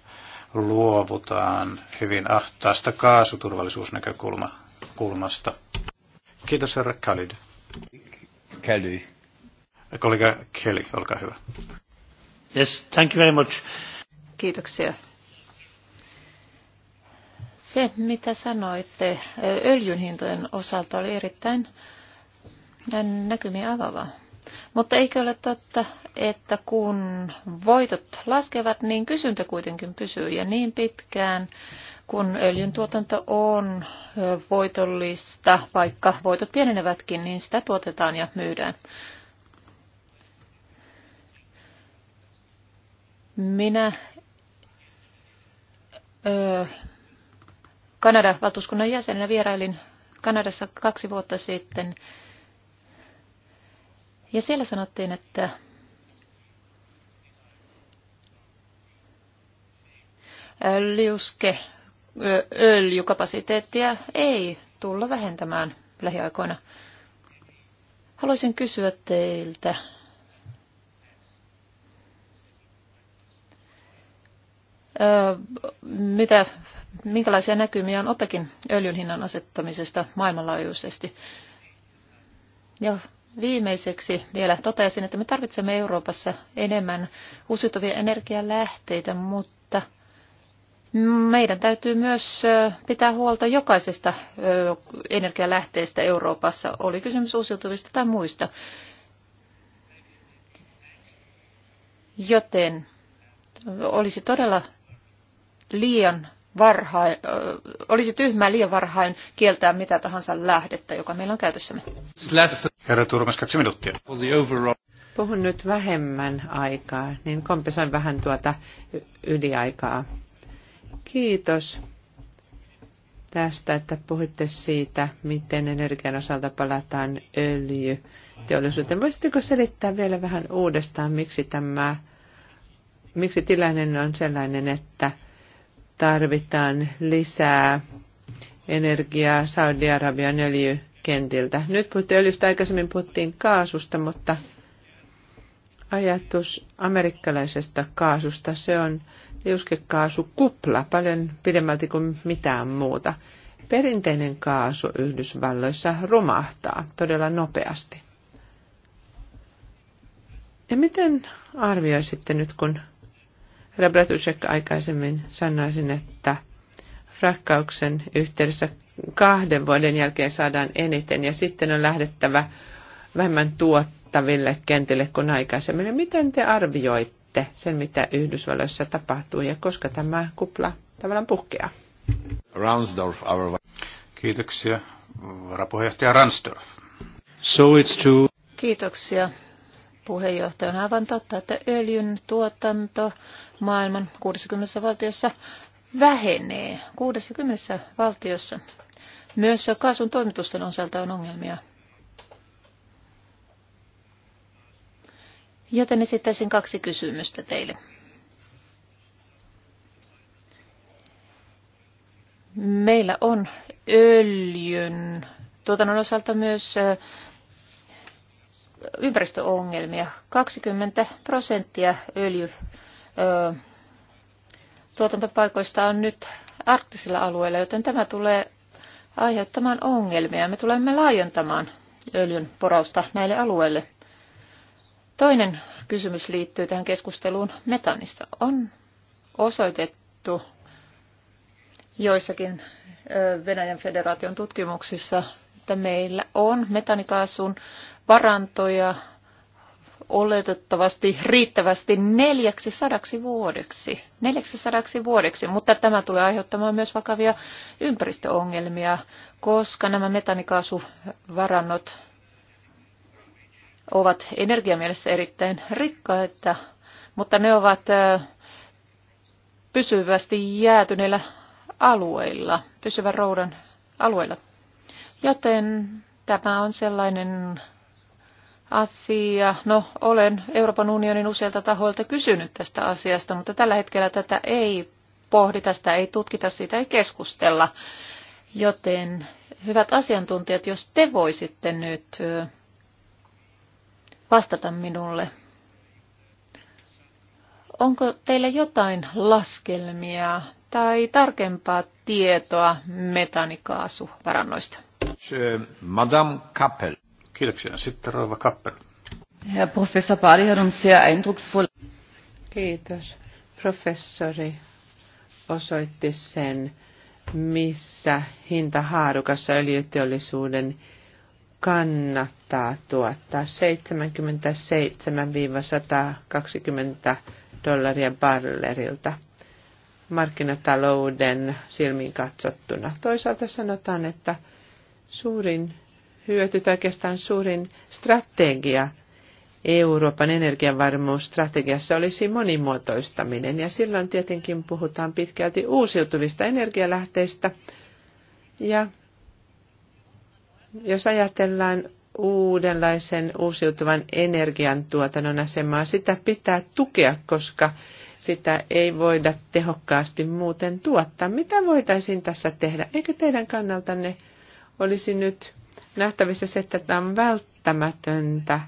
luovutaan hyvin ahtaasta kaasuturvallisuusnäkökulmasta. Kiitos herra Khalid. Kelly. Kollega Kelly, olkaa hyvä. Yes, thank you very much. Kiitoksia. Se, mitä sanoitte öljyn hintojen osalta, oli erittäin näkymiä avavaa. Mutta eikö ole totta, että kun voitot laskevat, niin kysyntä kuitenkin pysyy ja niin pitkään kun öljyntuotanto on voitollista, vaikka voitot pienenevätkin, niin sitä tuotetaan ja myydään. Minä ö, kanada valtuuskunnan jäsenenä vierailin Kanadassa kaksi vuotta sitten. Ja siellä sanottiin, että liuske öljykapasiteettia ei tulla vähentämään lähiaikoina. Haluaisin kysyä teiltä, mitä, minkälaisia näkymiä on OPEKin öljyn hinnan asettamisesta maailmanlaajuisesti. Ja viimeiseksi vielä toteaisin, että me tarvitsemme Euroopassa enemmän uusiutuvia energialähteitä, mutta meidän täytyy myös pitää huolta jokaisesta energialähteestä Euroopassa, oli kysymys uusiutuvista tai muista. Joten olisi todella liian varhain, olisi tyhmää liian varhain kieltää mitä tahansa lähdettä, joka meillä on käytössämme. Herra Turmas, kaksi minuuttia. Puhun nyt vähemmän aikaa, niin kompensoin vähän tuota yliaikaa Kiitos tästä, että puhutte siitä, miten energian osalta palataan öljyteollisuuteen. Voisitteko selittää vielä vähän uudestaan, miksi tämä miksi tilanne on sellainen, että tarvitaan lisää energiaa Saudi-Arabian öljykentiltä. Nyt puhuttiin öljystä, aikaisemmin puhuttiin kaasusta, mutta ajatus amerikkalaisesta kaasusta, se on liuskekaasukupla paljon pidemmälti kuin mitään muuta. Perinteinen kaasu Yhdysvalloissa romahtaa todella nopeasti. Ja miten arvioisitte nyt, kun Rabratusek aikaisemmin sanoisin, että frakkauksen yhteydessä kahden vuoden jälkeen saadaan eniten ja sitten on lähdettävä vähemmän tuottaville kentille kuin aikaisemmin. Ja miten te arvioitte? näette sen, mitä Yhdysvalloissa tapahtuu ja koska tämä kupla tavallaan puhkeaa? Ransdorf, our... Kiitoksia, varapuheenjohtaja Ransdorf. So it's true. Kiitoksia, puheenjohtaja. On aivan totta, että öljyn tuotanto maailman 60 valtiossa vähenee. 60 valtiossa. Myös kaasun toimitusten osalta on ongelmia. Joten esittäisin kaksi kysymystä teille. Meillä on öljyn tuotannon osalta myös ympäristöongelmia. 20 prosenttia öljy tuotantopaikoista on nyt arktisilla alueilla, joten tämä tulee aiheuttamaan ongelmia. Me tulemme laajentamaan öljyn porausta näille alueille. Toinen kysymys liittyy tähän keskusteluun metanista. On osoitettu joissakin Venäjän federaation tutkimuksissa, että meillä on metanikaasun varantoja oletettavasti riittävästi 400 vuodeksi. 400 vuodeksi, mutta tämä tulee aiheuttamaan myös vakavia ympäristöongelmia, koska nämä metanikaasuvarannot ovat energiamielessä erittäin rikkaita, mutta ne ovat pysyvästi jäätyneillä alueilla, pysyvän roudan alueilla. Joten tämä on sellainen asia. No, olen Euroopan unionin useilta tahoilta kysynyt tästä asiasta, mutta tällä hetkellä tätä ei pohdita, sitä ei tutkita, siitä ei keskustella. Joten hyvät asiantuntijat, jos te voisitte nyt vastata minulle. Onko teillä jotain laskelmia tai tarkempaa tietoa metanikaasuvarannoista? Madame Kappel. Kiitoksia. Sitten Rova Kappel. Herr Professor Badi hat sehr eindrucksvoll. Kiitos. Professori osoitti sen, missä haarukassa öljyteollisuuden kannattaa tuottaa 77-120 dollaria barrelilta markkinatalouden silmin katsottuna. Toisaalta sanotaan, että suurin hyöty tai oikeastaan suurin strategia Euroopan energiavarmuusstrategiassa olisi monimuotoistaminen ja silloin tietenkin puhutaan pitkälti uusiutuvista energialähteistä ja jos ajatellaan uudenlaisen uusiutuvan energiantuotannon asemaa, sitä pitää tukea, koska sitä ei voida tehokkaasti muuten tuottaa. Mitä voitaisiin tässä tehdä? Eikö teidän kannaltanne olisi nyt nähtävissä se, että tämä on välttämätöntä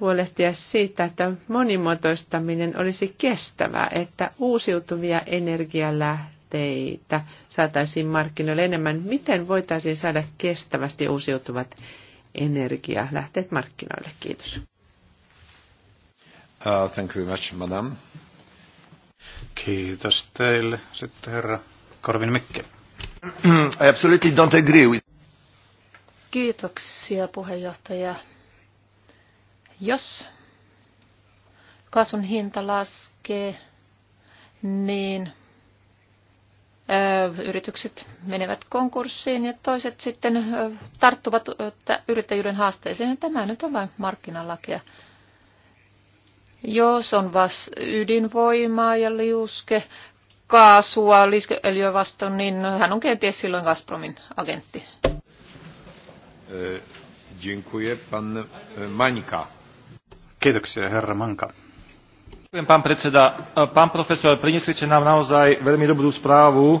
huolehtia siitä, että monimuotoistaminen olisi kestävää, että uusiutuvia energialähteitä teitä saataisiin markkinoille enemmän. Miten voitaisiin saada kestävästi uusiutuvat energialähteet markkinoille? Kiitos. Uh, thank you very much, madam. Kiitos teille. Sitten herra Korvin Mikke. I absolutely don't agree with... Kiitoksia puheenjohtaja. Jos kasun hinta laskee, niin yritykset menevät konkurssiin ja toiset sitten tarttuvat yrittäjyyden haasteeseen. Tämä nyt on vain markkinalakia. Jos on vas ydinvoimaa ja liuske, kaasua, liuskeöljyä vastaan, niin hän on kenties silloin Gazpromin agentti. Dziękuję, pan e, Kiitoksia, herra Manka. Pán predseda, e, pán profesor, priniesli nám naozaj veľmi dobrú správu, e,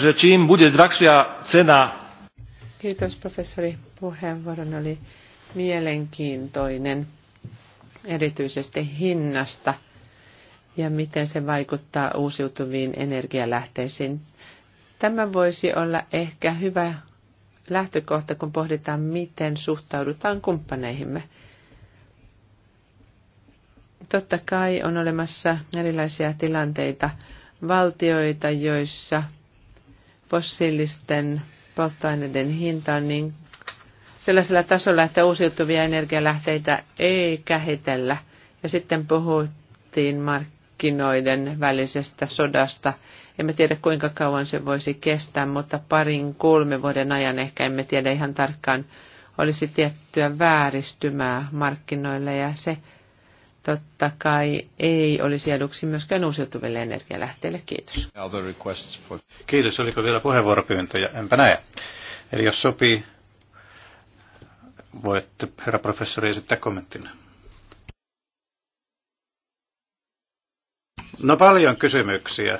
že čím bude drahšia cena... Kiitos professori. Puheenvuoron oli mielenkiintoinen, erityisesti hinnasta ja miten se vaikuttaa uusiutuviin energialähteisiin. Tämä voisi olla ehkä hyvä lähtökohta, kun pohditaan, miten suhtaudutaan kumppaneihimme. Totta kai on olemassa erilaisia tilanteita, valtioita, joissa fossiilisten polttoaineiden hinta on niin sellaisella tasolla, että uusiutuvia energialähteitä ei kähitellä. Ja sitten puhuttiin markkinoiden välisestä sodasta. Emme tiedä kuinka kauan se voisi kestää, mutta parin kolme vuoden ajan ehkä emme tiedä ihan tarkkaan olisi tiettyä vääristymää markkinoille ja se totta kai ei olisi eduksi myöskään uusiutuville energialähteille. Kiitos. Kiitos. Oliko vielä puheenvuoropyyntöjä? Enpä näe. Eli jos sopii, voitte herra professori esittää kommenttina. No paljon kysymyksiä.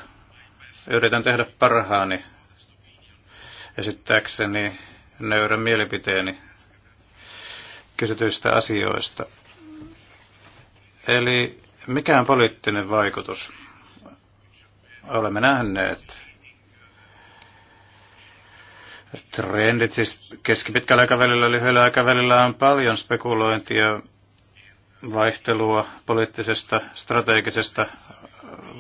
Yritän tehdä parhaani esittääkseni nöyrän mielipiteeni kysytyistä asioista. Eli mikään poliittinen vaikutus. Olemme nähneet trendit, siis keskipitkällä aikavälillä, lyhyellä aikavälillä on paljon spekulointia, vaihtelua poliittisesta, strategisesta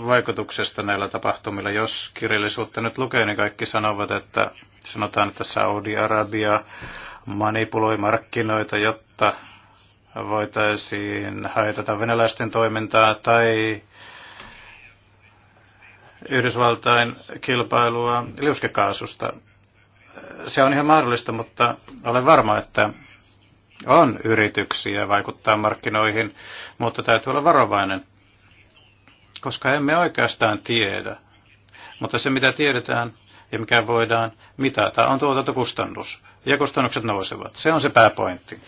vaikutuksesta näillä tapahtumilla. Jos kirjallisuutta nyt lukee, niin kaikki sanovat, että sanotaan, että Saudi-Arabia manipuloi markkinoita, jotta voitaisiin haitata venäläisten toimintaa tai Yhdysvaltain kilpailua liuskekaasusta. Se on ihan mahdollista, mutta olen varma, että on yrityksiä vaikuttaa markkinoihin, mutta täytyy olla varovainen, koska emme oikeastaan tiedä. Mutta se, mitä tiedetään ja mikä voidaan mitata, on tuotantokustannus. Ja kustannukset nousevat. Se on se pääpointti.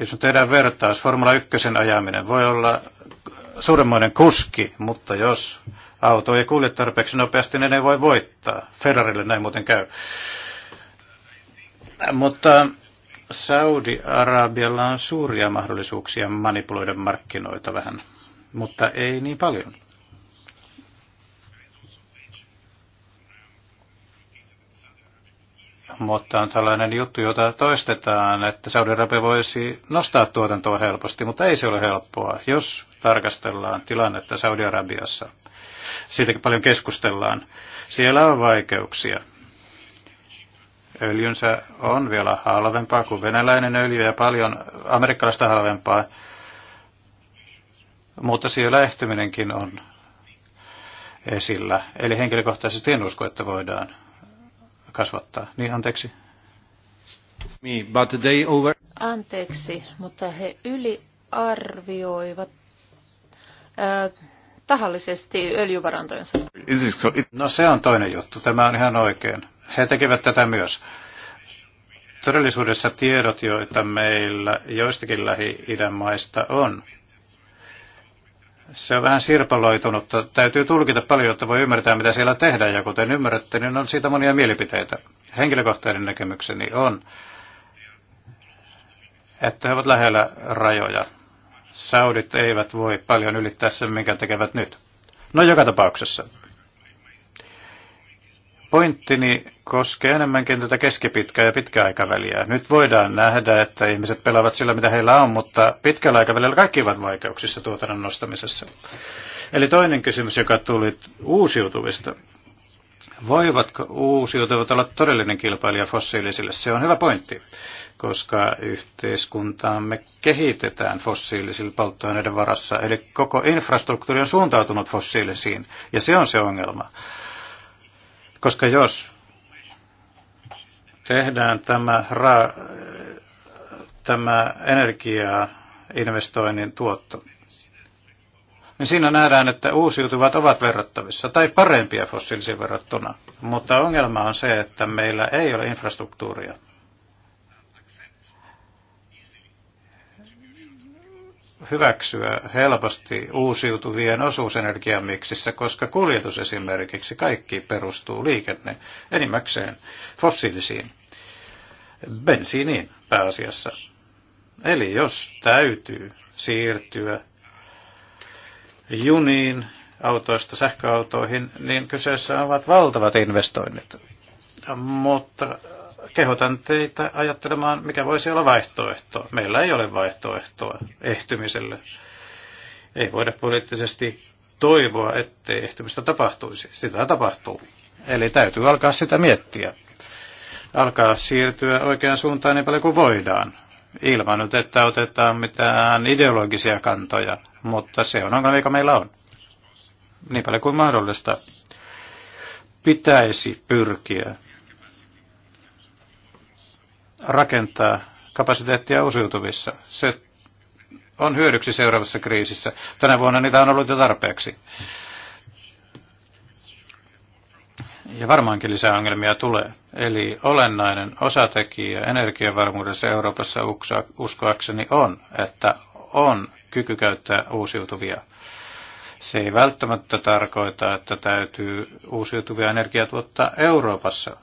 jos on tehdään vertaus, Formula 1 ajaminen voi olla suuremmoinen kuski, mutta jos auto ei kulje tarpeeksi nopeasti, niin ne ei voi voittaa. Ferrarille näin muuten käy. Mutta Saudi-Arabialla on suuria mahdollisuuksia manipuloida markkinoita vähän, mutta ei niin paljon. mutta on tällainen juttu, jota toistetaan, että Saudi-Arabia voisi nostaa tuotantoa helposti, mutta ei se ole helppoa, jos tarkastellaan tilannetta Saudi-Arabiassa. Siitäkin paljon keskustellaan. Siellä on vaikeuksia. Öljynsä on vielä halvempaa kuin venäläinen öljy ja paljon amerikkalaista halvempaa, mutta siellä ehtyminenkin on esillä. Eli henkilökohtaisesti en usko, että voidaan kasvattaa. Niin anteeksi. Me, but they over... Anteeksi, mutta he yliarvioivat äh, tahallisesti öljyvarantojensa. No se on toinen juttu, tämä on ihan oikein. He tekevät tätä myös. Todellisuudessa tiedot, joita meillä joistakin Lähi-idän maista on, se on vähän sirpaloitunutta. Täytyy tulkita paljon, jotta voi ymmärtää, mitä siellä tehdään. Ja kuten ymmärrätte, niin on siitä monia mielipiteitä. Henkilökohtainen näkemykseni on, että he ovat lähellä rajoja. Saudit eivät voi paljon ylittää sen, minkä tekevät nyt. No joka tapauksessa pointtini koskee enemmänkin tätä keskipitkää ja pitkää aikaväliä. Nyt voidaan nähdä, että ihmiset pelaavat sillä, mitä heillä on, mutta pitkällä aikavälillä kaikki ovat vaikeuksissa tuotannon nostamisessa. Eli toinen kysymys, joka tuli uusiutuvista. Voivatko uusiutuvat olla todellinen kilpailija fossiilisille? Se on hyvä pointti, koska yhteiskuntaamme kehitetään fossiilisilla polttoaineiden varassa. Eli koko infrastruktuuri on suuntautunut fossiilisiin, ja se on se ongelma. Koska jos tehdään tämä, ra, tämä energiaa investoinnin tuotto, niin siinä nähdään, että uusiutuvat ovat verrattavissa tai parempia fossiilisiin verrattuna. Mutta ongelma on se, että meillä ei ole infrastruktuuria hyväksyä helposti uusiutuvien osuusenergiamiksissä, koska kuljetus esimerkiksi kaikki perustuu liikenne enimmäkseen fossiilisiin, bensiiniin pääasiassa. Eli jos täytyy siirtyä juniin, autoista sähköautoihin, niin kyseessä ovat valtavat investoinnit. Mutta kehotan teitä ajattelemaan, mikä voisi olla vaihtoehto. Meillä ei ole vaihtoehtoa ehtymiselle. Ei voida poliittisesti toivoa, ettei ehtymistä tapahtuisi. Sitä tapahtuu. Eli täytyy alkaa sitä miettiä. Alkaa siirtyä oikeaan suuntaan niin paljon kuin voidaan. Ilman nyt, että otetaan mitään ideologisia kantoja, mutta se on ongelma, mikä meillä on. Niin paljon kuin mahdollista pitäisi pyrkiä rakentaa kapasiteettia uusiutuvissa. Se on hyödyksi seuraavassa kriisissä. Tänä vuonna niitä on ollut jo tarpeeksi. Ja varmaankin lisää ongelmia tulee. Eli olennainen osatekijä energiavarmuudessa Euroopassa uskoakseni on, että on kyky käyttää uusiutuvia. Se ei välttämättä tarkoita, että täytyy uusiutuvia energiatuottaa Euroopassa.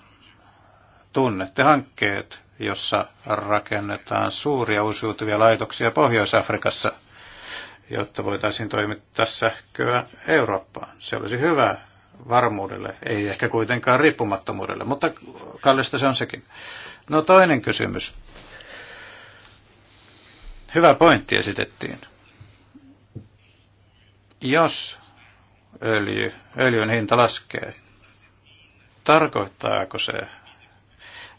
Tunnette hankkeet, jossa rakennetaan suuria uusiutuvia laitoksia Pohjois-Afrikassa, jotta voitaisiin toimittaa sähköä Eurooppaan. Se olisi hyvä varmuudelle, ei ehkä kuitenkaan riippumattomuudelle, mutta kallista se on sekin. No toinen kysymys. Hyvä pointti esitettiin. Jos öljy, öljyn hinta laskee, tarkoittaako se,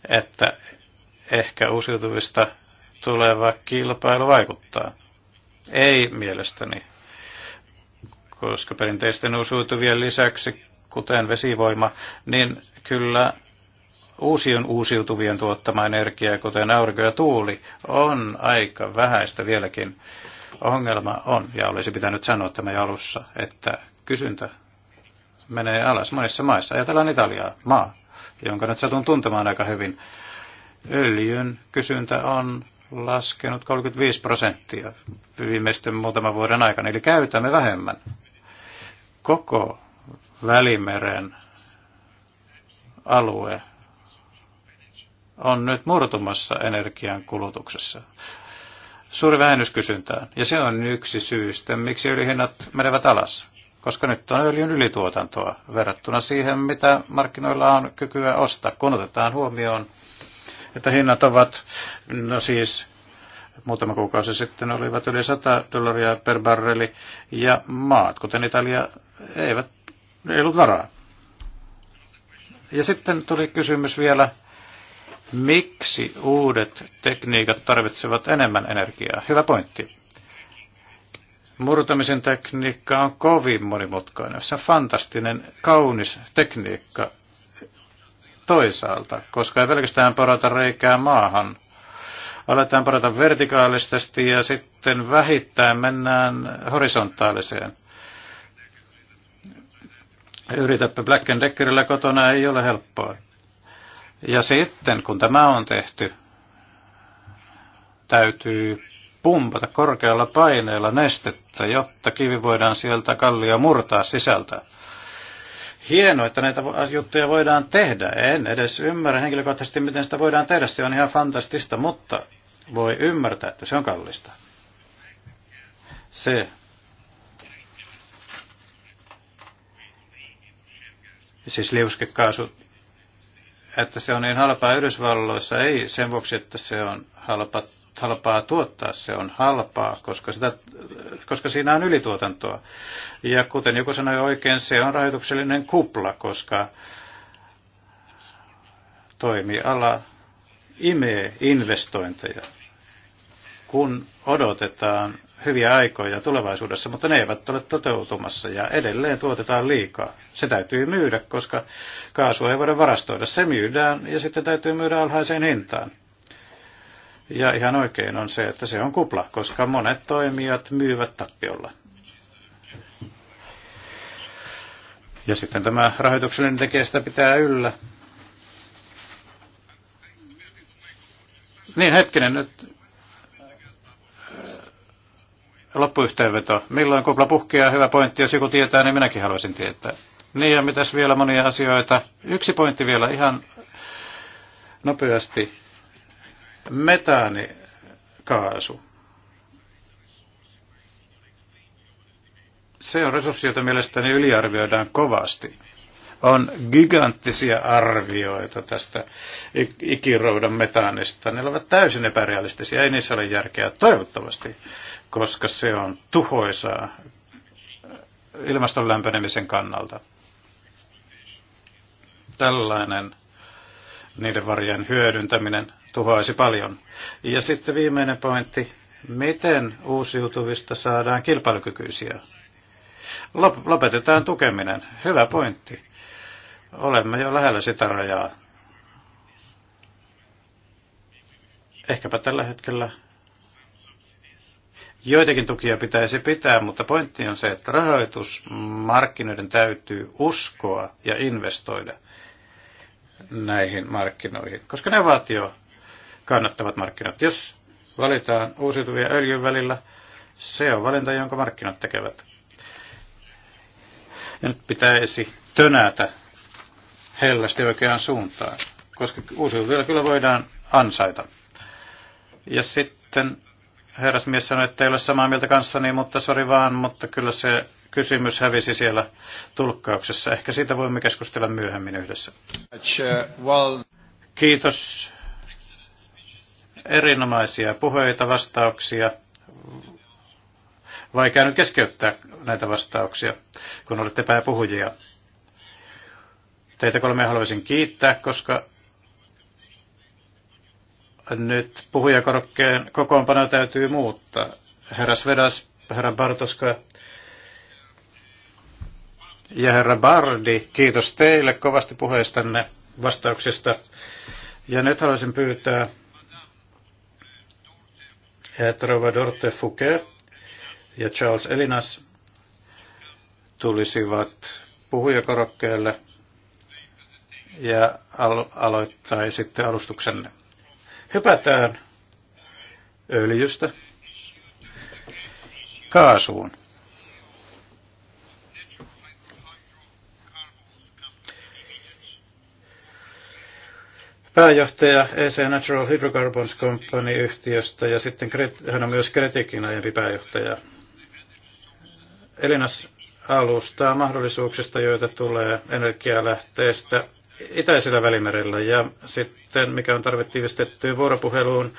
että ehkä uusiutuvista tuleva kilpailu vaikuttaa? Ei mielestäni, koska perinteisten uusiutuvien lisäksi, kuten vesivoima, niin kyllä uusien uusiutuvien tuottama energia, kuten aurinko ja tuuli, on aika vähäistä vieläkin. Ongelma on, ja olisi pitänyt sanoa tämä alussa, että kysyntä menee alas monissa maissa. Ajatellaan Italiaa, maa, jonka nyt satun tuntemaan aika hyvin öljyn kysyntä on laskenut 35 prosenttia viimeisten muutaman vuoden aikana, eli käytämme vähemmän. Koko Välimeren alue on nyt murtumassa energian kulutuksessa. Suuri vähennyskysyntään. ja se on yksi syystä, miksi öljyhinnat menevät alas, koska nyt on öljyn ylituotantoa verrattuna siihen, mitä markkinoilla on kykyä ostaa, kun otetaan huomioon että hinnat ovat, no siis muutama kuukausi sitten olivat yli 100 dollaria per barreli, ja maat, kuten Italia, eivät, ei ollut varaa. Ja sitten tuli kysymys vielä, miksi uudet tekniikat tarvitsevat enemmän energiaa? Hyvä pointti. Murtamisen tekniikka on kovin monimutkainen. Se on fantastinen, kaunis tekniikka, toisaalta, koska ei pelkästään porata reikää maahan. Aletaan porata vertikaalisesti ja sitten vähittäin mennään horisontaaliseen. Yritäpä Black and Deckerillä kotona ei ole helppoa. Ja sitten, kun tämä on tehty, täytyy pumpata korkealla paineella nestettä, jotta kivi voidaan sieltä kallia murtaa sisältä hienoa, että näitä juttuja voidaan tehdä. En edes ymmärrä henkilökohtaisesti, miten sitä voidaan tehdä. Se on ihan fantastista, mutta voi ymmärtää, että se on kallista. Se. Siis liuskekaasu että se on niin halpaa Yhdysvalloissa, ei sen vuoksi, että se on halpa, halpaa tuottaa, se on halpaa, koska, sitä, koska siinä on ylituotantoa. Ja kuten joku sanoi oikein, se on rajoituksellinen kupla, koska toimiala imee investointeja. Kun odotetaan hyviä aikoja tulevaisuudessa, mutta ne eivät ole toteutumassa ja edelleen tuotetaan liikaa. Se täytyy myydä, koska kaasua ei voida varastoida. Se myydään ja sitten täytyy myydä alhaiseen hintaan. Ja ihan oikein on se, että se on kupla, koska monet toimijat myyvät tappiolla. Ja sitten tämä rahoituksellinen tekijä sitä pitää yllä. Niin hetkinen, nyt loppuyhteenveto. Milloin kupla puhkeaa? Hyvä pointti. Jos joku tietää, niin minäkin haluaisin tietää. Niin ja mitäs vielä monia asioita. Yksi pointti vielä ihan nopeasti. Metaanikaasu. Se on resurssi, jota mielestäni yliarvioidaan kovasti on giganttisia arvioita tästä ikiroudan metaanista. Ne ovat täysin epärealistisia, ei niissä ole järkeä toivottavasti, koska se on tuhoisaa äh, ilmaston lämpenemisen kannalta. Tällainen niiden varjen hyödyntäminen tuhoaisi paljon. Ja sitten viimeinen pointti, miten uusiutuvista saadaan kilpailukykyisiä? Lopetetaan tukeminen. Hyvä pointti. Olemme jo lähellä sitä rajaa. Ehkäpä tällä hetkellä joitakin tukia pitäisi pitää, mutta pointti on se, että rahoitusmarkkinoiden täytyy uskoa ja investoida näihin markkinoihin, koska ne ovat jo kannattavat markkinat. Jos valitaan uusiutuvia öljyn välillä, se on valinta, jonka markkinat tekevät. Ja nyt pitäisi tönätä hellästi oikeaan suuntaan, koska uusiutuvilla kyllä voidaan ansaita. Ja sitten herrasmies sanoi, että ei ole samaa mieltä kanssani, mutta sori vaan, mutta kyllä se kysymys hävisi siellä tulkkauksessa. Ehkä siitä voimme keskustella myöhemmin yhdessä. Kiitos. Erinomaisia puheita, vastauksia. Vaikea nyt keskeyttää näitä vastauksia, kun olette pääpuhujia. Teitä kolme haluaisin kiittää, koska nyt puhujakorokkeen kokoonpano täytyy muuttaa. Herra Svedas, herra Bartoska ja herra Bardi, kiitos teille kovasti puheistanne vastauksista. Ja nyt haluaisin pyytää Trova Dorte Fouquet ja Charles Elinas tulisivat puhujakorokkeelle ja al- sitten alustuksen. Hypätään öljystä kaasuun. pääjohtaja EC Natural Hydrocarbons Company yhtiöstä ja sitten hän on myös kritiikin aiempi pääjohtaja. Elinas alustaa mahdollisuuksista, joita tulee energialähteestä Itäisellä välimerellä ja sitten mikä on tarve tiivistettyä vuoropuheluun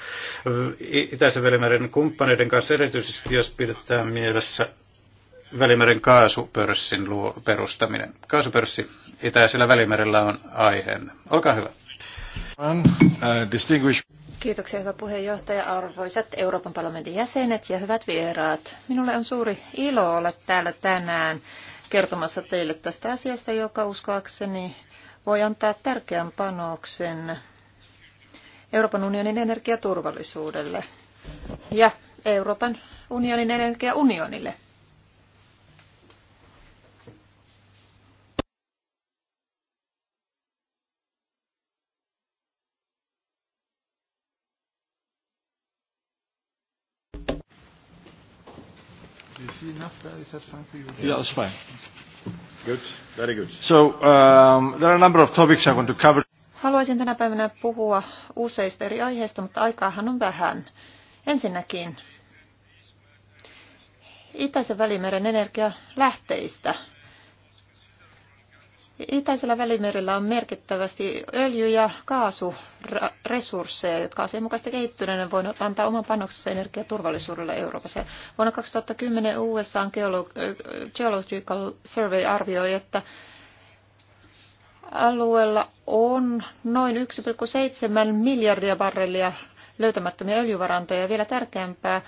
Itäisen välimeren kumppaneiden kanssa erityisesti, jos pidetään mielessä Välimeren kaasupörssin luo, perustaminen. Kaasupörssi Itäisellä välimerellä on aiheena. Olkaa hyvä. Äh, Kiitoksia hyvä puheenjohtaja, arvoisat Euroopan parlamentin jäsenet ja hyvät vieraat. Minulle on suuri ilo olla täällä tänään kertomassa teille tästä asiasta, joka uskoakseni voi antaa tärkeän panoksen Euroopan unionin energiaturvallisuudelle ja Euroopan unionin energiaunionille. Ja, dat is Good, very good. So, um, there are a number of topics I want to cover. Haluaisin tänä päivänä puhua useista eri aiheista, mutta aikaahan on vähän. Ensinnäkin Itäisen välimeren energialähteistä. Itäisellä välimerellä on merkittävästi öljy- ja kaasuresursseja, jotka asianmukaisesti kehittyneenä voivat antaa oman panoksensa energiaturvallisuudelle Euroopassa. Vuonna 2010 USA Geological Survey arvioi, että alueella on noin 1,7 miljardia barrelia löytämättömiä öljyvarantoja vielä tärkeämpää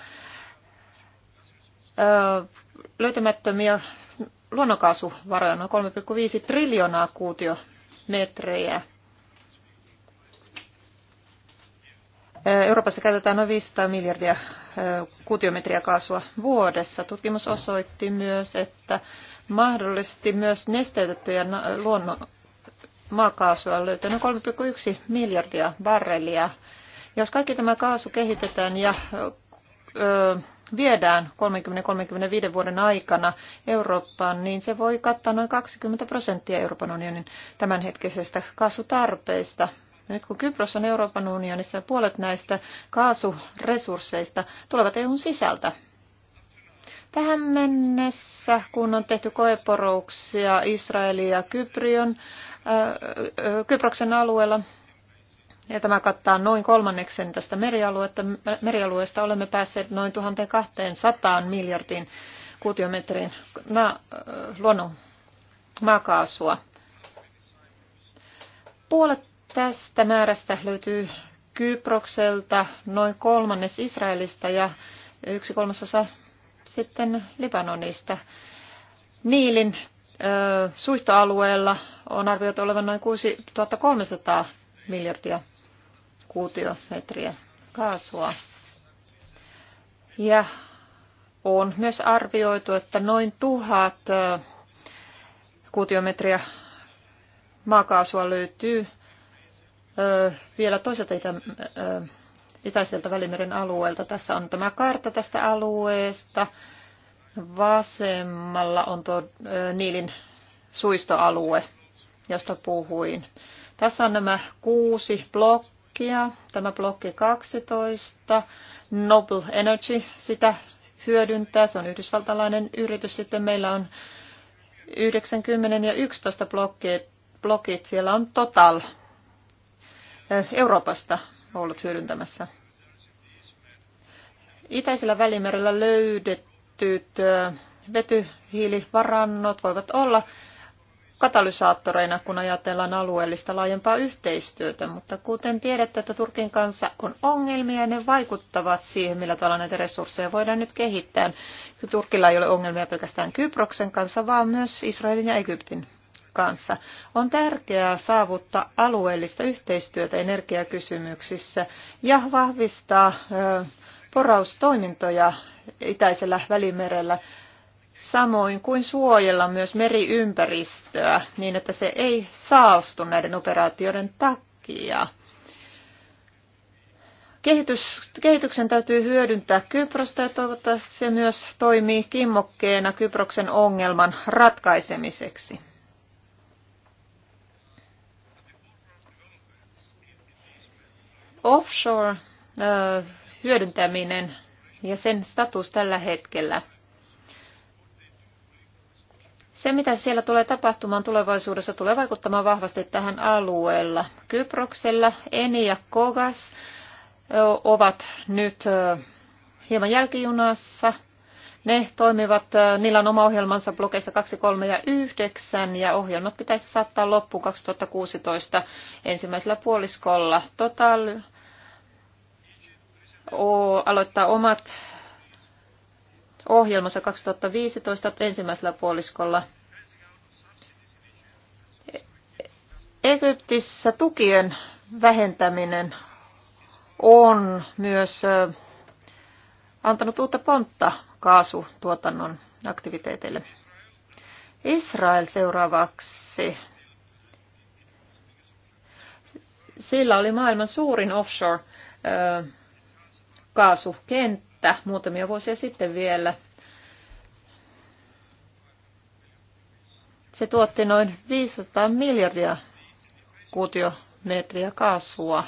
löytämättömiä luonnonkaasuvaroja noin 3,5 triljoonaa kuutiometrejä. Euroopassa käytetään noin 500 miljardia kuutiometriä kaasua vuodessa. Tutkimus osoitti myös, että mahdollisesti myös nesteytettyjä luonnon maakaasua on löytänyt 3,1 miljardia barrelia. Jos kaikki tämä kaasu kehitetään ja viedään 30-35 vuoden aikana Eurooppaan, niin se voi kattaa noin 20 prosenttia Euroopan unionin tämänhetkisestä kaasutarpeista. Nyt kun Kypros on Euroopan unionissa, puolet näistä kaasuresursseista tulevat EUn sisältä. Tähän mennessä, kun on tehty koeporouksia Israelin ja Kyprion, äh, Kyproksen alueella, ja tämä kattaa noin kolmanneksen tästä merialueesta. merialueesta olemme päässeet noin 1200 miljardin kuutiometrin ma- luonnon maakaasua. Puolet tästä määrästä löytyy Kyprokselta, noin kolmannes Israelista ja yksi kolmasosa sitten Libanonista. Niilin ö, suistoalueella on arvioitu olevan noin 6300 miljardia kuutiometriä kaasua. Ja on myös arvioitu, että noin tuhat kuutiometriä maakaasua löytyy vielä toiselta itä, itäiseltä Välimeren alueelta. Tässä on tämä kartta tästä alueesta. Vasemmalla on tuo Niilin suistoalue, josta puhuin. Tässä on nämä kuusi blokkia blokkia, tämä blokki 12, Noble Energy, sitä hyödyntää, se on yhdysvaltalainen yritys, sitten meillä on 90 ja 11 blokkeet, blokit, siellä on Total Euroopasta ollut hyödyntämässä. Itäisellä välimerellä löydettyt vetyhiilivarannot voivat olla katalysaattoreina, kun ajatellaan alueellista laajempaa yhteistyötä, mutta kuten tiedätte, että Turkin kanssa on ongelmia ja ne vaikuttavat siihen, millä tavalla näitä resursseja voidaan nyt kehittää. Turkilla ei ole ongelmia pelkästään Kyproksen kanssa, vaan myös Israelin ja Egyptin kanssa. On tärkeää saavuttaa alueellista yhteistyötä energiakysymyksissä ja vahvistaa poraustoimintoja itäisellä välimerellä samoin kuin suojella myös meriympäristöä niin, että se ei saastu näiden operaatioiden takia. Kehitys, kehityksen täytyy hyödyntää Kyprosta ja toivottavasti se myös toimii kimmokkeena Kyproksen ongelman ratkaisemiseksi. Offshore hyödyntäminen ja sen status tällä hetkellä – se, mitä siellä tulee tapahtumaan tulevaisuudessa, tulee vaikuttamaan vahvasti tähän alueella. Kyproksella Eni ja Kogas ovat nyt hieman jälkijunassa. Ne toimivat, niillä on oma ohjelmansa blokeissa 2, 3 ja 9 ja ohjelmat pitäisi saattaa loppuun 2016 ensimmäisellä puoliskolla. Total o, aloittaa omat ohjelmassa 2015 ensimmäisellä puoliskolla. Egyptissä tukien vähentäminen on myös antanut uutta pontta kaasutuotannon aktiviteeteille. Israel seuraavaksi. Sillä oli maailman suurin offshore kaasukenttä että muutamia vuosia sitten vielä se tuotti noin 500 miljardia kuutiometriä kaasua.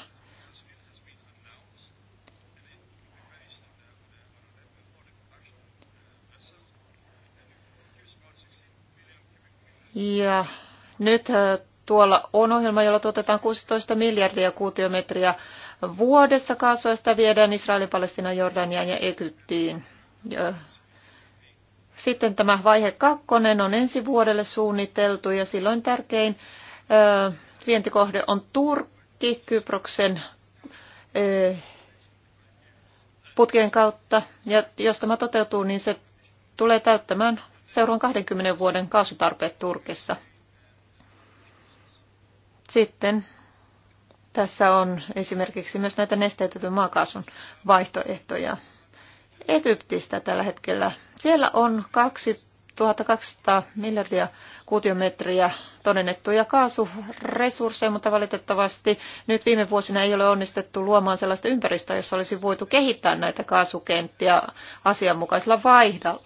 Ja nyt äh, tuolla on ohjelma, jolla tuotetaan 16 miljardia kuutiometriä vuodessa kaasua. viedään Israelin, Palestina, Jordaniaan ja Egyptiin. Sitten tämä vaihe kakkonen on ensi vuodelle suunniteltu ja silloin tärkein vientikohde on Turkki Kyproksen putkien kautta. Ja jos tämä toteutuu, niin se tulee täyttämään seuraavan 20 vuoden kaasutarpeet Turkissa. Sitten tässä on esimerkiksi myös näitä nesteytetyn maakaasun vaihtoehtoja. Egyptistä tällä hetkellä. Siellä on 2200 miljardia kuutiometriä todennettuja kaasuresursseja, mutta valitettavasti nyt viime vuosina ei ole onnistettu luomaan sellaista ympäristöä, jossa olisi voitu kehittää näitä kaasukenttiä asianmukaisella vaihda,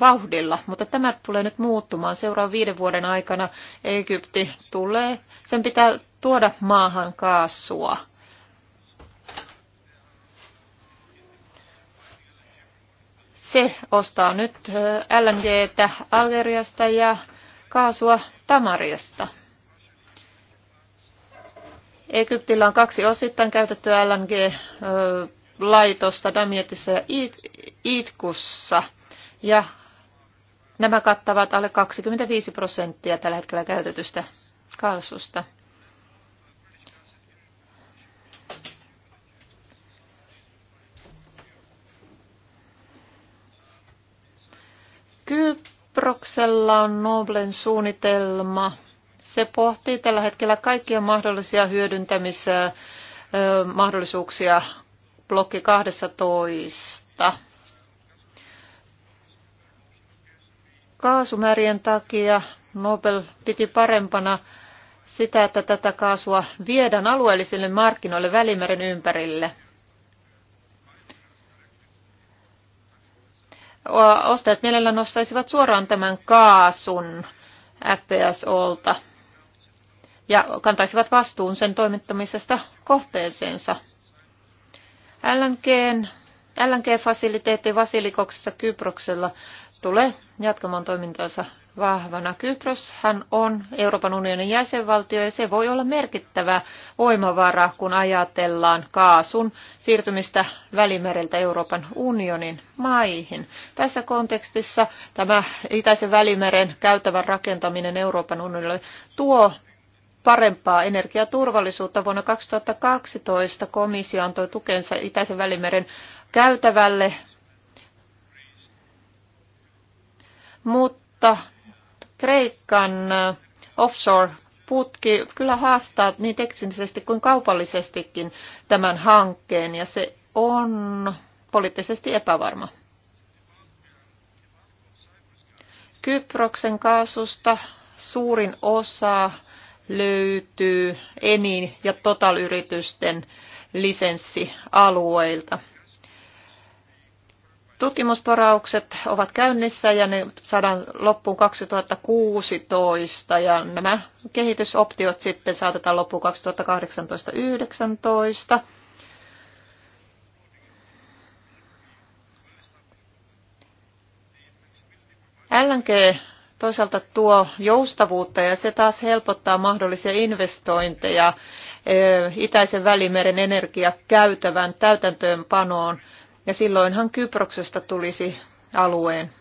vauhdilla. Mutta tämä tulee nyt muuttumaan. Seuraavan viiden vuoden aikana Egypti tulee, sen pitää tuoda maahan kaasua. Se ostaa nyt LNGtä Algeriasta ja kaasua Tamariasta. Egyptillä on kaksi osittain käytettyä LNG-laitosta Damietissa ja Itkussa. Ja nämä kattavat alle 25 prosenttia tällä hetkellä käytetystä kaasusta. Kyproksella on Noblen suunnitelma. Se pohtii tällä hetkellä kaikkia mahdollisia hyödyntämismahdollisuuksia blokki 12. Kaasumäärien takia Nobel piti parempana sitä, että tätä kaasua viedään alueellisille markkinoille Välimeren ympärille – ostajat mielellään ostaisivat suoraan tämän kaasun FPSOlta ja kantaisivat vastuun sen toimittamisesta kohteeseensa. LNG-fasiliteetti Vasilikoksessa Kyproksella tulee jatkamaan toimintaansa vahvana. Kyproshan on Euroopan unionin jäsenvaltio ja se voi olla merkittävä voimavara, kun ajatellaan kaasun siirtymistä välimereltä Euroopan unionin maihin. Tässä kontekstissa tämä Itäisen välimeren käytävän rakentaminen Euroopan unionille tuo parempaa energiaturvallisuutta. Vuonna 2012 komissio antoi tukensa Itäisen välimeren käytävälle, mutta Kreikan offshore-putki kyllä haastaa niin teknisesti kuin kaupallisestikin tämän hankkeen ja se on poliittisesti epävarma. Kyproksen kaasusta suurin osa löytyy Eni- ja totalyritysten lisenssialueilta. Tutkimusporaukset ovat käynnissä ja ne saadaan loppuun 2016 ja nämä kehitysoptiot sitten saatetaan loppuun 2018-2019. LNG toisaalta tuo joustavuutta ja se taas helpottaa mahdollisia investointeja Itäisen välimeren energiakäytävän täytäntöönpanoon ja silloinhan Kyproksesta tulisi alueen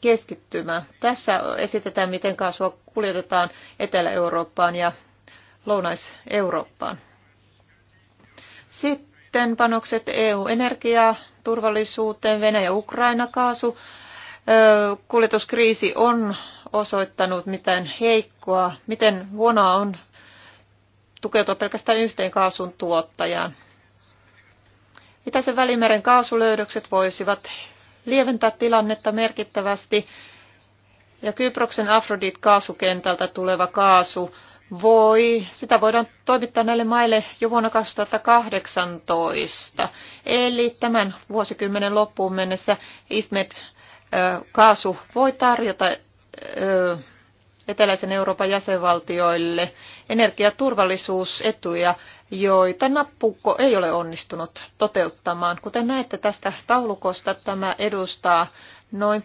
keskittymä. Tässä esitetään, miten kaasua kuljetetaan Etelä-Eurooppaan ja Lounais-Eurooppaan. Sitten panokset EU-energiaa, turvallisuuteen, Venäjä-Ukraina, kaasu. Kuljetuskriisi on osoittanut, miten heikkoa, miten huonoa on tukeutua pelkästään yhteen kaasun tuottajaan. Itäisen välimeren kaasulöydökset voisivat lieventää tilannetta merkittävästi ja Kyproksen Afrodit kaasukentältä tuleva kaasu voi, sitä voidaan toimittaa näille maille jo vuonna 2018. Eli tämän vuosikymmenen loppuun mennessä Ismet kaasu voi tarjota eteläisen Euroopan jäsenvaltioille energiaturvallisuusetuja, joita nappukko ei ole onnistunut toteuttamaan. Kuten näette tästä taulukosta, tämä edustaa noin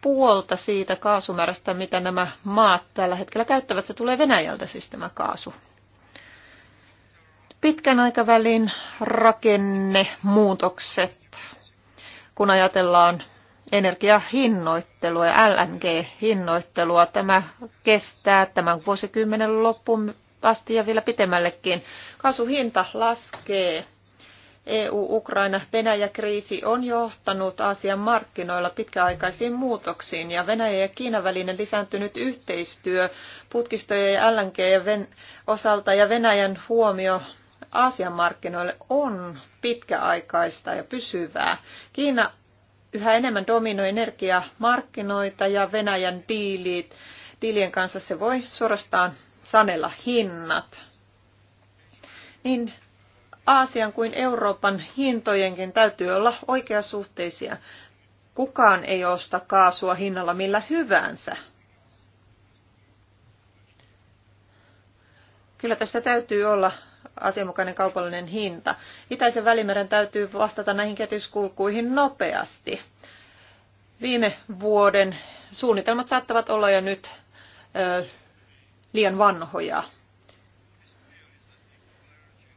puolta siitä kaasumäärästä, mitä nämä maat tällä hetkellä käyttävät. Se tulee Venäjältä siis tämä kaasu. Pitkän aikavälin rakennemuutokset, kun ajatellaan energiahinnoittelua ja LNG-hinnoittelua. Tämä kestää tämän vuosikymmenen loppuun asti ja vielä pitemmällekin. Kaasuhinta laskee. EU-Ukraina-Venäjä-kriisi on johtanut Aasian markkinoilla pitkäaikaisiin muutoksiin ja Venäjä ja Kiinan välinen lisääntynyt yhteistyö putkistojen ja LNG osalta ja Venäjän huomio Aasian markkinoille on pitkäaikaista ja pysyvää. Kiina yhä enemmän dominoi energiamarkkinoita ja Venäjän diilit, diilien kanssa se voi suorastaan sanella hinnat. Niin Aasian kuin Euroopan hintojenkin täytyy olla oikeasuhteisia. Kukaan ei osta kaasua hinnalla millä hyvänsä. Kyllä tässä täytyy olla asianmukainen kaupallinen hinta. Itäisen välimeren täytyy vastata näihin ketjuskulkuihin nopeasti. Viime vuoden suunnitelmat saattavat olla jo nyt ö, liian vanhoja.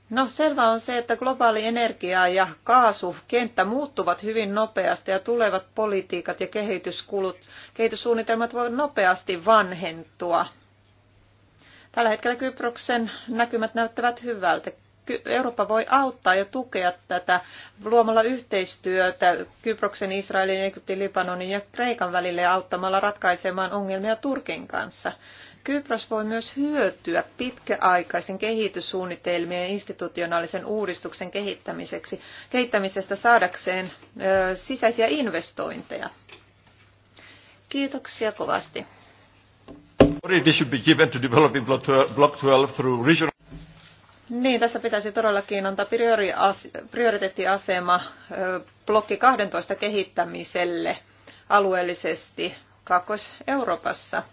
No selvä on se, että globaali energia ja kaasukenttä muuttuvat hyvin nopeasti ja tulevat politiikat ja kehityskulut, kehityssuunnitelmat voivat nopeasti vanhentua. Tällä hetkellä Kyproksen näkymät näyttävät hyvältä. Eurooppa voi auttaa ja tukea tätä luomalla yhteistyötä Kyproksen, Israelin, Egyptin, Libanonin ja Kreikan välille ja auttamalla ratkaisemaan ongelmia Turkin kanssa. Kypros voi myös hyötyä pitkäaikaisen kehityssuunnitelmien ja institutionaalisen uudistuksen kehittämiseksi, kehittämisestä saadakseen ö, sisäisiä investointeja. Kiitoksia kovasti priority should be given to developing Block 12 through regional... Niin, tässä pitäisi todellakin antaa prioriteettiasema blokki 12 kehittämiselle alueellisesti Kaakkois-Euroopassa.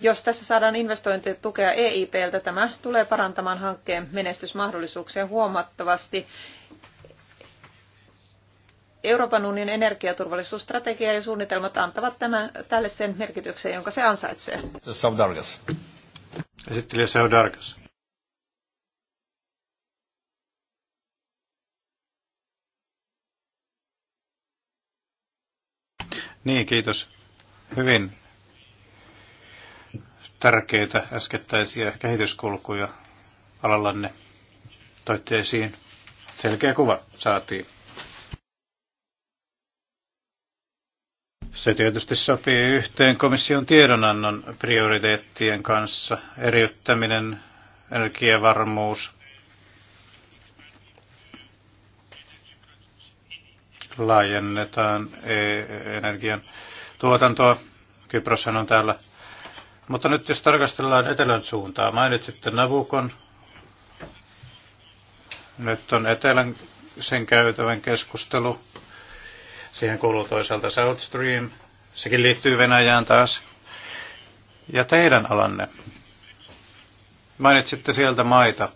Jos tässä saadaan investointitukea EIPltä, tämä tulee parantamaan hankkeen menestysmahdollisuuksia huomattavasti Euroopan unionin energiaturvallisuusstrategia ja suunnitelmat antavat tämän, tälle sen merkityksen, jonka se ansaitsee. Saudargas. Esittelijä Saudargas. Niin, kiitos. Hyvin tärkeitä äskettäisiä kehityskulkuja alallanne toitte esiin. Selkeä kuva saatiin. Se tietysti sopii yhteen komission tiedonannon prioriteettien kanssa, eriyttäminen, energiavarmuus, laajennetaan e- energian tuotantoa. Kyproshan on täällä. Mutta nyt jos tarkastellaan etelän suuntaa, mainitsitte Navukon. Nyt on etelän sen käytävän keskustelu. Siihen kuuluu toisaalta South Stream, sekin liittyy Venäjään taas. Ja teidän alanne. Mainitsitte sieltä maita.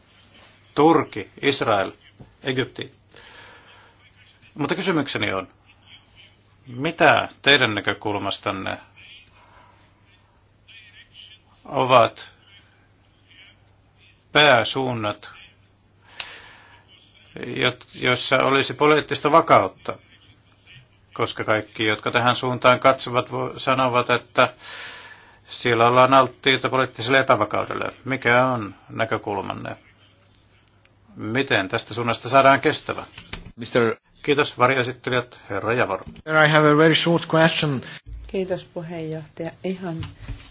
Turki, Israel, Egypti. Mutta kysymykseni on, mitä teidän näkökulmastanne ovat pääsuunnat, joissa olisi poliittista vakautta? koska kaikki, jotka tähän suuntaan katsovat, sanovat, että siellä ollaan alttiita poliittiselle epävakaudelle. Mikä on näkökulmanne? Miten tästä suunnasta saadaan kestävä? Mr. Kiitos varjoesittelijät, herra Javor. I have a very short question. Kiitos puheenjohtaja. Ihan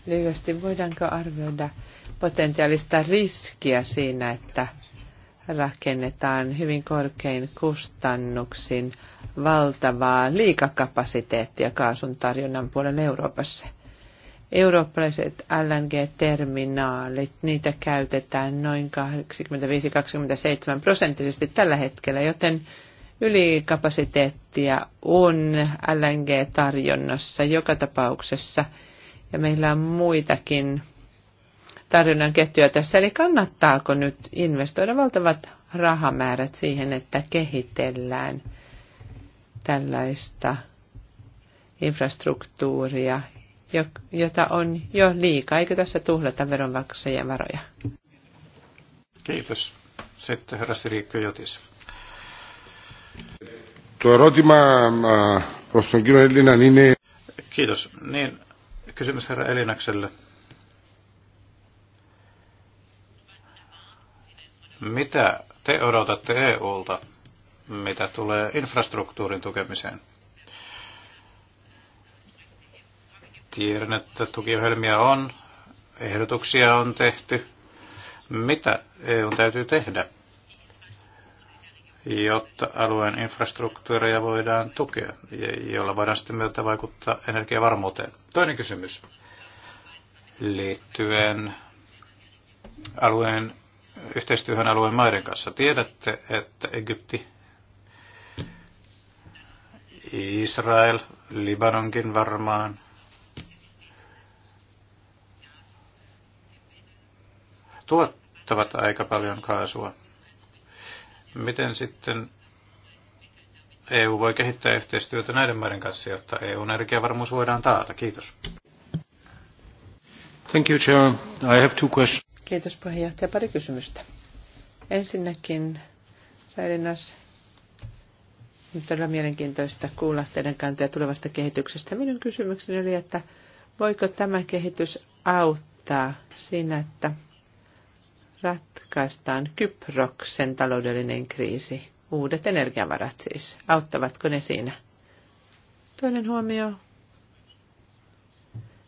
lyhyesti, voidaanko arvioida potentiaalista riskiä siinä, että rakennetaan hyvin korkein kustannuksin valtavaa liikakapasiteettia kaasun tarjonnan puolella Euroopassa. Eurooppalaiset LNG-terminaalit, niitä käytetään noin 85-27 prosenttisesti tällä hetkellä, joten ylikapasiteettia on LNG-tarjonnassa joka tapauksessa. Ja meillä on muitakin tarjonnan ketjuja tässä. Eli kannattaako nyt investoida valtavat rahamäärät siihen, että kehitellään tällaista infrastruktuuria, jota on jo liikaa. Eikö tässä tuhlata veronmaksajien varoja? Kiitos. Sitten herra Sirikko Jotis. Tuo erotima proston niin... Kiitos. Niin, kysymys herra Elinakselle. Mitä te odotatte EUlta, mitä tulee infrastruktuurin tukemiseen? Tiedän, että tukiohjelmia on, ehdotuksia on tehty. Mitä EU täytyy tehdä, jotta alueen infrastruktuureja voidaan tukea, jolla voidaan sitten myötä vaikuttaa energiavarmuuteen? Toinen kysymys liittyen alueen yhteistyöhön alueen maiden kanssa. Tiedätte, että Egypti, Israel, Libanonkin varmaan, tuottavat aika paljon kaasua. Miten sitten EU voi kehittää yhteistyötä näiden maiden kanssa, jotta EUn energiavarmuus voidaan taata? Kiitos. Thank you, Chair. I have two questions. Kiitos puheenjohtaja. Pari kysymystä. Ensinnäkin, Välinas, on todella mielenkiintoista kuulla teidän kantoja tulevasta kehityksestä. Minun kysymykseni oli, että voiko tämä kehitys auttaa siinä, että ratkaistaan Kyproksen taloudellinen kriisi, uudet energiavarat siis. Auttavatko ne siinä? Toinen huomio.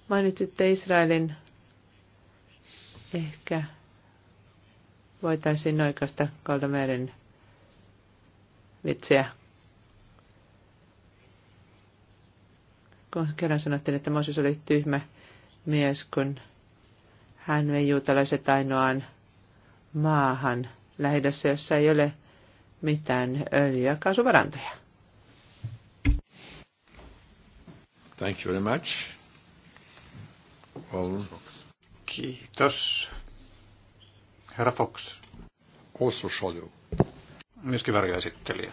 Mainitsitte Israelin Ehkä voitaisiin oikeasta Kaldomeren vitsiä. Kun kerran sanottiin, että Moses oli tyhmä mies, kun hän vei juutalaiset ainoaan maahan lähidässä, jossa ei ole mitään öljyä kaasuvarantoja. Thank you very much. Well, Kiitos. Herra Fox. Also Soju. Myöskin varjoesittelijä.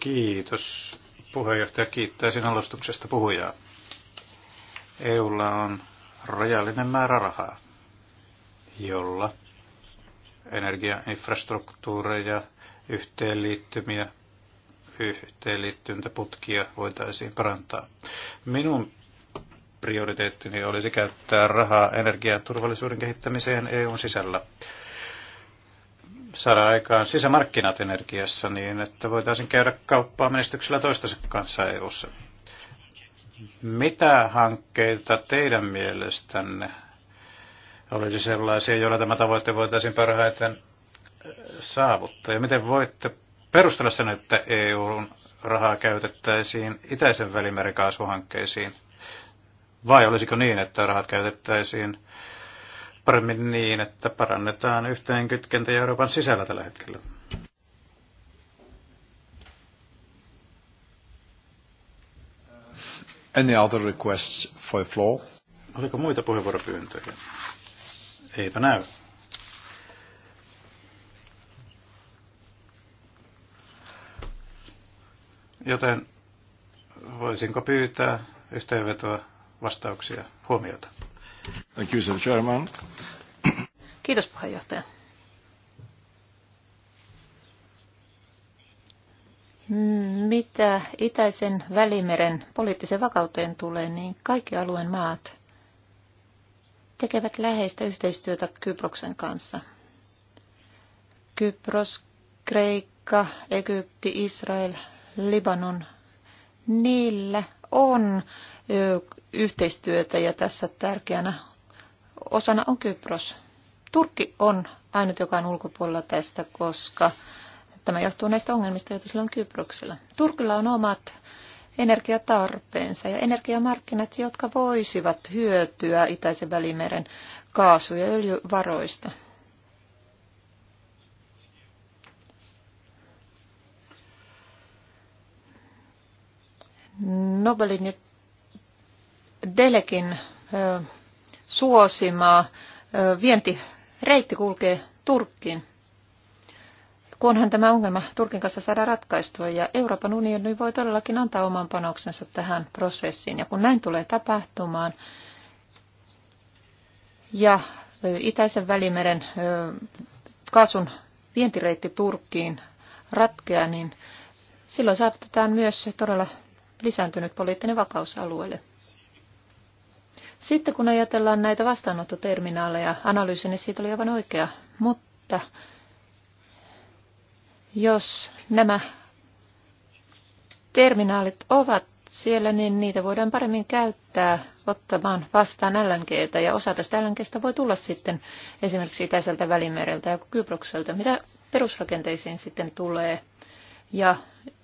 Kiitos. Puheenjohtaja sinä alustuksesta puhujaa. EUlla on rajallinen määrä rahaa, jolla energiainfrastruktuureja, yhteenliittymiä, yhteenliittyntäputkia voitaisiin parantaa. Minun prioriteettini niin olisi käyttää rahaa energiaturvallisuuden kehittämiseen EUn sisällä. Saada aikaan sisämarkkinat energiassa niin, että voitaisiin käydä kauppaa menestyksellä toistensa kanssa EUssa. Mitä hankkeita teidän mielestänne olisi sellaisia, joilla tämä tavoite voitaisiin parhaiten äh, saavuttaa? Ja miten voitte perustella sen, että EUn rahaa käytettäisiin itäisen välimeren vai olisiko niin, että rahat käytettäisiin paremmin niin, että parannetaan yhteenkytkentä Euroopan sisällä tällä hetkellä? Any other requests for the floor? Oliko muita puheenvuoropyyntöjä? Eipä näy. Joten voisinko pyytää yhteenvetoa vastauksia, huomioita. Thank you, Sir Chairman. Kiitos puheenjohtaja. Mitä itäisen välimeren poliittisen vakauteen tulee, niin kaikki alueen maat tekevät läheistä yhteistyötä Kyproksen kanssa. Kypros, Kreikka, Egypti, Israel, Libanon, niillä on yhteistyötä ja tässä tärkeänä osana on Kypros. Turkki on ainut, joka on ulkopuolella tästä, koska tämä johtuu näistä ongelmista, joita sillä on Kyproksella. Turkilla on omat energiatarpeensa ja energiamarkkinat, jotka voisivat hyötyä Itäisen välimeren kaasu- ja öljyvaroista. Nobelin ja Delekin suosimaa vientireitti kulkee Turkkiin, kunhan tämä ongelma Turkin kanssa saadaan ratkaistua. Ja Euroopan unioni voi todellakin antaa oman panoksensa tähän prosessiin. Ja kun näin tulee tapahtumaan, ja itäisen välimeren kaasun vientireitti Turkkiin ratkeaa, niin silloin saavutetaan myös todella lisääntynyt poliittinen vakaus alueelle. Sitten kun ajatellaan näitä vastaanottoterminaaleja, analyysi, niin siitä oli aivan oikea. Mutta jos nämä terminaalit ovat siellä, niin niitä voidaan paremmin käyttää ottamaan vastaan LNGtä. Ja osa tästä LNGstä voi tulla sitten esimerkiksi Itäiseltä välimereltä ja Kyprokselta. Mitä perusrakenteisiin sitten tulee, ja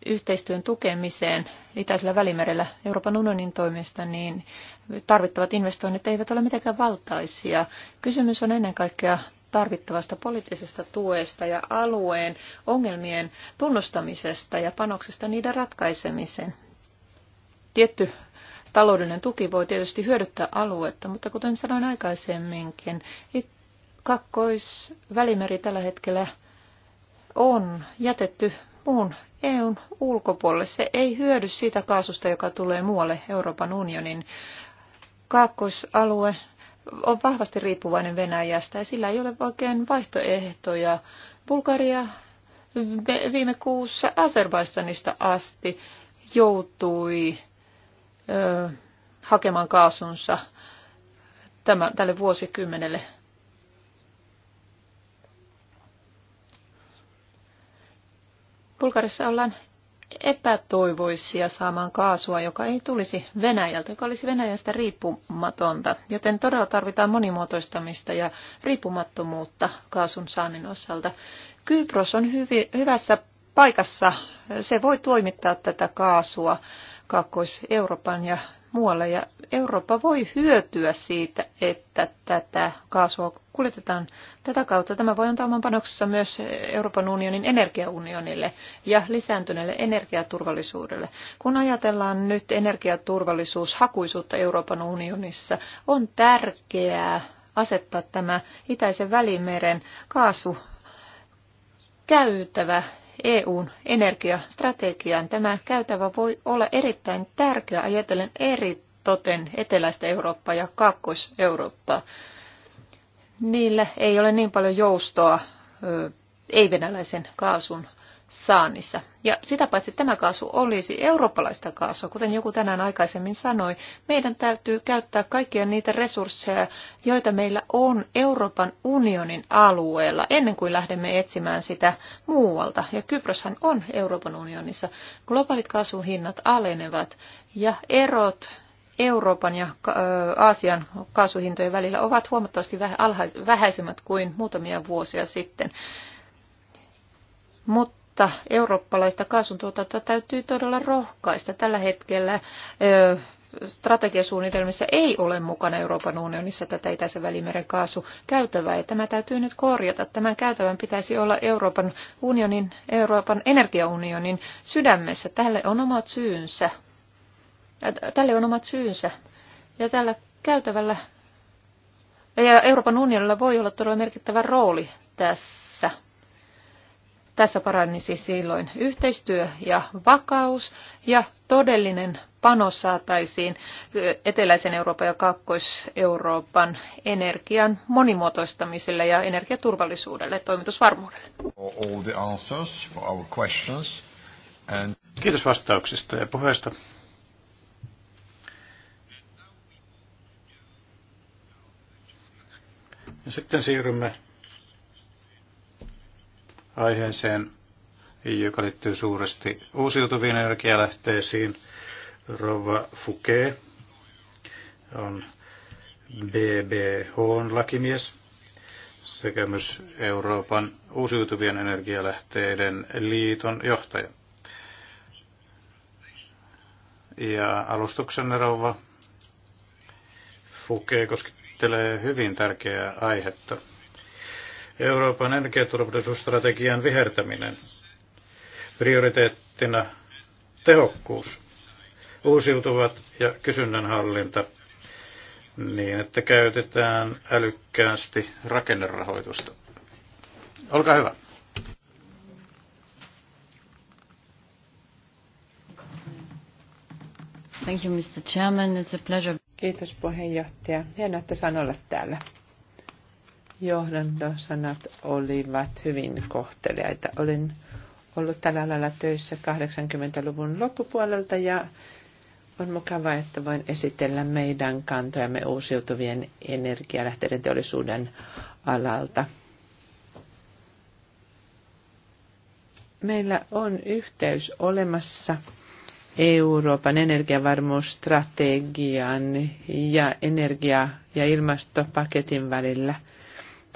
yhteistyön tukemiseen Itäisellä välimerellä Euroopan unionin toimesta, niin tarvittavat investoinnit eivät ole mitenkään valtaisia. Kysymys on ennen kaikkea tarvittavasta poliittisesta tuesta ja alueen ongelmien tunnustamisesta ja panoksesta niiden ratkaisemiseen. Tietty taloudellinen tuki voi tietysti hyödyttää aluetta, mutta kuten sanoin aikaisemminkin, kakkoisvälimeri tällä hetkellä on jätetty muun EUn ulkopuolelle. Se ei hyödy siitä kaasusta, joka tulee muualle Euroopan unionin. Kaakkoisalue on vahvasti riippuvainen Venäjästä ja sillä ei ole oikein vaihtoehtoja. Bulgaria viime kuussa Azerbaidsanista asti joutui ö, hakemaan kaasunsa tämä, tälle vuosikymmenelle Bulgarissa ollaan epätoivoisia saamaan kaasua, joka ei tulisi Venäjältä, joka olisi Venäjästä riippumatonta. Joten todella tarvitaan monimuotoistamista ja riippumattomuutta kaasun saannin osalta. Kypros on hyvi, hyvässä paikassa. Se voi toimittaa tätä kaasua Kaakkois-Euroopan ja muualle. Ja Eurooppa voi hyötyä siitä, että tätä kaasua kuljetetaan tätä kautta. Tämä voi antaa oman panoksessa myös Euroopan unionin energiaunionille ja lisääntyneelle energiaturvallisuudelle. Kun ajatellaan nyt energiaturvallisuushakuisuutta Euroopan unionissa, on tärkeää asettaa tämä Itäisen välimeren kaasu käytävä EUn energiastrategiaan. Tämä käytävä voi olla erittäin tärkeä ajatellen eri toten eteläistä Eurooppaa ja Kaakkois-Eurooppaa. Niillä ei ole niin paljon joustoa ei-venäläisen kaasun saannissa. Ja sitä paitsi tämä kaasu olisi eurooppalaista kaasua, kuten joku tänään aikaisemmin sanoi, meidän täytyy käyttää kaikkia niitä resursseja, joita meillä on Euroopan unionin alueella, ennen kuin lähdemme etsimään sitä muualta. Ja Kyproshan on Euroopan unionissa. Globaalit kaasuhinnat alenevat ja erot Euroopan ja Aasian kaasuhintojen välillä ovat huomattavasti vähäisemmät kuin muutamia vuosia sitten. Mutta uutta eurooppalaista kaasuntuotantoa täytyy todella rohkaista. Tällä hetkellä strategiasuunnitelmissa ei ole mukana Euroopan unionissa tätä Itäisen välimeren kaasukäytävää. Ja tämä täytyy nyt korjata. Tämän käytävän pitäisi olla Euroopan unionin, Euroopan energiaunionin sydämessä. Tälle on omat syynsä. Tälle on omat syynsä. Ja tällä käytävällä ja Euroopan unionilla voi olla todella merkittävä rooli tässä. Tässä parannisi siis silloin yhteistyö ja vakaus ja todellinen panos saataisiin eteläisen Euroopan ja kaakkois euroopan energian monimuotoistamiselle ja energiaturvallisuudelle ja toimitusvarmuudelle. And... Kiitos vastauksista ja puheesta. Ja sitten siirrymme aiheeseen, joka liittyy suuresti uusiutuviin energialähteisiin. Rova Fuke on BBH-lakimies sekä myös Euroopan uusiutuvien energialähteiden liiton johtaja. Ja alustuksenne rouva Fuke koskettelee hyvin tärkeää aihetta – Euroopan energiaturvallisuusstrategian vihertäminen. Prioriteettina tehokkuus, uusiutuvat ja kysynnän hallinta niin, että käytetään älykkäästi rakennerahoitusta. Olkaa hyvä. Thank you, Mr. Chairman. It's a pleasure. Kiitos puheenjohtaja. Hienoa, että saan olla täällä johdantosanat olivat hyvin kohteliaita. Olin ollut tällä alalla töissä 80-luvun loppupuolelta ja on mukava, että voin esitellä meidän kantojamme uusiutuvien energialähteiden teollisuuden alalta. Meillä on yhteys olemassa Euroopan energiavarmuusstrategian ja energia- ja ilmastopaketin välillä –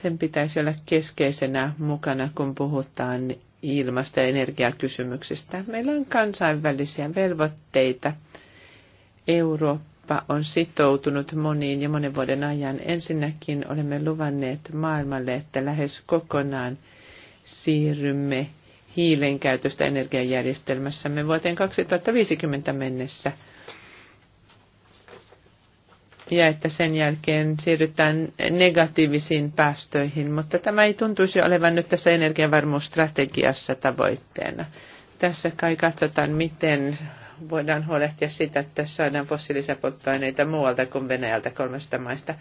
sen pitäisi olla keskeisenä mukana, kun puhutaan ilmasta- ja energiakysymyksistä. Meillä on kansainvälisiä velvoitteita. Eurooppa on sitoutunut moniin ja monen vuoden ajan. Ensinnäkin olemme luvanneet maailmalle, että lähes kokonaan siirrymme hiilen käytöstä energiajärjestelmässämme vuoteen 2050 mennessä – ja että sen jälkeen siirrytään negatiivisiin päästöihin, mutta tämä ei tuntuisi olevan nyt tässä energiavarmuusstrategiassa tavoitteena. Tässä kai katsotaan, miten voidaan huolehtia sitä, että saadaan fossiilisia polttoaineita muualta kuin Venäjältä kolmesta maista.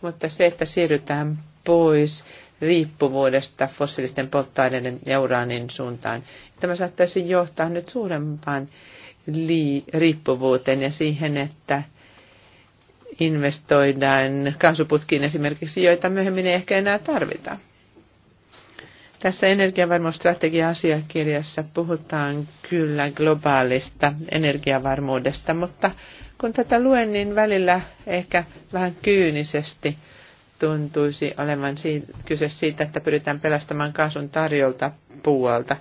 Mutta se, että siirrytään pois riippuvuudesta fossiilisten polttoaineiden ja uraanin suuntaan, tämä saattaisi johtaa nyt suurempaan riippuvuuteen ja siihen, että investoidaan kaasuputkiin esimerkiksi, joita myöhemmin ei ehkä enää tarvita. Tässä energiavarmuusstrategia-asiakirjassa puhutaan kyllä globaalista energiavarmuudesta, mutta kun tätä luen, niin välillä ehkä vähän kyynisesti tuntuisi olevan kyse siitä, että pyritään pelastamaan kaasun tarjolta puolta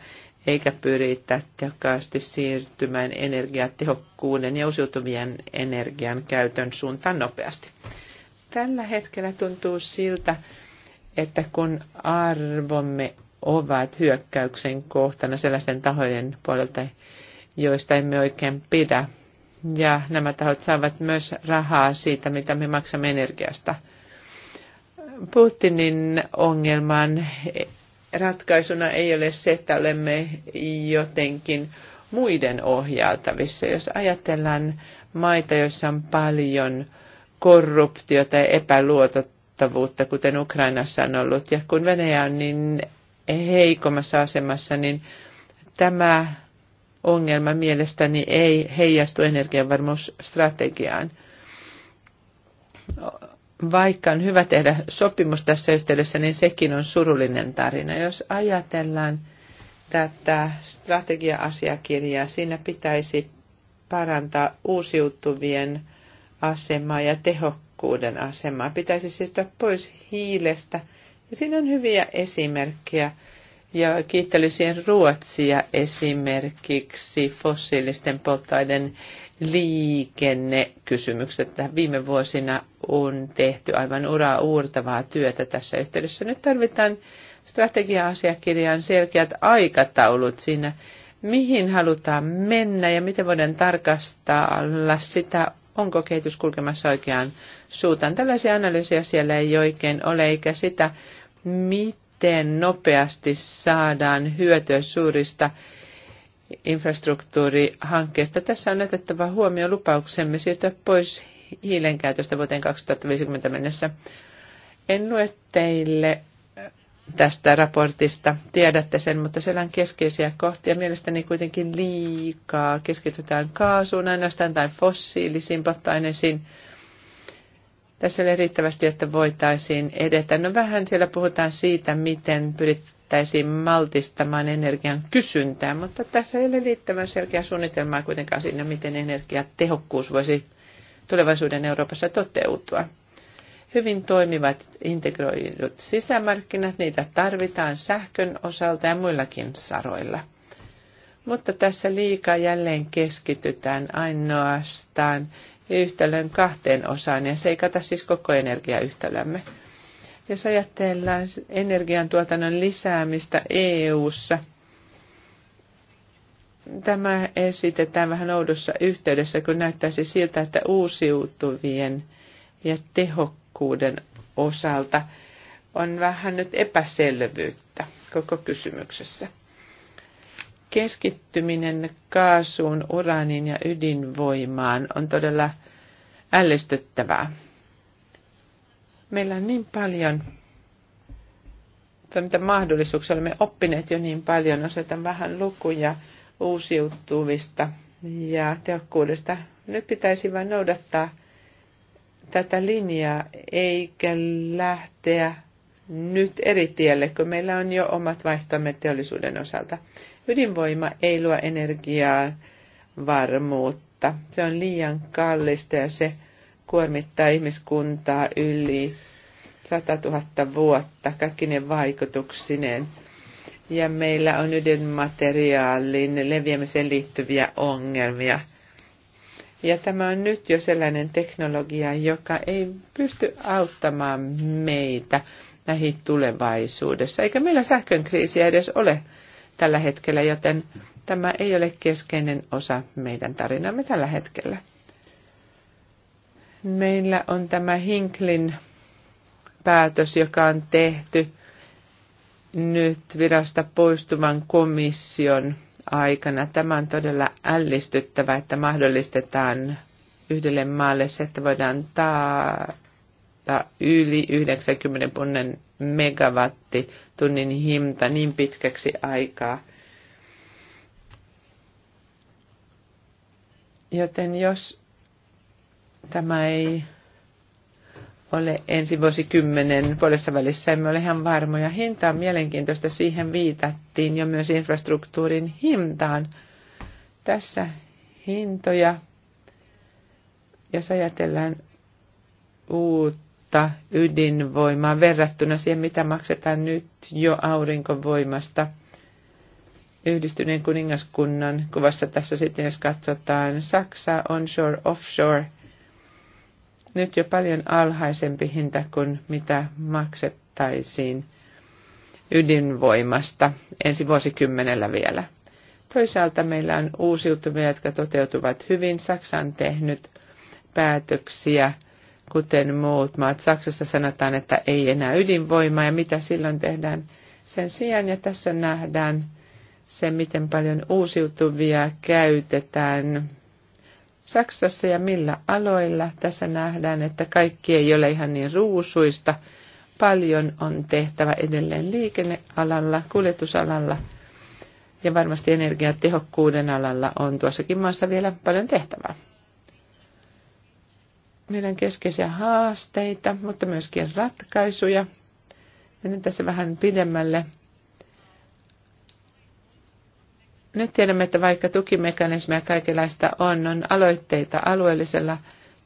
eikä pyritä tehokkaasti siirtymään energiatehokkuuden ja uusiutuvien energian käytön suuntaan nopeasti. Tällä hetkellä tuntuu siltä, että kun arvomme ovat hyökkäyksen kohtana sellaisten tahojen puolelta, joista emme oikein pidä, ja nämä tahot saavat myös rahaa siitä, mitä me maksamme energiasta. Putinin ongelman ratkaisuna ei ole se, että olemme jotenkin muiden ohjaltavissa. Jos ajatellaan maita, joissa on paljon korruptiota ja epäluotettavuutta, kuten Ukrainassa on ollut, ja kun Venäjä on niin heikommassa asemassa, niin tämä ongelma mielestäni ei heijastu energiavarmuusstrategiaan vaikka on hyvä tehdä sopimus tässä yhteydessä, niin sekin on surullinen tarina. Jos ajatellaan tätä strategia-asiakirjaa, siinä pitäisi parantaa uusiutuvien asemaa ja tehokkuuden asemaa. Pitäisi siirtyä pois hiilestä. Ja siinä on hyviä esimerkkejä. Ja kiittelisin Ruotsia esimerkiksi fossiilisten polttoaineiden liikennekysymykset. Viime vuosina on tehty aivan uraa uurtavaa työtä tässä yhteydessä. Nyt tarvitaan strategia asiakirjan selkeät aikataulut siinä, mihin halutaan mennä ja miten voidaan tarkastella sitä, onko kehitys kulkemassa oikeaan suuntaan. Tällaisia analyysiä siellä ei oikein ole, eikä sitä, miten nopeasti saadaan hyötyä suurista infrastruktuurihankkeesta. Tässä on otettava huomio lupauksemme siirtyä pois hiilen käytöstä vuoteen 2050 mennessä. En lue teille äh, tästä raportista. Tiedätte sen, mutta siellä on keskeisiä kohtia. Mielestäni kuitenkin liikaa keskitytään kaasuun ainoastaan tai fossiilisiin polttoaineisiin. Tässä ei riittävästi, että voitaisiin edetä. No vähän siellä puhutaan siitä, miten pyrit pyrittäisiin maltistamaan energian kysyntää, mutta tässä ei ole liittävän selkeää suunnitelmaa kuitenkaan siinä, miten energiatehokkuus voisi tulevaisuuden Euroopassa toteutua. Hyvin toimivat integroidut sisämarkkinat, niitä tarvitaan sähkön osalta ja muillakin saroilla. Mutta tässä liikaa jälleen keskitytään ainoastaan yhtälön kahteen osaan ja se ei kata siis koko energiayhtälömme. Jos ajatellaan energiantuotannon lisäämistä EU:ssa, tämä esitetään vähän oudossa yhteydessä, kun näyttäisi siltä, että uusiutuvien ja tehokkuuden osalta on vähän nyt epäselvyyttä koko kysymyksessä. Keskittyminen kaasuun, uraaniin ja ydinvoimaan on todella ällistyttävää. Meillä on niin paljon, tai mitä mahdollisuuksia olemme oppineet jo niin paljon, osoitan vähän lukuja uusiutuvista ja tehokkuudesta. Nyt pitäisi vain noudattaa tätä linjaa, eikä lähteä nyt eri tielle, kun meillä on jo omat vaihtoamme teollisuuden osalta. Ydinvoima ei luo energiaa varmuutta. Se on liian kallista ja se kuormittaa ihmiskuntaa yli 100 000 vuotta kaikkinen vaikutuksineen. Ja meillä on ydinmateriaalin leviämiseen liittyviä ongelmia. Ja tämä on nyt jo sellainen teknologia, joka ei pysty auttamaan meitä näihin tulevaisuudessa. Eikä meillä sähkön kriisiä edes ole tällä hetkellä, joten tämä ei ole keskeinen osa meidän tarinamme tällä hetkellä. Meillä on tämä Hinklin päätös, joka on tehty nyt virasta poistuvan komission aikana. Tämä on todella ällistyttävä, että mahdollistetaan yhdelle maalle se, että voidaan taata yli 90 punnan megawattitunnin hinta niin pitkäksi aikaa. Joten jos Tämä ei ole ensi vuosikymmenen puolessa välissä. Emme ole ihan varmoja. Hinta on mielenkiintoista. Siihen viitattiin jo myös infrastruktuurin hintaan. Tässä hintoja, jos ajatellaan uutta ydinvoimaa verrattuna siihen, mitä maksetaan nyt jo aurinkovoimasta. Yhdistyneen kuningaskunnan kuvassa tässä sitten, jos katsotaan Saksa onshore, offshore – nyt jo paljon alhaisempi hinta kuin mitä maksettaisiin ydinvoimasta ensi vuosikymmenellä vielä. Toisaalta meillä on uusiutuvia, jotka toteutuvat hyvin. Saksa on tehnyt päätöksiä, kuten muut maat. Saksassa sanotaan, että ei enää ydinvoimaa ja mitä silloin tehdään sen sijaan. Ja tässä nähdään se, miten paljon uusiutuvia käytetään Saksassa ja millä aloilla. Tässä nähdään, että kaikki ei ole ihan niin ruusuista. Paljon on tehtävä edelleen liikennealalla, kuljetusalalla ja varmasti energiatehokkuuden alalla on tuossakin maassa vielä paljon tehtävää. Meidän keskeisiä haasteita, mutta myöskin ratkaisuja. mennään tässä vähän pidemmälle Nyt tiedämme, että vaikka tukimekanismeja kaikenlaista on, on aloitteita alueellisella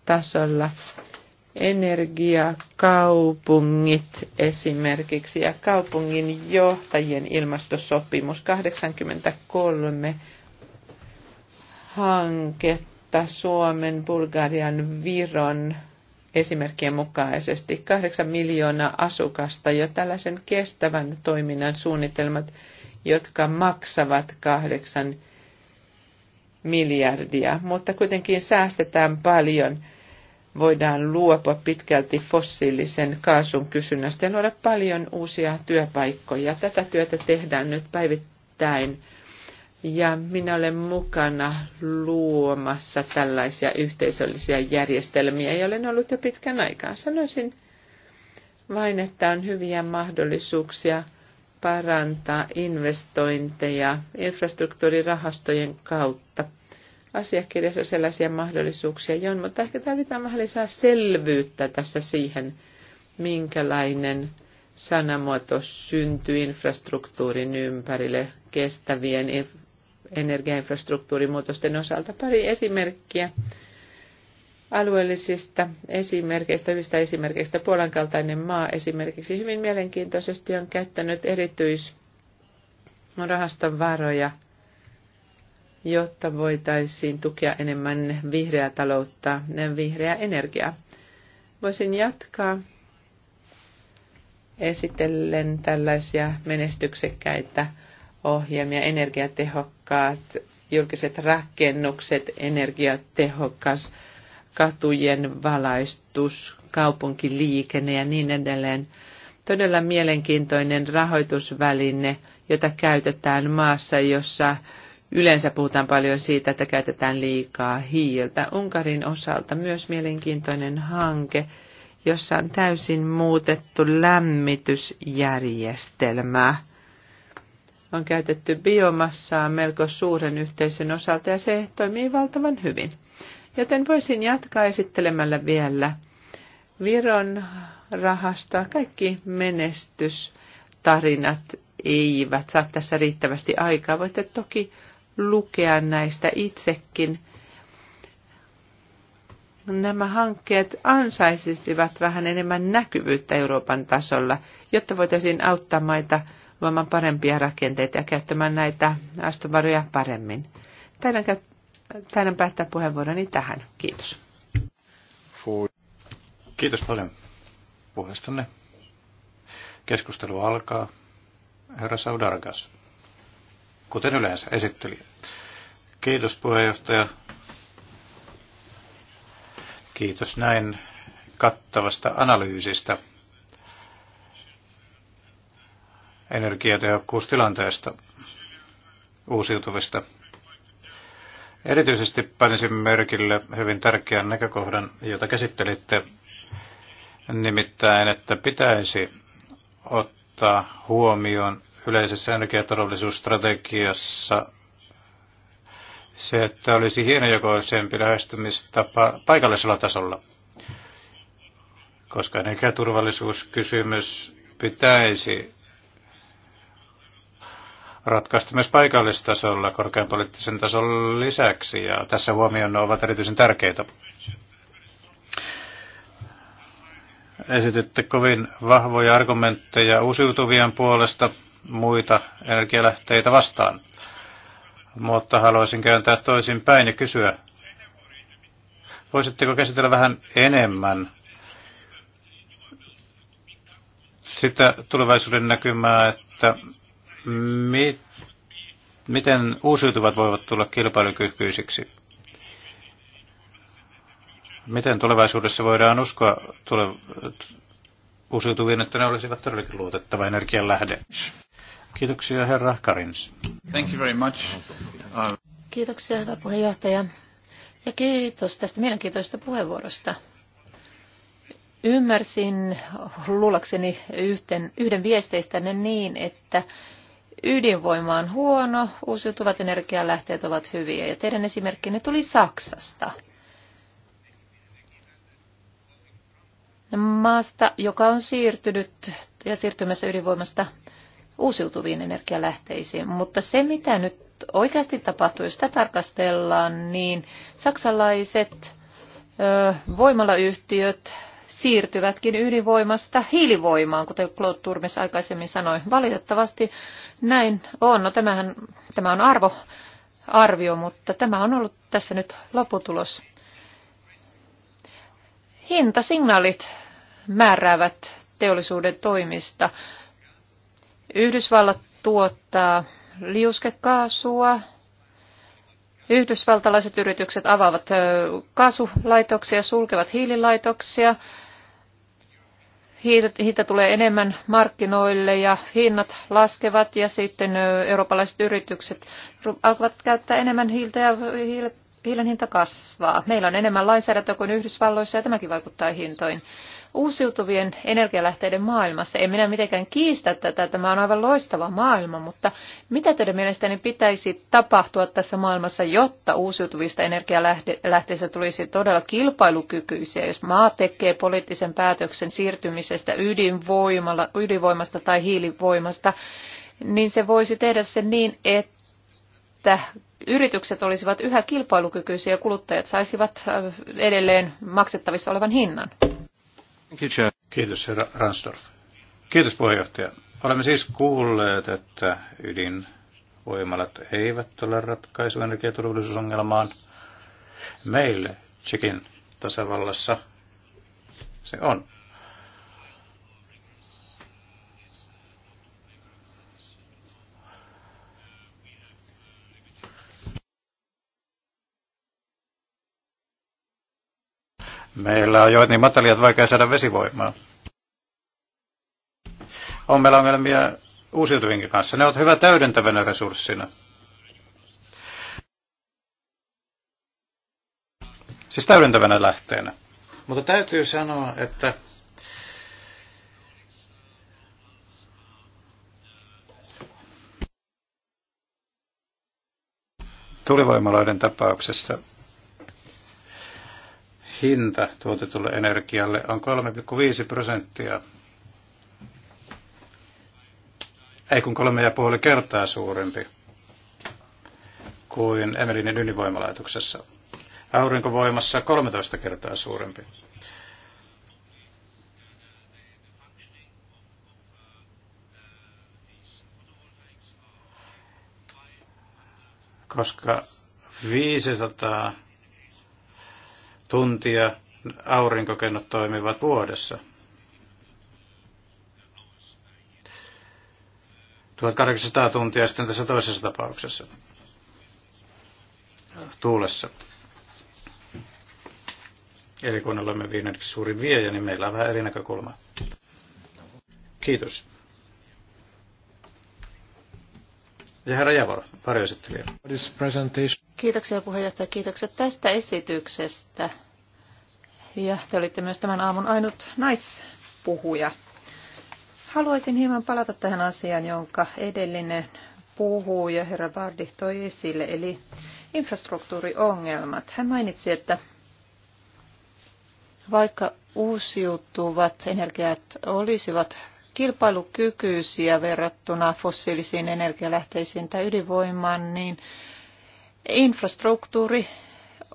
tasolla. energia, kaupungit esimerkiksi ja kaupungin johtajien ilmastosopimus 83 hanketta Suomen, Bulgarian, Viron esimerkkien mukaisesti. 8 miljoonaa asukasta jo tällaisen kestävän toiminnan suunnitelmat – jotka maksavat kahdeksan miljardia, mutta kuitenkin säästetään paljon. Voidaan luopua pitkälti fossiilisen kaasun kysynnästä ja luoda paljon uusia työpaikkoja. Tätä työtä tehdään nyt päivittäin ja minä olen mukana luomassa tällaisia yhteisöllisiä järjestelmiä ja olen ollut jo pitkän aikaa. Sanoisin vain, että on hyviä mahdollisuuksia – parantaa investointeja infrastruktuurirahastojen kautta. Asiakirjassa sellaisia mahdollisuuksia on, mutta ehkä tarvitaan vähän lisää selvyyttä tässä siihen, minkälainen sanamuoto syntyy infrastruktuurin ympärille kestävien energiainfrastruktuurimuutosten osalta. Pari esimerkkiä alueellisista esimerkkeistä, hyvistä esimerkkeistä. Puolan kaltainen maa esimerkiksi hyvin mielenkiintoisesti on käyttänyt erityisrahaston varoja, jotta voitaisiin tukea enemmän vihreää taloutta ja vihreää energiaa. Voisin jatkaa esitellen tällaisia menestyksekkäitä ohjelmia, energiatehokkaat, julkiset rakennukset, energiatehokas, katujen valaistus, kaupunkiliikenne ja niin edelleen. Todella mielenkiintoinen rahoitusväline, jota käytetään maassa, jossa yleensä puhutaan paljon siitä, että käytetään liikaa hiiltä. Unkarin osalta myös mielenkiintoinen hanke, jossa on täysin muutettu lämmitysjärjestelmää. On käytetty biomassaa melko suuren yhteisön osalta ja se toimii valtavan hyvin. Joten voisin jatkaa esittelemällä vielä Viron rahasta. Kaikki menestystarinat eivät saa tässä riittävästi aikaa. Voitte toki lukea näistä itsekin. Nämä hankkeet ansaisisivat vähän enemmän näkyvyyttä Euroopan tasolla, jotta voitaisiin auttaa maita luomaan parempia rakenteita ja käyttämään näitä astovaroja paremmin. Taidan Taidan päättää puheenvuoroni tähän. Kiitos. Kiitos paljon puheestanne. Keskustelu alkaa. Herra Saudargas, kuten yleensä esitteli. Kiitos puheenjohtaja. Kiitos näin kattavasta analyysistä energiatehokkuustilanteesta, uusiutuvista Erityisesti panisin merkille hyvin tärkeän näkökohdan, jota käsittelitte, nimittäin, että pitäisi ottaa huomioon yleisessä energiaturvallisuusstrategiassa se, että olisi hienojakoisempi lähestymistapa paikallisella tasolla, koska energiaturvallisuuskysymys pitäisi ratkaista myös paikallistasolla korkean poliittisen tason lisäksi, ja tässä huomioon ovat erityisen tärkeitä. Esititte kovin vahvoja argumentteja uusiutuvien puolesta muita energialähteitä vastaan, mutta haluaisin kääntää toisin päin ja kysyä, voisitteko käsitellä vähän enemmän sitä tulevaisuuden näkymää, että mi, miten uusiutuvat voivat tulla kilpailukykyisiksi? Miten tulevaisuudessa voidaan uskoa tule, uusiutuviin, että ne olisivat todellakin luotettava energianlähde? Kiitoksia herra Karins. Thank you very much. Uh... Kiitoksia hyvä puheenjohtaja. Ja kiitos tästä mielenkiintoisesta puheenvuorosta. Ymmärsin luulakseni yhten, yhden viesteistänne niin, että ydinvoima on huono, uusiutuvat energialähteet ovat hyviä. Ja teidän esimerkkinne tuli Saksasta. Maasta, joka on siirtynyt ja siirtymässä ydinvoimasta uusiutuviin energialähteisiin. Mutta se, mitä nyt oikeasti tapahtuu, jos sitä tarkastellaan, niin saksalaiset ö, voimalayhtiöt siirtyvätkin ydinvoimasta hiilivoimaan, kuten Claude Turmes aikaisemmin sanoi. Valitettavasti näin on. No, tämähän, tämä on arvo, arvio, mutta tämä on ollut tässä nyt lopputulos. Hintasignaalit määräävät teollisuuden toimista. Yhdysvallat tuottaa liuskekaasua, Yhdysvaltalaiset yritykset avaavat kaasulaitoksia, sulkevat hiililaitoksia. Hiiltä tulee enemmän markkinoille ja hinnat laskevat ja sitten eurooppalaiset yritykset alkavat käyttää enemmän hiiltä ja hiilen hinta kasvaa. Meillä on enemmän lainsäädäntöä kuin Yhdysvalloissa ja tämäkin vaikuttaa hintoihin uusiutuvien energialähteiden maailmassa. En minä mitenkään kiistä tätä, tämä on aivan loistava maailma, mutta mitä teidän mielestäni pitäisi tapahtua tässä maailmassa, jotta uusiutuvista energialähteistä tulisi todella kilpailukykyisiä, jos maa tekee poliittisen päätöksen siirtymisestä ydinvoimasta tai hiilivoimasta, niin se voisi tehdä sen niin, että yritykset olisivat yhä kilpailukykyisiä ja kuluttajat saisivat edelleen maksettavissa olevan hinnan. Kiitos, herra Ransdorf. Kiitos, puheenjohtaja. Olemme siis kuulleet, että ydinvoimalat eivät ole ratkaisu energiaturvallisuusongelmaan. Meille Tsekin tasavallassa se on. Meillä on joet niin matalia, että vaikea saada vesivoimaa. On meillä ongelmia uusiutuvinkin kanssa. Ne ovat hyvä täydentävänä resurssina. Siis täydentävänä lähteenä. Mutta täytyy sanoa, että tulivoimaloiden tapauksessa hinta tuotetulle energialle on 3,5 prosenttia. Ei kun kolme ja puoli kertaa suurempi kuin Emelinin ydinvoimalaitoksessa. Aurinkovoimassa 13 kertaa suurempi. Koska 500 tuntia aurinkokennot toimivat vuodessa. 1800 tuntia sitten tässä toisessa tapauksessa tuulessa. Eli kun olemme viimeksi suuri viejä, niin meillä on vähän eri näkökulma. Kiitos. Ja herra Javor, varjoesittelijä. Kiitoksia puheenjohtaja, kiitokset tästä esityksestä. Ja te olitte myös tämän aamun ainut naispuhuja. Haluaisin hieman palata tähän asiaan, jonka edellinen puhuja herra Vardi toi esille, eli infrastruktuuriongelmat. Hän mainitsi, että vaikka uusiutuvat energiat olisivat kilpailukykyisiä verrattuna fossiilisiin energialähteisiin tai ydinvoimaan, niin infrastruktuuri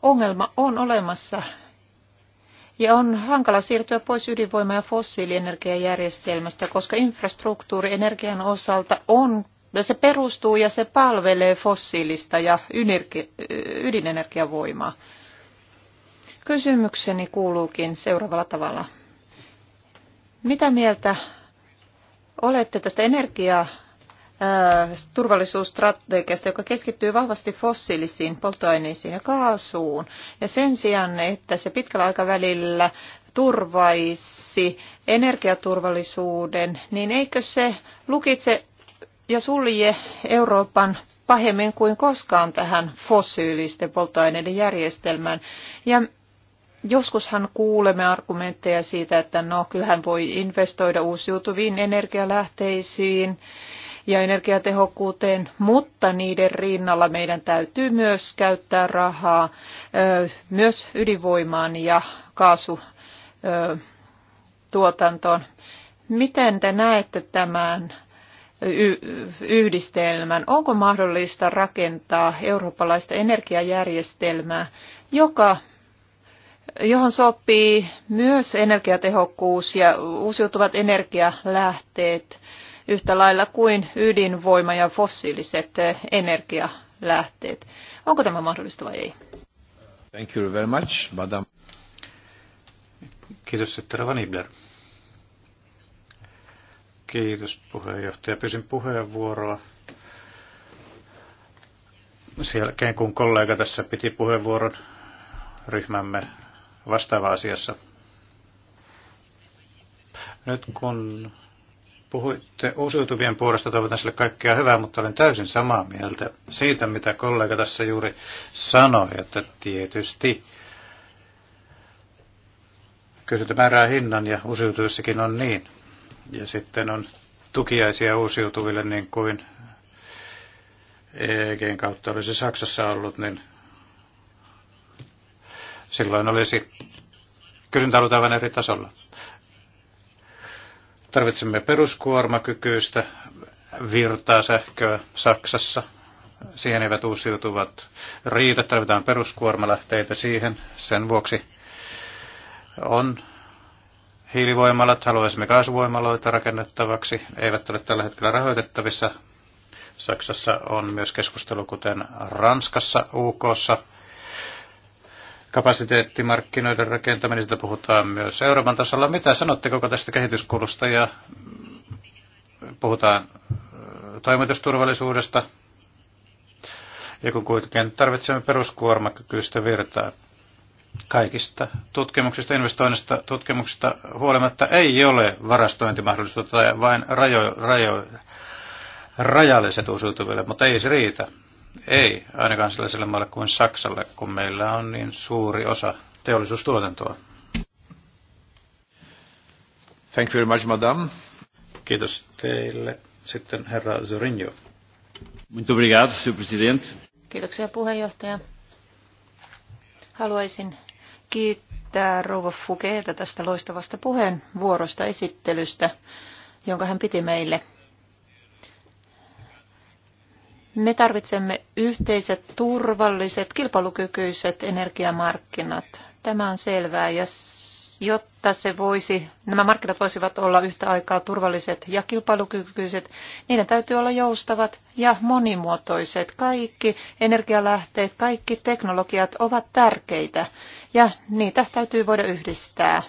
ongelma on olemassa ja on hankala siirtyä pois ydinvoima- ja fossiilienergiajärjestelmästä, koska infrastruktuuri energian osalta on, se perustuu ja se palvelee fossiilista ja ydinenergiavoimaa. Kysymykseni kuuluukin seuraavalla tavalla. Mitä mieltä olette tästä energiaa Äh, turvallisuusstrategiasta, joka keskittyy vahvasti fossiilisiin polttoaineisiin ja kaasuun. Ja sen sijaan, että se pitkällä aikavälillä turvaisi energiaturvallisuuden, niin eikö se lukitse ja sulje Euroopan pahemmin kuin koskaan tähän fossiilisten polttoaineiden järjestelmään. Ja joskushan kuulemme argumentteja siitä, että no kyllähän voi investoida uusiutuviin energialähteisiin ja energiatehokkuuteen, mutta niiden rinnalla meidän täytyy myös käyttää rahaa myös ydinvoimaan ja kaasutuotantoon. Miten te näette tämän yhdistelmän? Onko mahdollista rakentaa eurooppalaista energiajärjestelmää, joka johon sopii myös energiatehokkuus ja uusiutuvat energialähteet yhtä lailla kuin ydinvoima ja fossiiliset eh, energialähteet. Onko tämä mahdollista vai ei? Thank you very much, madam. Kiitos, että Ibler. Kiitos puheenjohtaja. Pysin puheenvuoroa sen jälkeen, kun kollega tässä piti puheenvuoron ryhmämme vastaava asiassa. Nyt kun Puhuitte uusiutuvien puolesta, toivotan sille kaikkea hyvää, mutta olen täysin samaa mieltä siitä, mitä kollega tässä juuri sanoi, että tietysti kysyntä määrää hinnan ja uusiutuvissakin on niin. Ja sitten on tukiaisia uusiutuville, niin kuin EEGn kautta olisi Saksassa ollut, niin silloin olisi kysyntä ollut aivan eri tasolla. Tarvitsemme peruskuormakykyistä virtaa sähköä Saksassa. Siihen eivät uusiutuvat riitä, tarvitaan peruskuormalähteitä siihen. Sen vuoksi on hiilivoimalat, haluaisimme kaasuvoimaloita rakennettavaksi, eivät ole tällä hetkellä rahoitettavissa. Saksassa on myös keskustelu, kuten Ranskassa, UKssa, kapasiteettimarkkinoiden rakentaminen, sitä puhutaan myös Euroopan tasolla. Mitä sanotte koko tästä kehityskulusta ja puhutaan toimitusturvallisuudesta, ja kun kuitenkin tarvitsemme peruskuormakykyistä virtaa kaikista tutkimuksista, investoinnista, tutkimuksista huolimatta ei ole varastointimahdollisuutta tai vain rajo, rajo, rajalliset uusiutuville, mutta ei se riitä. Ei, ainakaan sellaiselle maalle kuin Saksalle, kun meillä on niin suuri osa teollisuustuotantoa. Thank you very much, Madame. Kiitos teille. Sitten herra Zorinjo. Muito obrigado, senhor presidente. Kiitoksia puheenjohtaja. Haluaisin kiittää rouva Fugeeta tästä loistavasta puheenvuorosta esittelystä, jonka hän piti meille. Me tarvitsemme yhteiset, turvalliset, kilpailukykyiset energiamarkkinat. Tämä on selvää ja jotta se voisi, nämä markkinat voisivat olla yhtä aikaa turvalliset ja kilpailukykyiset, niiden täytyy olla joustavat ja monimuotoiset. Kaikki energialähteet, kaikki teknologiat ovat tärkeitä ja niitä täytyy voida yhdistää.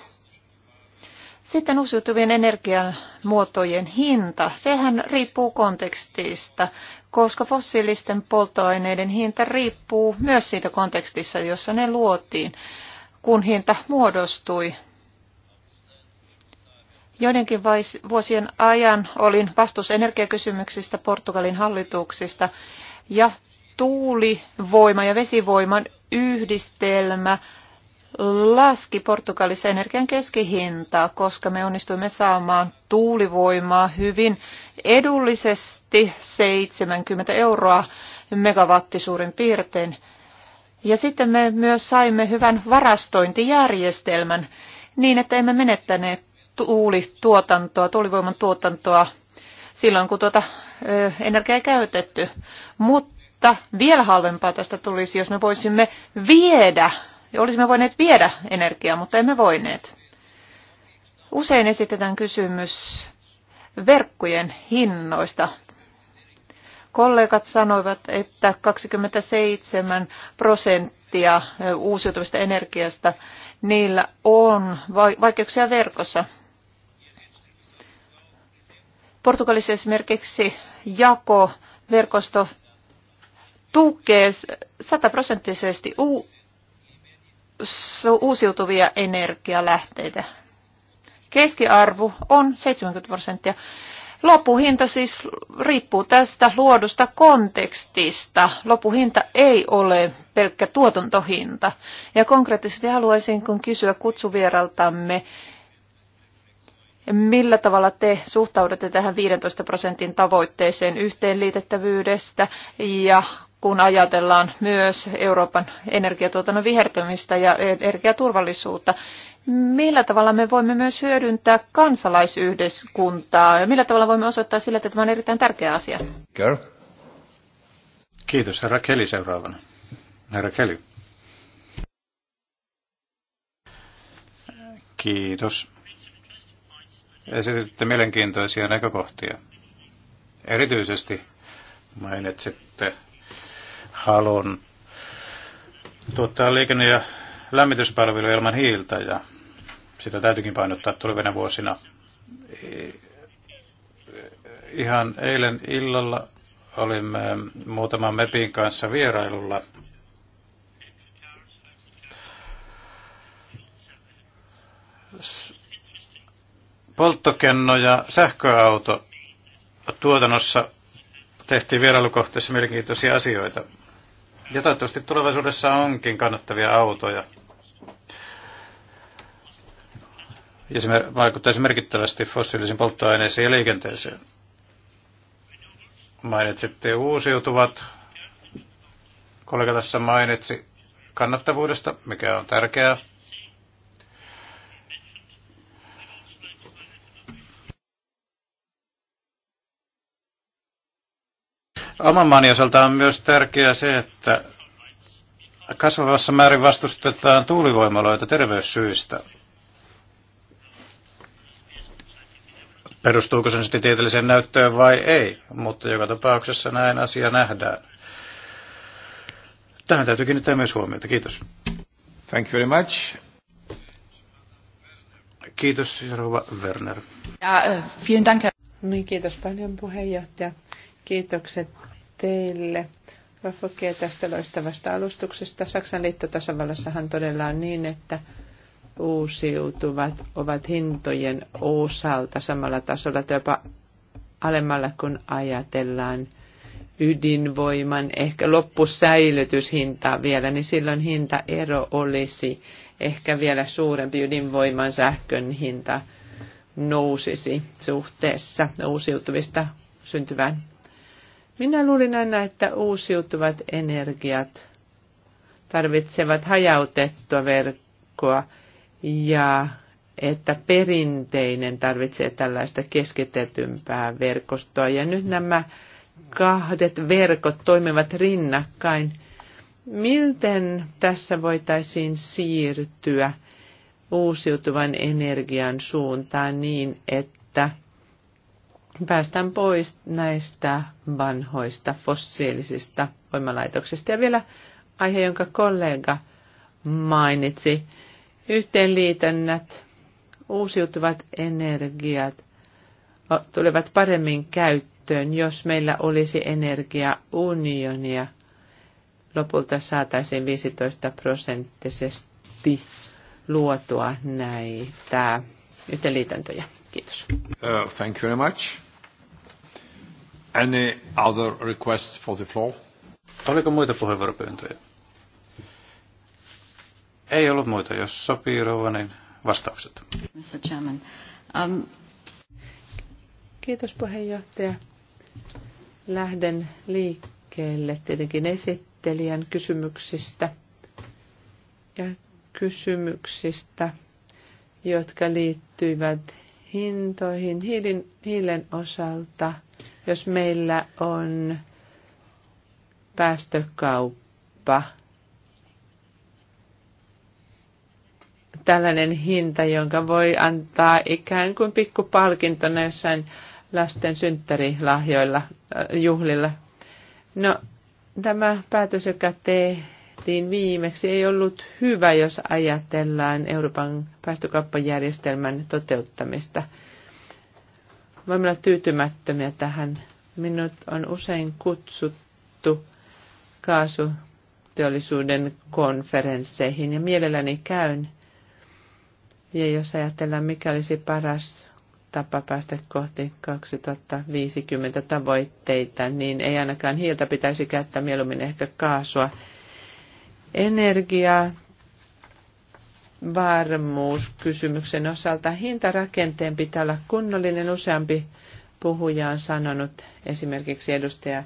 Sitten uusiutuvien energian muotojen hinta, sehän riippuu kontekstista koska fossiilisten polttoaineiden hinta riippuu myös siitä kontekstissa, jossa ne luotiin, kun hinta muodostui. Joidenkin vuosien ajan olin vastuus energiakysymyksistä Portugalin hallituksista ja tuulivoima ja vesivoiman yhdistelmä laski Portugalissa energian keskihintaa, koska me onnistuimme saamaan tuulivoimaa hyvin edullisesti 70 euroa megawatti suurin piirtein. Ja sitten me myös saimme hyvän varastointijärjestelmän niin, että emme menettäneet tuulituotantoa, tuulivoiman tuotantoa silloin, kun tuota ö, energiaa ei käytetty. Mutta vielä halvempaa tästä tulisi, jos me voisimme viedä Olisimme voineet viedä energiaa, mutta emme voineet. Usein esitetään kysymys verkkojen hinnoista. Kollegat sanoivat, että 27 prosenttia uusiutuvista energiasta niillä on vaikeuksia verkossa. Portugalissa esimerkiksi jakoverkosto tukee sataprosenttisesti uusiutuvia energialähteitä. Keskiarvo on 70 prosenttia. Lopuhinta siis riippuu tästä luodusta kontekstista. Lopuhinta ei ole pelkkä tuotantohinta. Ja konkreettisesti haluaisin kun kysyä kutsuvieraltamme, millä tavalla te suhtaudutte tähän 15 prosentin tavoitteeseen yhteenliitettävyydestä ja kun ajatellaan myös Euroopan energiatuotannon vihertymistä ja energiaturvallisuutta. Millä tavalla me voimme myös hyödyntää kansalaisyhdyskuntaa ja millä tavalla voimme osoittaa sille, että tämä on erittäin tärkeä asia? Girl. Kiitos. Herra Keli seuraavana. Herra Keli. Kiitos. Esititte mielenkiintoisia näkökohtia. Erityisesti mainitsitte halon tuottaa liikenne- ja lämmityspalvelu ilman hiiltä ja sitä täytyykin painottaa tulevina vuosina. Ihan eilen illalla olimme muutaman MEPin kanssa vierailulla polttokenno ja sähköauto tuotannossa tehtiin vierailukohteessa mielenkiintoisia asioita. Ja toivottavasti tulevaisuudessa onkin kannattavia autoja. Ja se vaikuttaisi siis merkittävästi fossiilisiin polttoaineisiin ja liikenteeseen. Mainitsitte uusiutuvat. Kollega tässä mainitsi kannattavuudesta, mikä on tärkeää. Oman maani osalta on myös tärkeää se, että kasvavassa määrin vastustetaan tuulivoimaloita terveyssyistä. Perustuuko se sitten tieteelliseen näyttöön vai ei, mutta joka tapauksessa näin asia nähdään. Tähän täytyy kiinnittää myös huomiota. Kiitos. Thank you very much. Kiitos, Rova Werner. Ja, eh, vielen dank. Niin, kiitos paljon puheenjohtaja. Kiitokset teille. Vafokia tästä loistavasta alustuksesta. Saksan liittotasavallassahan todella on niin, että uusiutuvat ovat hintojen osalta samalla tasolla tai jopa alemmalla, kun ajatellaan ydinvoiman ehkä loppusäilytyshintaa vielä, niin silloin hintaero olisi ehkä vielä suurempi ydinvoiman sähkön hinta nousisi suhteessa uusiutuvista syntyvään minä luulin aina, että uusiutuvat energiat tarvitsevat hajautettua verkkoa ja että perinteinen tarvitsee tällaista keskitetympää verkostoa. Ja nyt nämä kahdet verkot toimivat rinnakkain. Miten tässä voitaisiin siirtyä uusiutuvan energian suuntaan niin, että päästään pois näistä vanhoista fossiilisista voimalaitoksista. Ja vielä aihe, jonka kollega mainitsi, yhteenliitännät, uusiutuvat energiat tulevat paremmin käyttöön, jos meillä olisi energiaunionia. Lopulta saataisiin 15 prosenttisesti luotua näitä yhteenliitäntöjä. Kiitos. Uh, thank you very much. Any other requests for the floor? Oliko muita puheenvuoropyyntöjä? Ei ollut muita. Jos sopii rouva, niin vastaukset. Mr. Chairman. Um... Kiitos puheenjohtaja. Lähden liikkeelle tietenkin esittelijän kysymyksistä ja kysymyksistä, jotka liittyivät hintoihin hiilin, hiilen osalta – jos meillä on päästökauppa, tällainen hinta, jonka voi antaa ikään kuin pikkupalkintona jossain lasten synttärilahjoilla, äh, juhlilla. No, tämä päätös, joka tehtiin viimeksi, ei ollut hyvä, jos ajatellaan Euroopan päästökauppajärjestelmän toteuttamista – voimme olla tyytymättömiä tähän. Minut on usein kutsuttu kaasuteollisuuden konferensseihin ja mielelläni käyn. Ja jos ajatellaan, mikä olisi paras tapa päästä kohti 2050 tavoitteita, niin ei ainakaan hiiltä pitäisi käyttää mieluummin ehkä kaasua. Energiaa varmuuskysymyksen osalta hintarakenteen pitää olla kunnollinen. Useampi puhuja on sanonut, esimerkiksi edustaja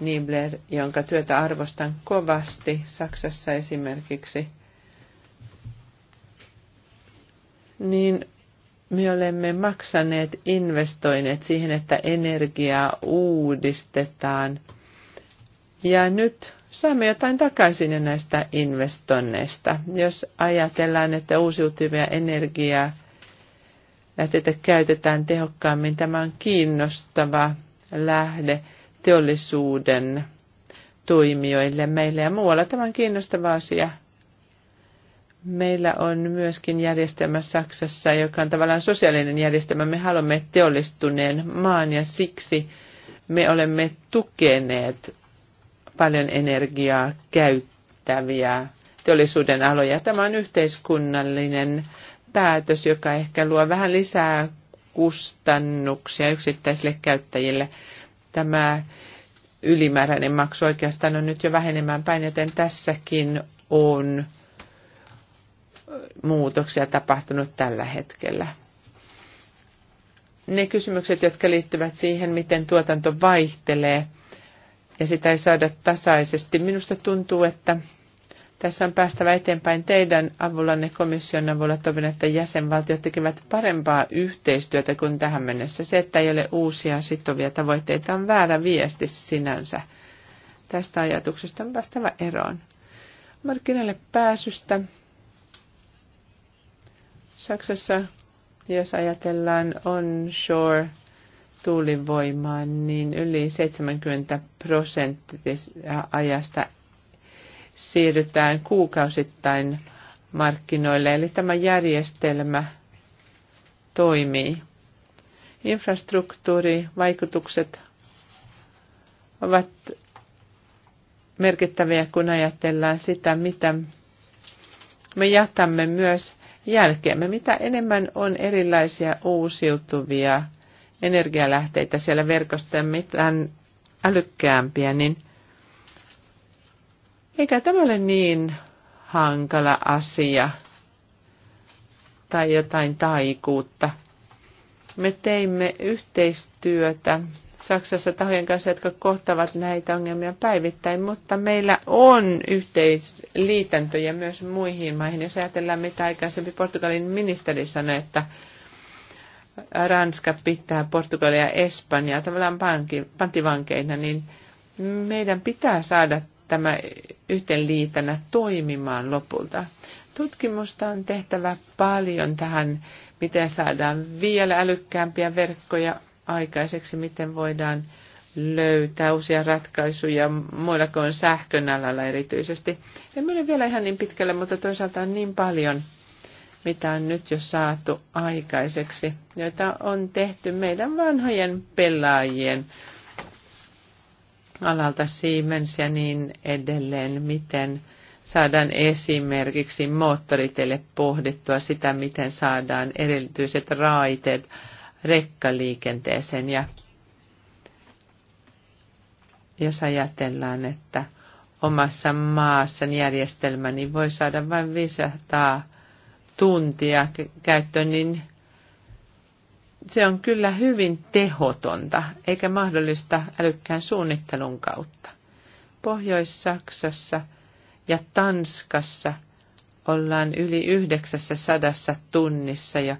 Niebler, jonka työtä arvostan kovasti Saksassa esimerkiksi, niin me olemme maksaneet, investoineet siihen, että energiaa uudistetaan. Ja nyt saamme jotain takaisin näistä investoinneista. Jos ajatellaan, että uusiutuvia energiaa lähteitä käytetään tehokkaammin, tämä on kiinnostava lähde teollisuuden toimijoille meille ja muualla. Tämä on kiinnostava asia. Meillä on myöskin järjestelmä Saksassa, joka on tavallaan sosiaalinen järjestelmä. Me haluamme teollistuneen maan ja siksi me olemme tukeneet paljon energiaa käyttäviä teollisuuden aloja. Tämä on yhteiskunnallinen päätös, joka ehkä luo vähän lisää kustannuksia yksittäisille käyttäjille. Tämä ylimääräinen maksu oikeastaan on nyt jo vähenemään päin, joten tässäkin on muutoksia tapahtunut tällä hetkellä. Ne kysymykset, jotka liittyvät siihen, miten tuotanto vaihtelee – ja sitä ei saada tasaisesti. Minusta tuntuu, että tässä on päästävä eteenpäin teidän avullanne komission avulla. Toivon, että jäsenvaltiot tekevät parempaa yhteistyötä kuin tähän mennessä. Se, että ei ole uusia sitovia tavoitteita, on väärä viesti sinänsä. Tästä ajatuksesta on päästävä eroon. Markkinoille pääsystä. Saksassa, jos ajatellaan onshore tuulivoimaan, niin yli 70 prosenttia ajasta siirrytään kuukausittain markkinoille. Eli tämä järjestelmä toimii. Infrastruktuurivaikutukset ovat merkittäviä, kun ajatellaan sitä, mitä me jätämme myös jälkeemme. Mitä enemmän on erilaisia uusiutuvia energialähteitä siellä verkosta ja mitään älykkäämpiä, niin eikä tämä ole niin hankala asia tai jotain taikuutta. Me teimme yhteistyötä Saksassa tahojen kanssa, jotka kohtavat näitä ongelmia päivittäin, mutta meillä on yhteisliitäntöjä myös muihin maihin. Jos ajatellaan, mitä aikaisempi Portugalin ministeri sanoi, että Ranska pitää Portugalia ja Espanjaa tavallaan pantivankeina, niin meidän pitää saada tämä yhteenliitänä toimimaan lopulta. Tutkimusta on tehtävä paljon tähän, miten saadaan vielä älykkäämpiä verkkoja aikaiseksi, miten voidaan löytää uusia ratkaisuja muilla kuin sähkön alalla erityisesti. Emme ole vielä ihan niin pitkällä, mutta toisaalta on niin paljon mitä on nyt jo saatu aikaiseksi, joita on tehty meidän vanhojen pelaajien alalta Siemens ja niin edelleen, miten saadaan esimerkiksi moottoritelle pohdittua sitä, miten saadaan erityiset raiteet rekkaliikenteeseen ja jos ajatellaan, että omassa maassani järjestelmäni niin voi saada vain 500 tuntia käyttöön, niin se on kyllä hyvin tehotonta, eikä mahdollista älykkään suunnittelun kautta. Pohjois-Saksassa ja Tanskassa ollaan yli 900 tunnissa ja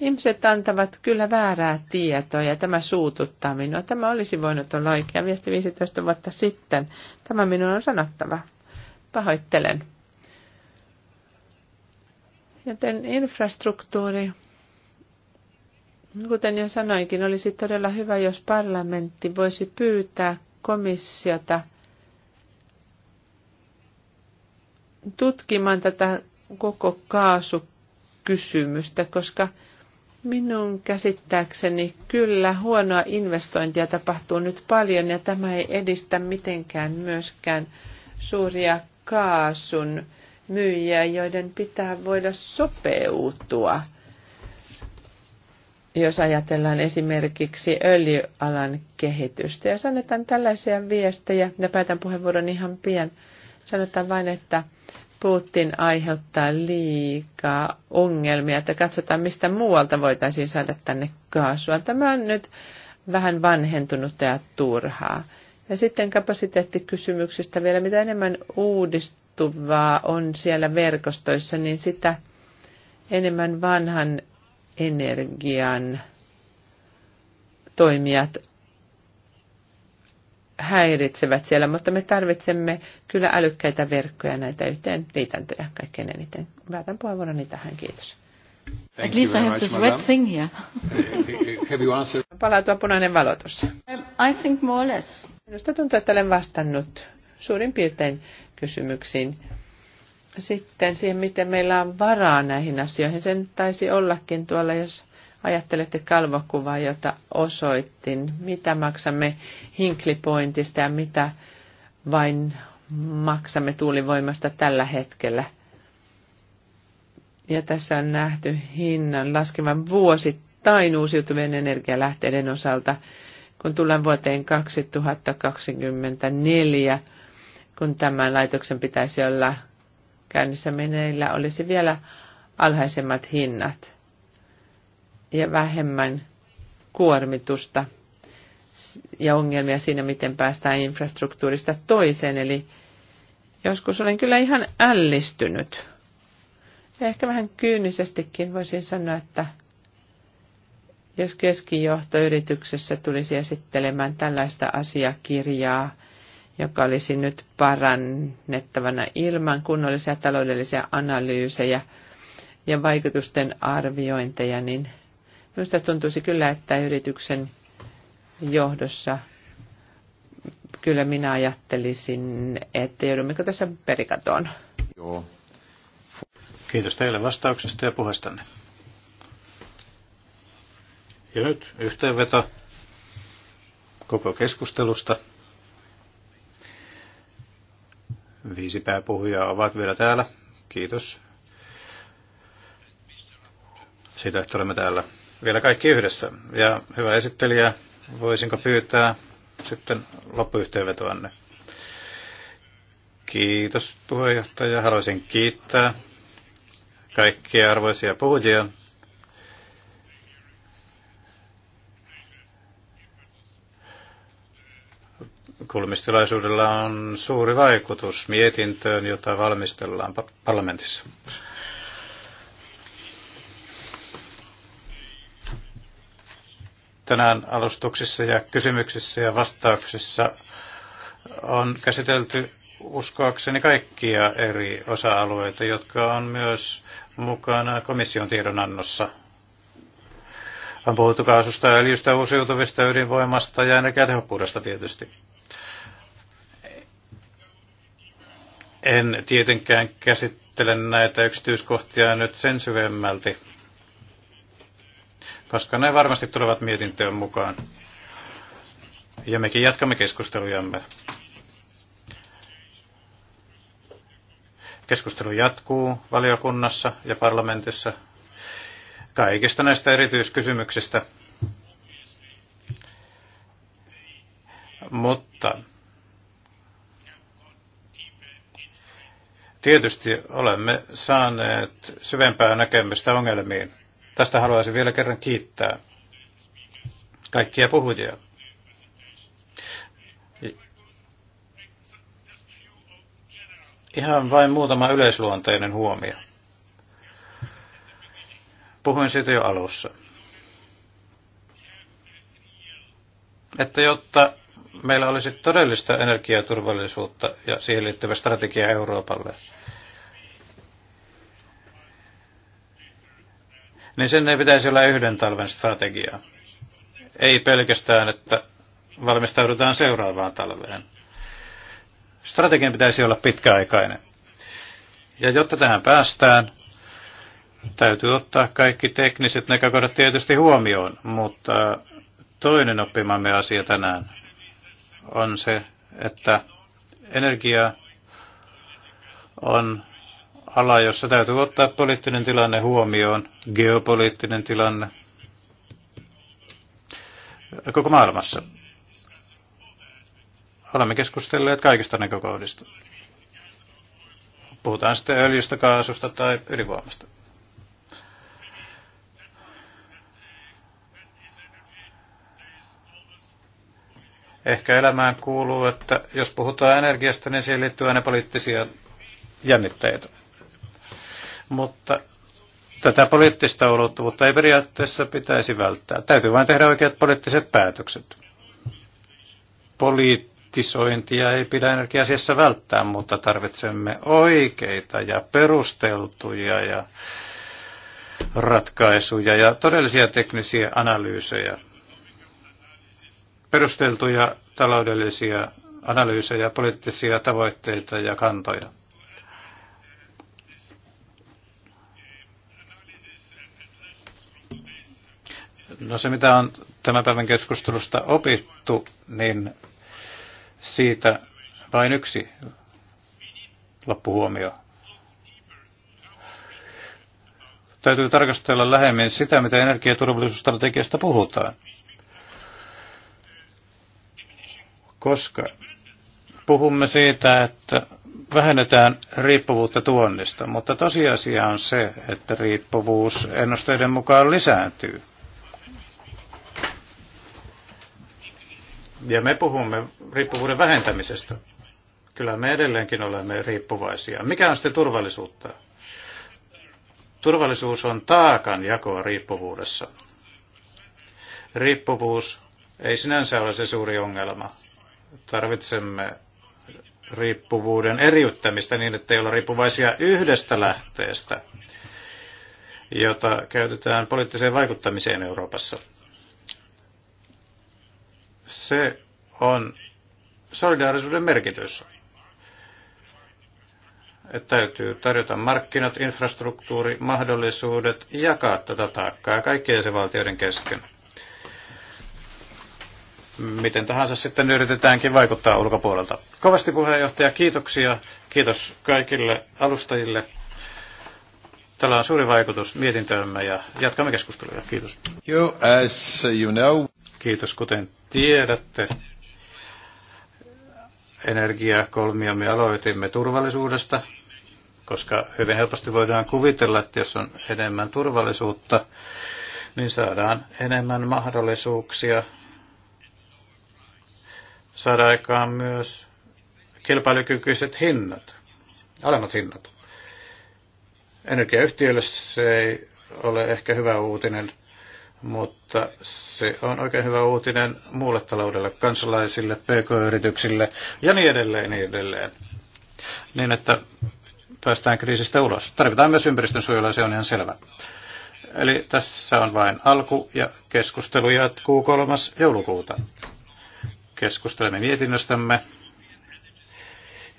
ihmiset antavat kyllä väärää tietoa ja tämä suututtaa minua. Tämä olisi voinut olla oikea viesti 15 vuotta sitten. Tämä minun on sanottava. Pahoittelen. Joten infrastruktuuri, kuten jo sanoinkin, olisi todella hyvä, jos parlamentti voisi pyytää komissiota tutkimaan tätä koko kaasukysymystä, koska minun käsittääkseni kyllä huonoa investointia tapahtuu nyt paljon ja tämä ei edistä mitenkään myöskään suuria kaasun myyjiä, joiden pitää voida sopeutua. Jos ajatellaan esimerkiksi öljyalan kehitystä, ja sanotaan tällaisia viestejä, ja päätän puheenvuoron ihan pian, sanotaan vain, että Putin aiheuttaa liikaa ongelmia, että katsotaan mistä muualta voitaisiin saada tänne kaasua. Tämä on nyt vähän vanhentunutta ja turhaa. Ja sitten kapasiteettikysymyksistä vielä, mitä enemmän uudist muuttuvaa on siellä verkostoissa, niin sitä enemmän vanhan energian toimijat häiritsevät siellä, mutta me tarvitsemme kyllä älykkäitä verkkoja näitä yhteen liitäntöjä kaikkein eniten. Päätän puheenvuoroni tähän, kiitos. Thank At least I have this red thing here. [LAUGHS] have you answered? Palautua punainen valo tuossa. Um, I think more or less. Minusta tuntuu, että olen vastannut suurin piirtein kysymyksiin. Sitten siihen, miten meillä on varaa näihin asioihin. Sen taisi ollakin tuolla, jos ajattelette kalvokuvaa, jota osoittin. Mitä maksamme hinklipointista ja mitä vain maksamme tuulivoimasta tällä hetkellä. Ja tässä on nähty hinnan laskevan vuosittain uusiutuvien energialähteiden osalta, kun tullaan vuoteen 2024 kun tämän laitoksen pitäisi olla käynnissä meneillä, olisi vielä alhaisemmat hinnat ja vähemmän kuormitusta ja ongelmia siinä, miten päästään infrastruktuurista toiseen. Eli joskus olen kyllä ihan ällistynyt. Ja ehkä vähän kyynisestikin voisin sanoa, että jos keskijohtoyrityksessä tulisi esittelemään tällaista asiakirjaa, joka olisi nyt parannettavana ilman kunnollisia taloudellisia analyysejä ja vaikutusten arviointeja, niin minusta tuntuisi kyllä, että yrityksen johdossa kyllä minä ajattelisin, että joudummeko tässä perikatoon. Joo. Kiitos teille vastauksesta ja puheestanne. Ja nyt yhteenveto koko keskustelusta. Viisi pääpuhujaa ovat vielä täällä. Kiitos siitä, että olemme täällä vielä kaikki yhdessä. Ja hyvä esittelijä, voisinko pyytää sitten loppuyhteenvetoanne? Kiitos puheenjohtaja. Haluaisin kiittää kaikkia arvoisia puhujia Kuulemistilaisuudella on suuri vaikutus mietintöön, jota valmistellaan parlamentissa. Tänään alustuksissa ja kysymyksissä ja vastauksissa on käsitelty uskoakseni kaikkia eri osa-alueita, jotka on myös mukana komission tiedonannossa. On puhuttu kaasusta, öljystä, uusiutuvista, ydinvoimasta ja energiatehokkuudesta tietysti. En tietenkään käsittele näitä yksityiskohtia nyt sen syvemmälti, koska ne varmasti tulevat mietintöön mukaan. Ja mekin jatkamme keskustelujamme. Keskustelu jatkuu valiokunnassa ja parlamentissa kaikista näistä erityiskysymyksistä. Tietysti olemme saaneet syvempää näkemystä ongelmiin. Tästä haluaisin vielä kerran kiittää kaikkia puhujia. Ihan vain muutama yleisluonteinen huomio. Puhuin siitä jo alussa. Että jotta meillä olisi todellista energiaturvallisuutta ja siihen liittyvä strategia Euroopalle, niin sen ei pitäisi olla yhden talven strategia. Ei pelkästään, että valmistaudutaan seuraavaan talveen. Strategian pitäisi olla pitkäaikainen. Ja jotta tähän päästään, täytyy ottaa kaikki tekniset näkökohdat tietysti huomioon, mutta toinen oppimamme asia tänään on se, että energia on ala, jossa täytyy ottaa poliittinen tilanne huomioon, geopoliittinen tilanne koko maailmassa. Olemme keskustelleet kaikista näkökohdista. Puhutaan sitten öljystä, kaasusta tai ydinvoimasta. Ehkä elämään kuuluu, että jos puhutaan energiasta, niin siihen liittyy aina poliittisia jännitteitä. Mutta tätä poliittista ulottuvuutta ei periaatteessa pitäisi välttää. Täytyy vain tehdä oikeat poliittiset päätökset. Poliittisointia ei pidä energiasiassa välttää, mutta tarvitsemme oikeita ja perusteltuja ja ratkaisuja ja todellisia teknisiä analyysejä perusteltuja taloudellisia analyysejä, poliittisia tavoitteita ja kantoja. No se, mitä on tämän päivän keskustelusta opittu, niin siitä vain yksi loppuhuomio. Täytyy tarkastella lähemmin sitä, mitä energiaturvallisuusstrategiasta puhutaan. koska puhumme siitä, että vähennetään riippuvuutta tuonnista, mutta tosiasia on se, että riippuvuus ennusteiden mukaan lisääntyy. Ja me puhumme riippuvuuden vähentämisestä. Kyllä me edelleenkin olemme riippuvaisia. Mikä on sitten turvallisuutta? Turvallisuus on taakan jakoa riippuvuudessa. Riippuvuus ei sinänsä ole se suuri ongelma. Tarvitsemme riippuvuuden eriyttämistä niin, että ei olla riippuvaisia yhdestä lähteestä, jota käytetään poliittiseen vaikuttamiseen Euroopassa. Se on solidaarisuuden merkitys. Että täytyy tarjota markkinat, infrastruktuuri, mahdollisuudet jakaa tätä taakkaa kaikkien jäsenvaltioiden kesken miten tahansa sitten yritetäänkin vaikuttaa ulkopuolelta. Kovasti puheenjohtaja, kiitoksia. Kiitos kaikille alustajille. Tällä on suuri vaikutus mietintöömme ja jatkamme keskustelua. Kiitos. You, as you know. Kiitos, kuten tiedätte. Energiakolmiomme aloitimme turvallisuudesta, koska hyvin helposti voidaan kuvitella, että jos on enemmän turvallisuutta, niin saadaan enemmän mahdollisuuksia saada aikaan myös kilpailukykyiset hinnat, alemmat hinnat. Energiayhtiöille se ei ole ehkä hyvä uutinen, mutta se on oikein hyvä uutinen muulle taloudelle, kansalaisille, pk-yrityksille ja niin edelleen, niin edelleen. Niin, että päästään kriisistä ulos. Tarvitaan myös suojelua, se on ihan selvä. Eli tässä on vain alku ja keskustelu jatkuu kolmas joulukuuta keskustelemme mietinnöstämme.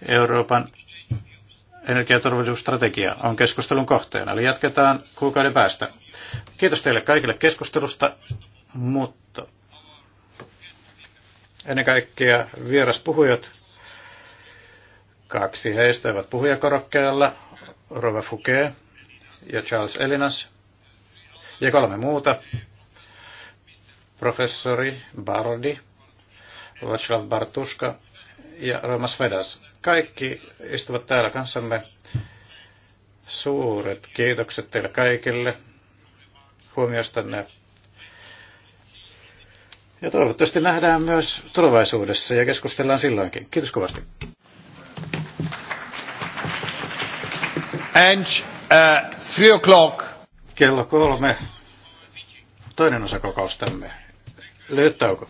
Euroopan energiaturvallisuusstrategia on keskustelun kohteena, eli jatketaan kuukauden päästä. Kiitos teille kaikille keskustelusta, mutta ennen kaikkea puhujat. Kaksi heistä ovat puhujakorokkeella, Rova Fouquet ja Charles Elinas, ja kolme muuta, professori Bardi, Vaclav Bartuska ja Romas Vedas. Kaikki istuvat täällä kanssamme. Suuret kiitokset teille kaikille huomiostanne. Ja toivottavasti nähdään myös tulevaisuudessa ja keskustellaan silloinkin. Kiitos kovasti. And, uh, three o'clock. Kello kolme. Toinen osa kokoustamme. Lyhyt tauko.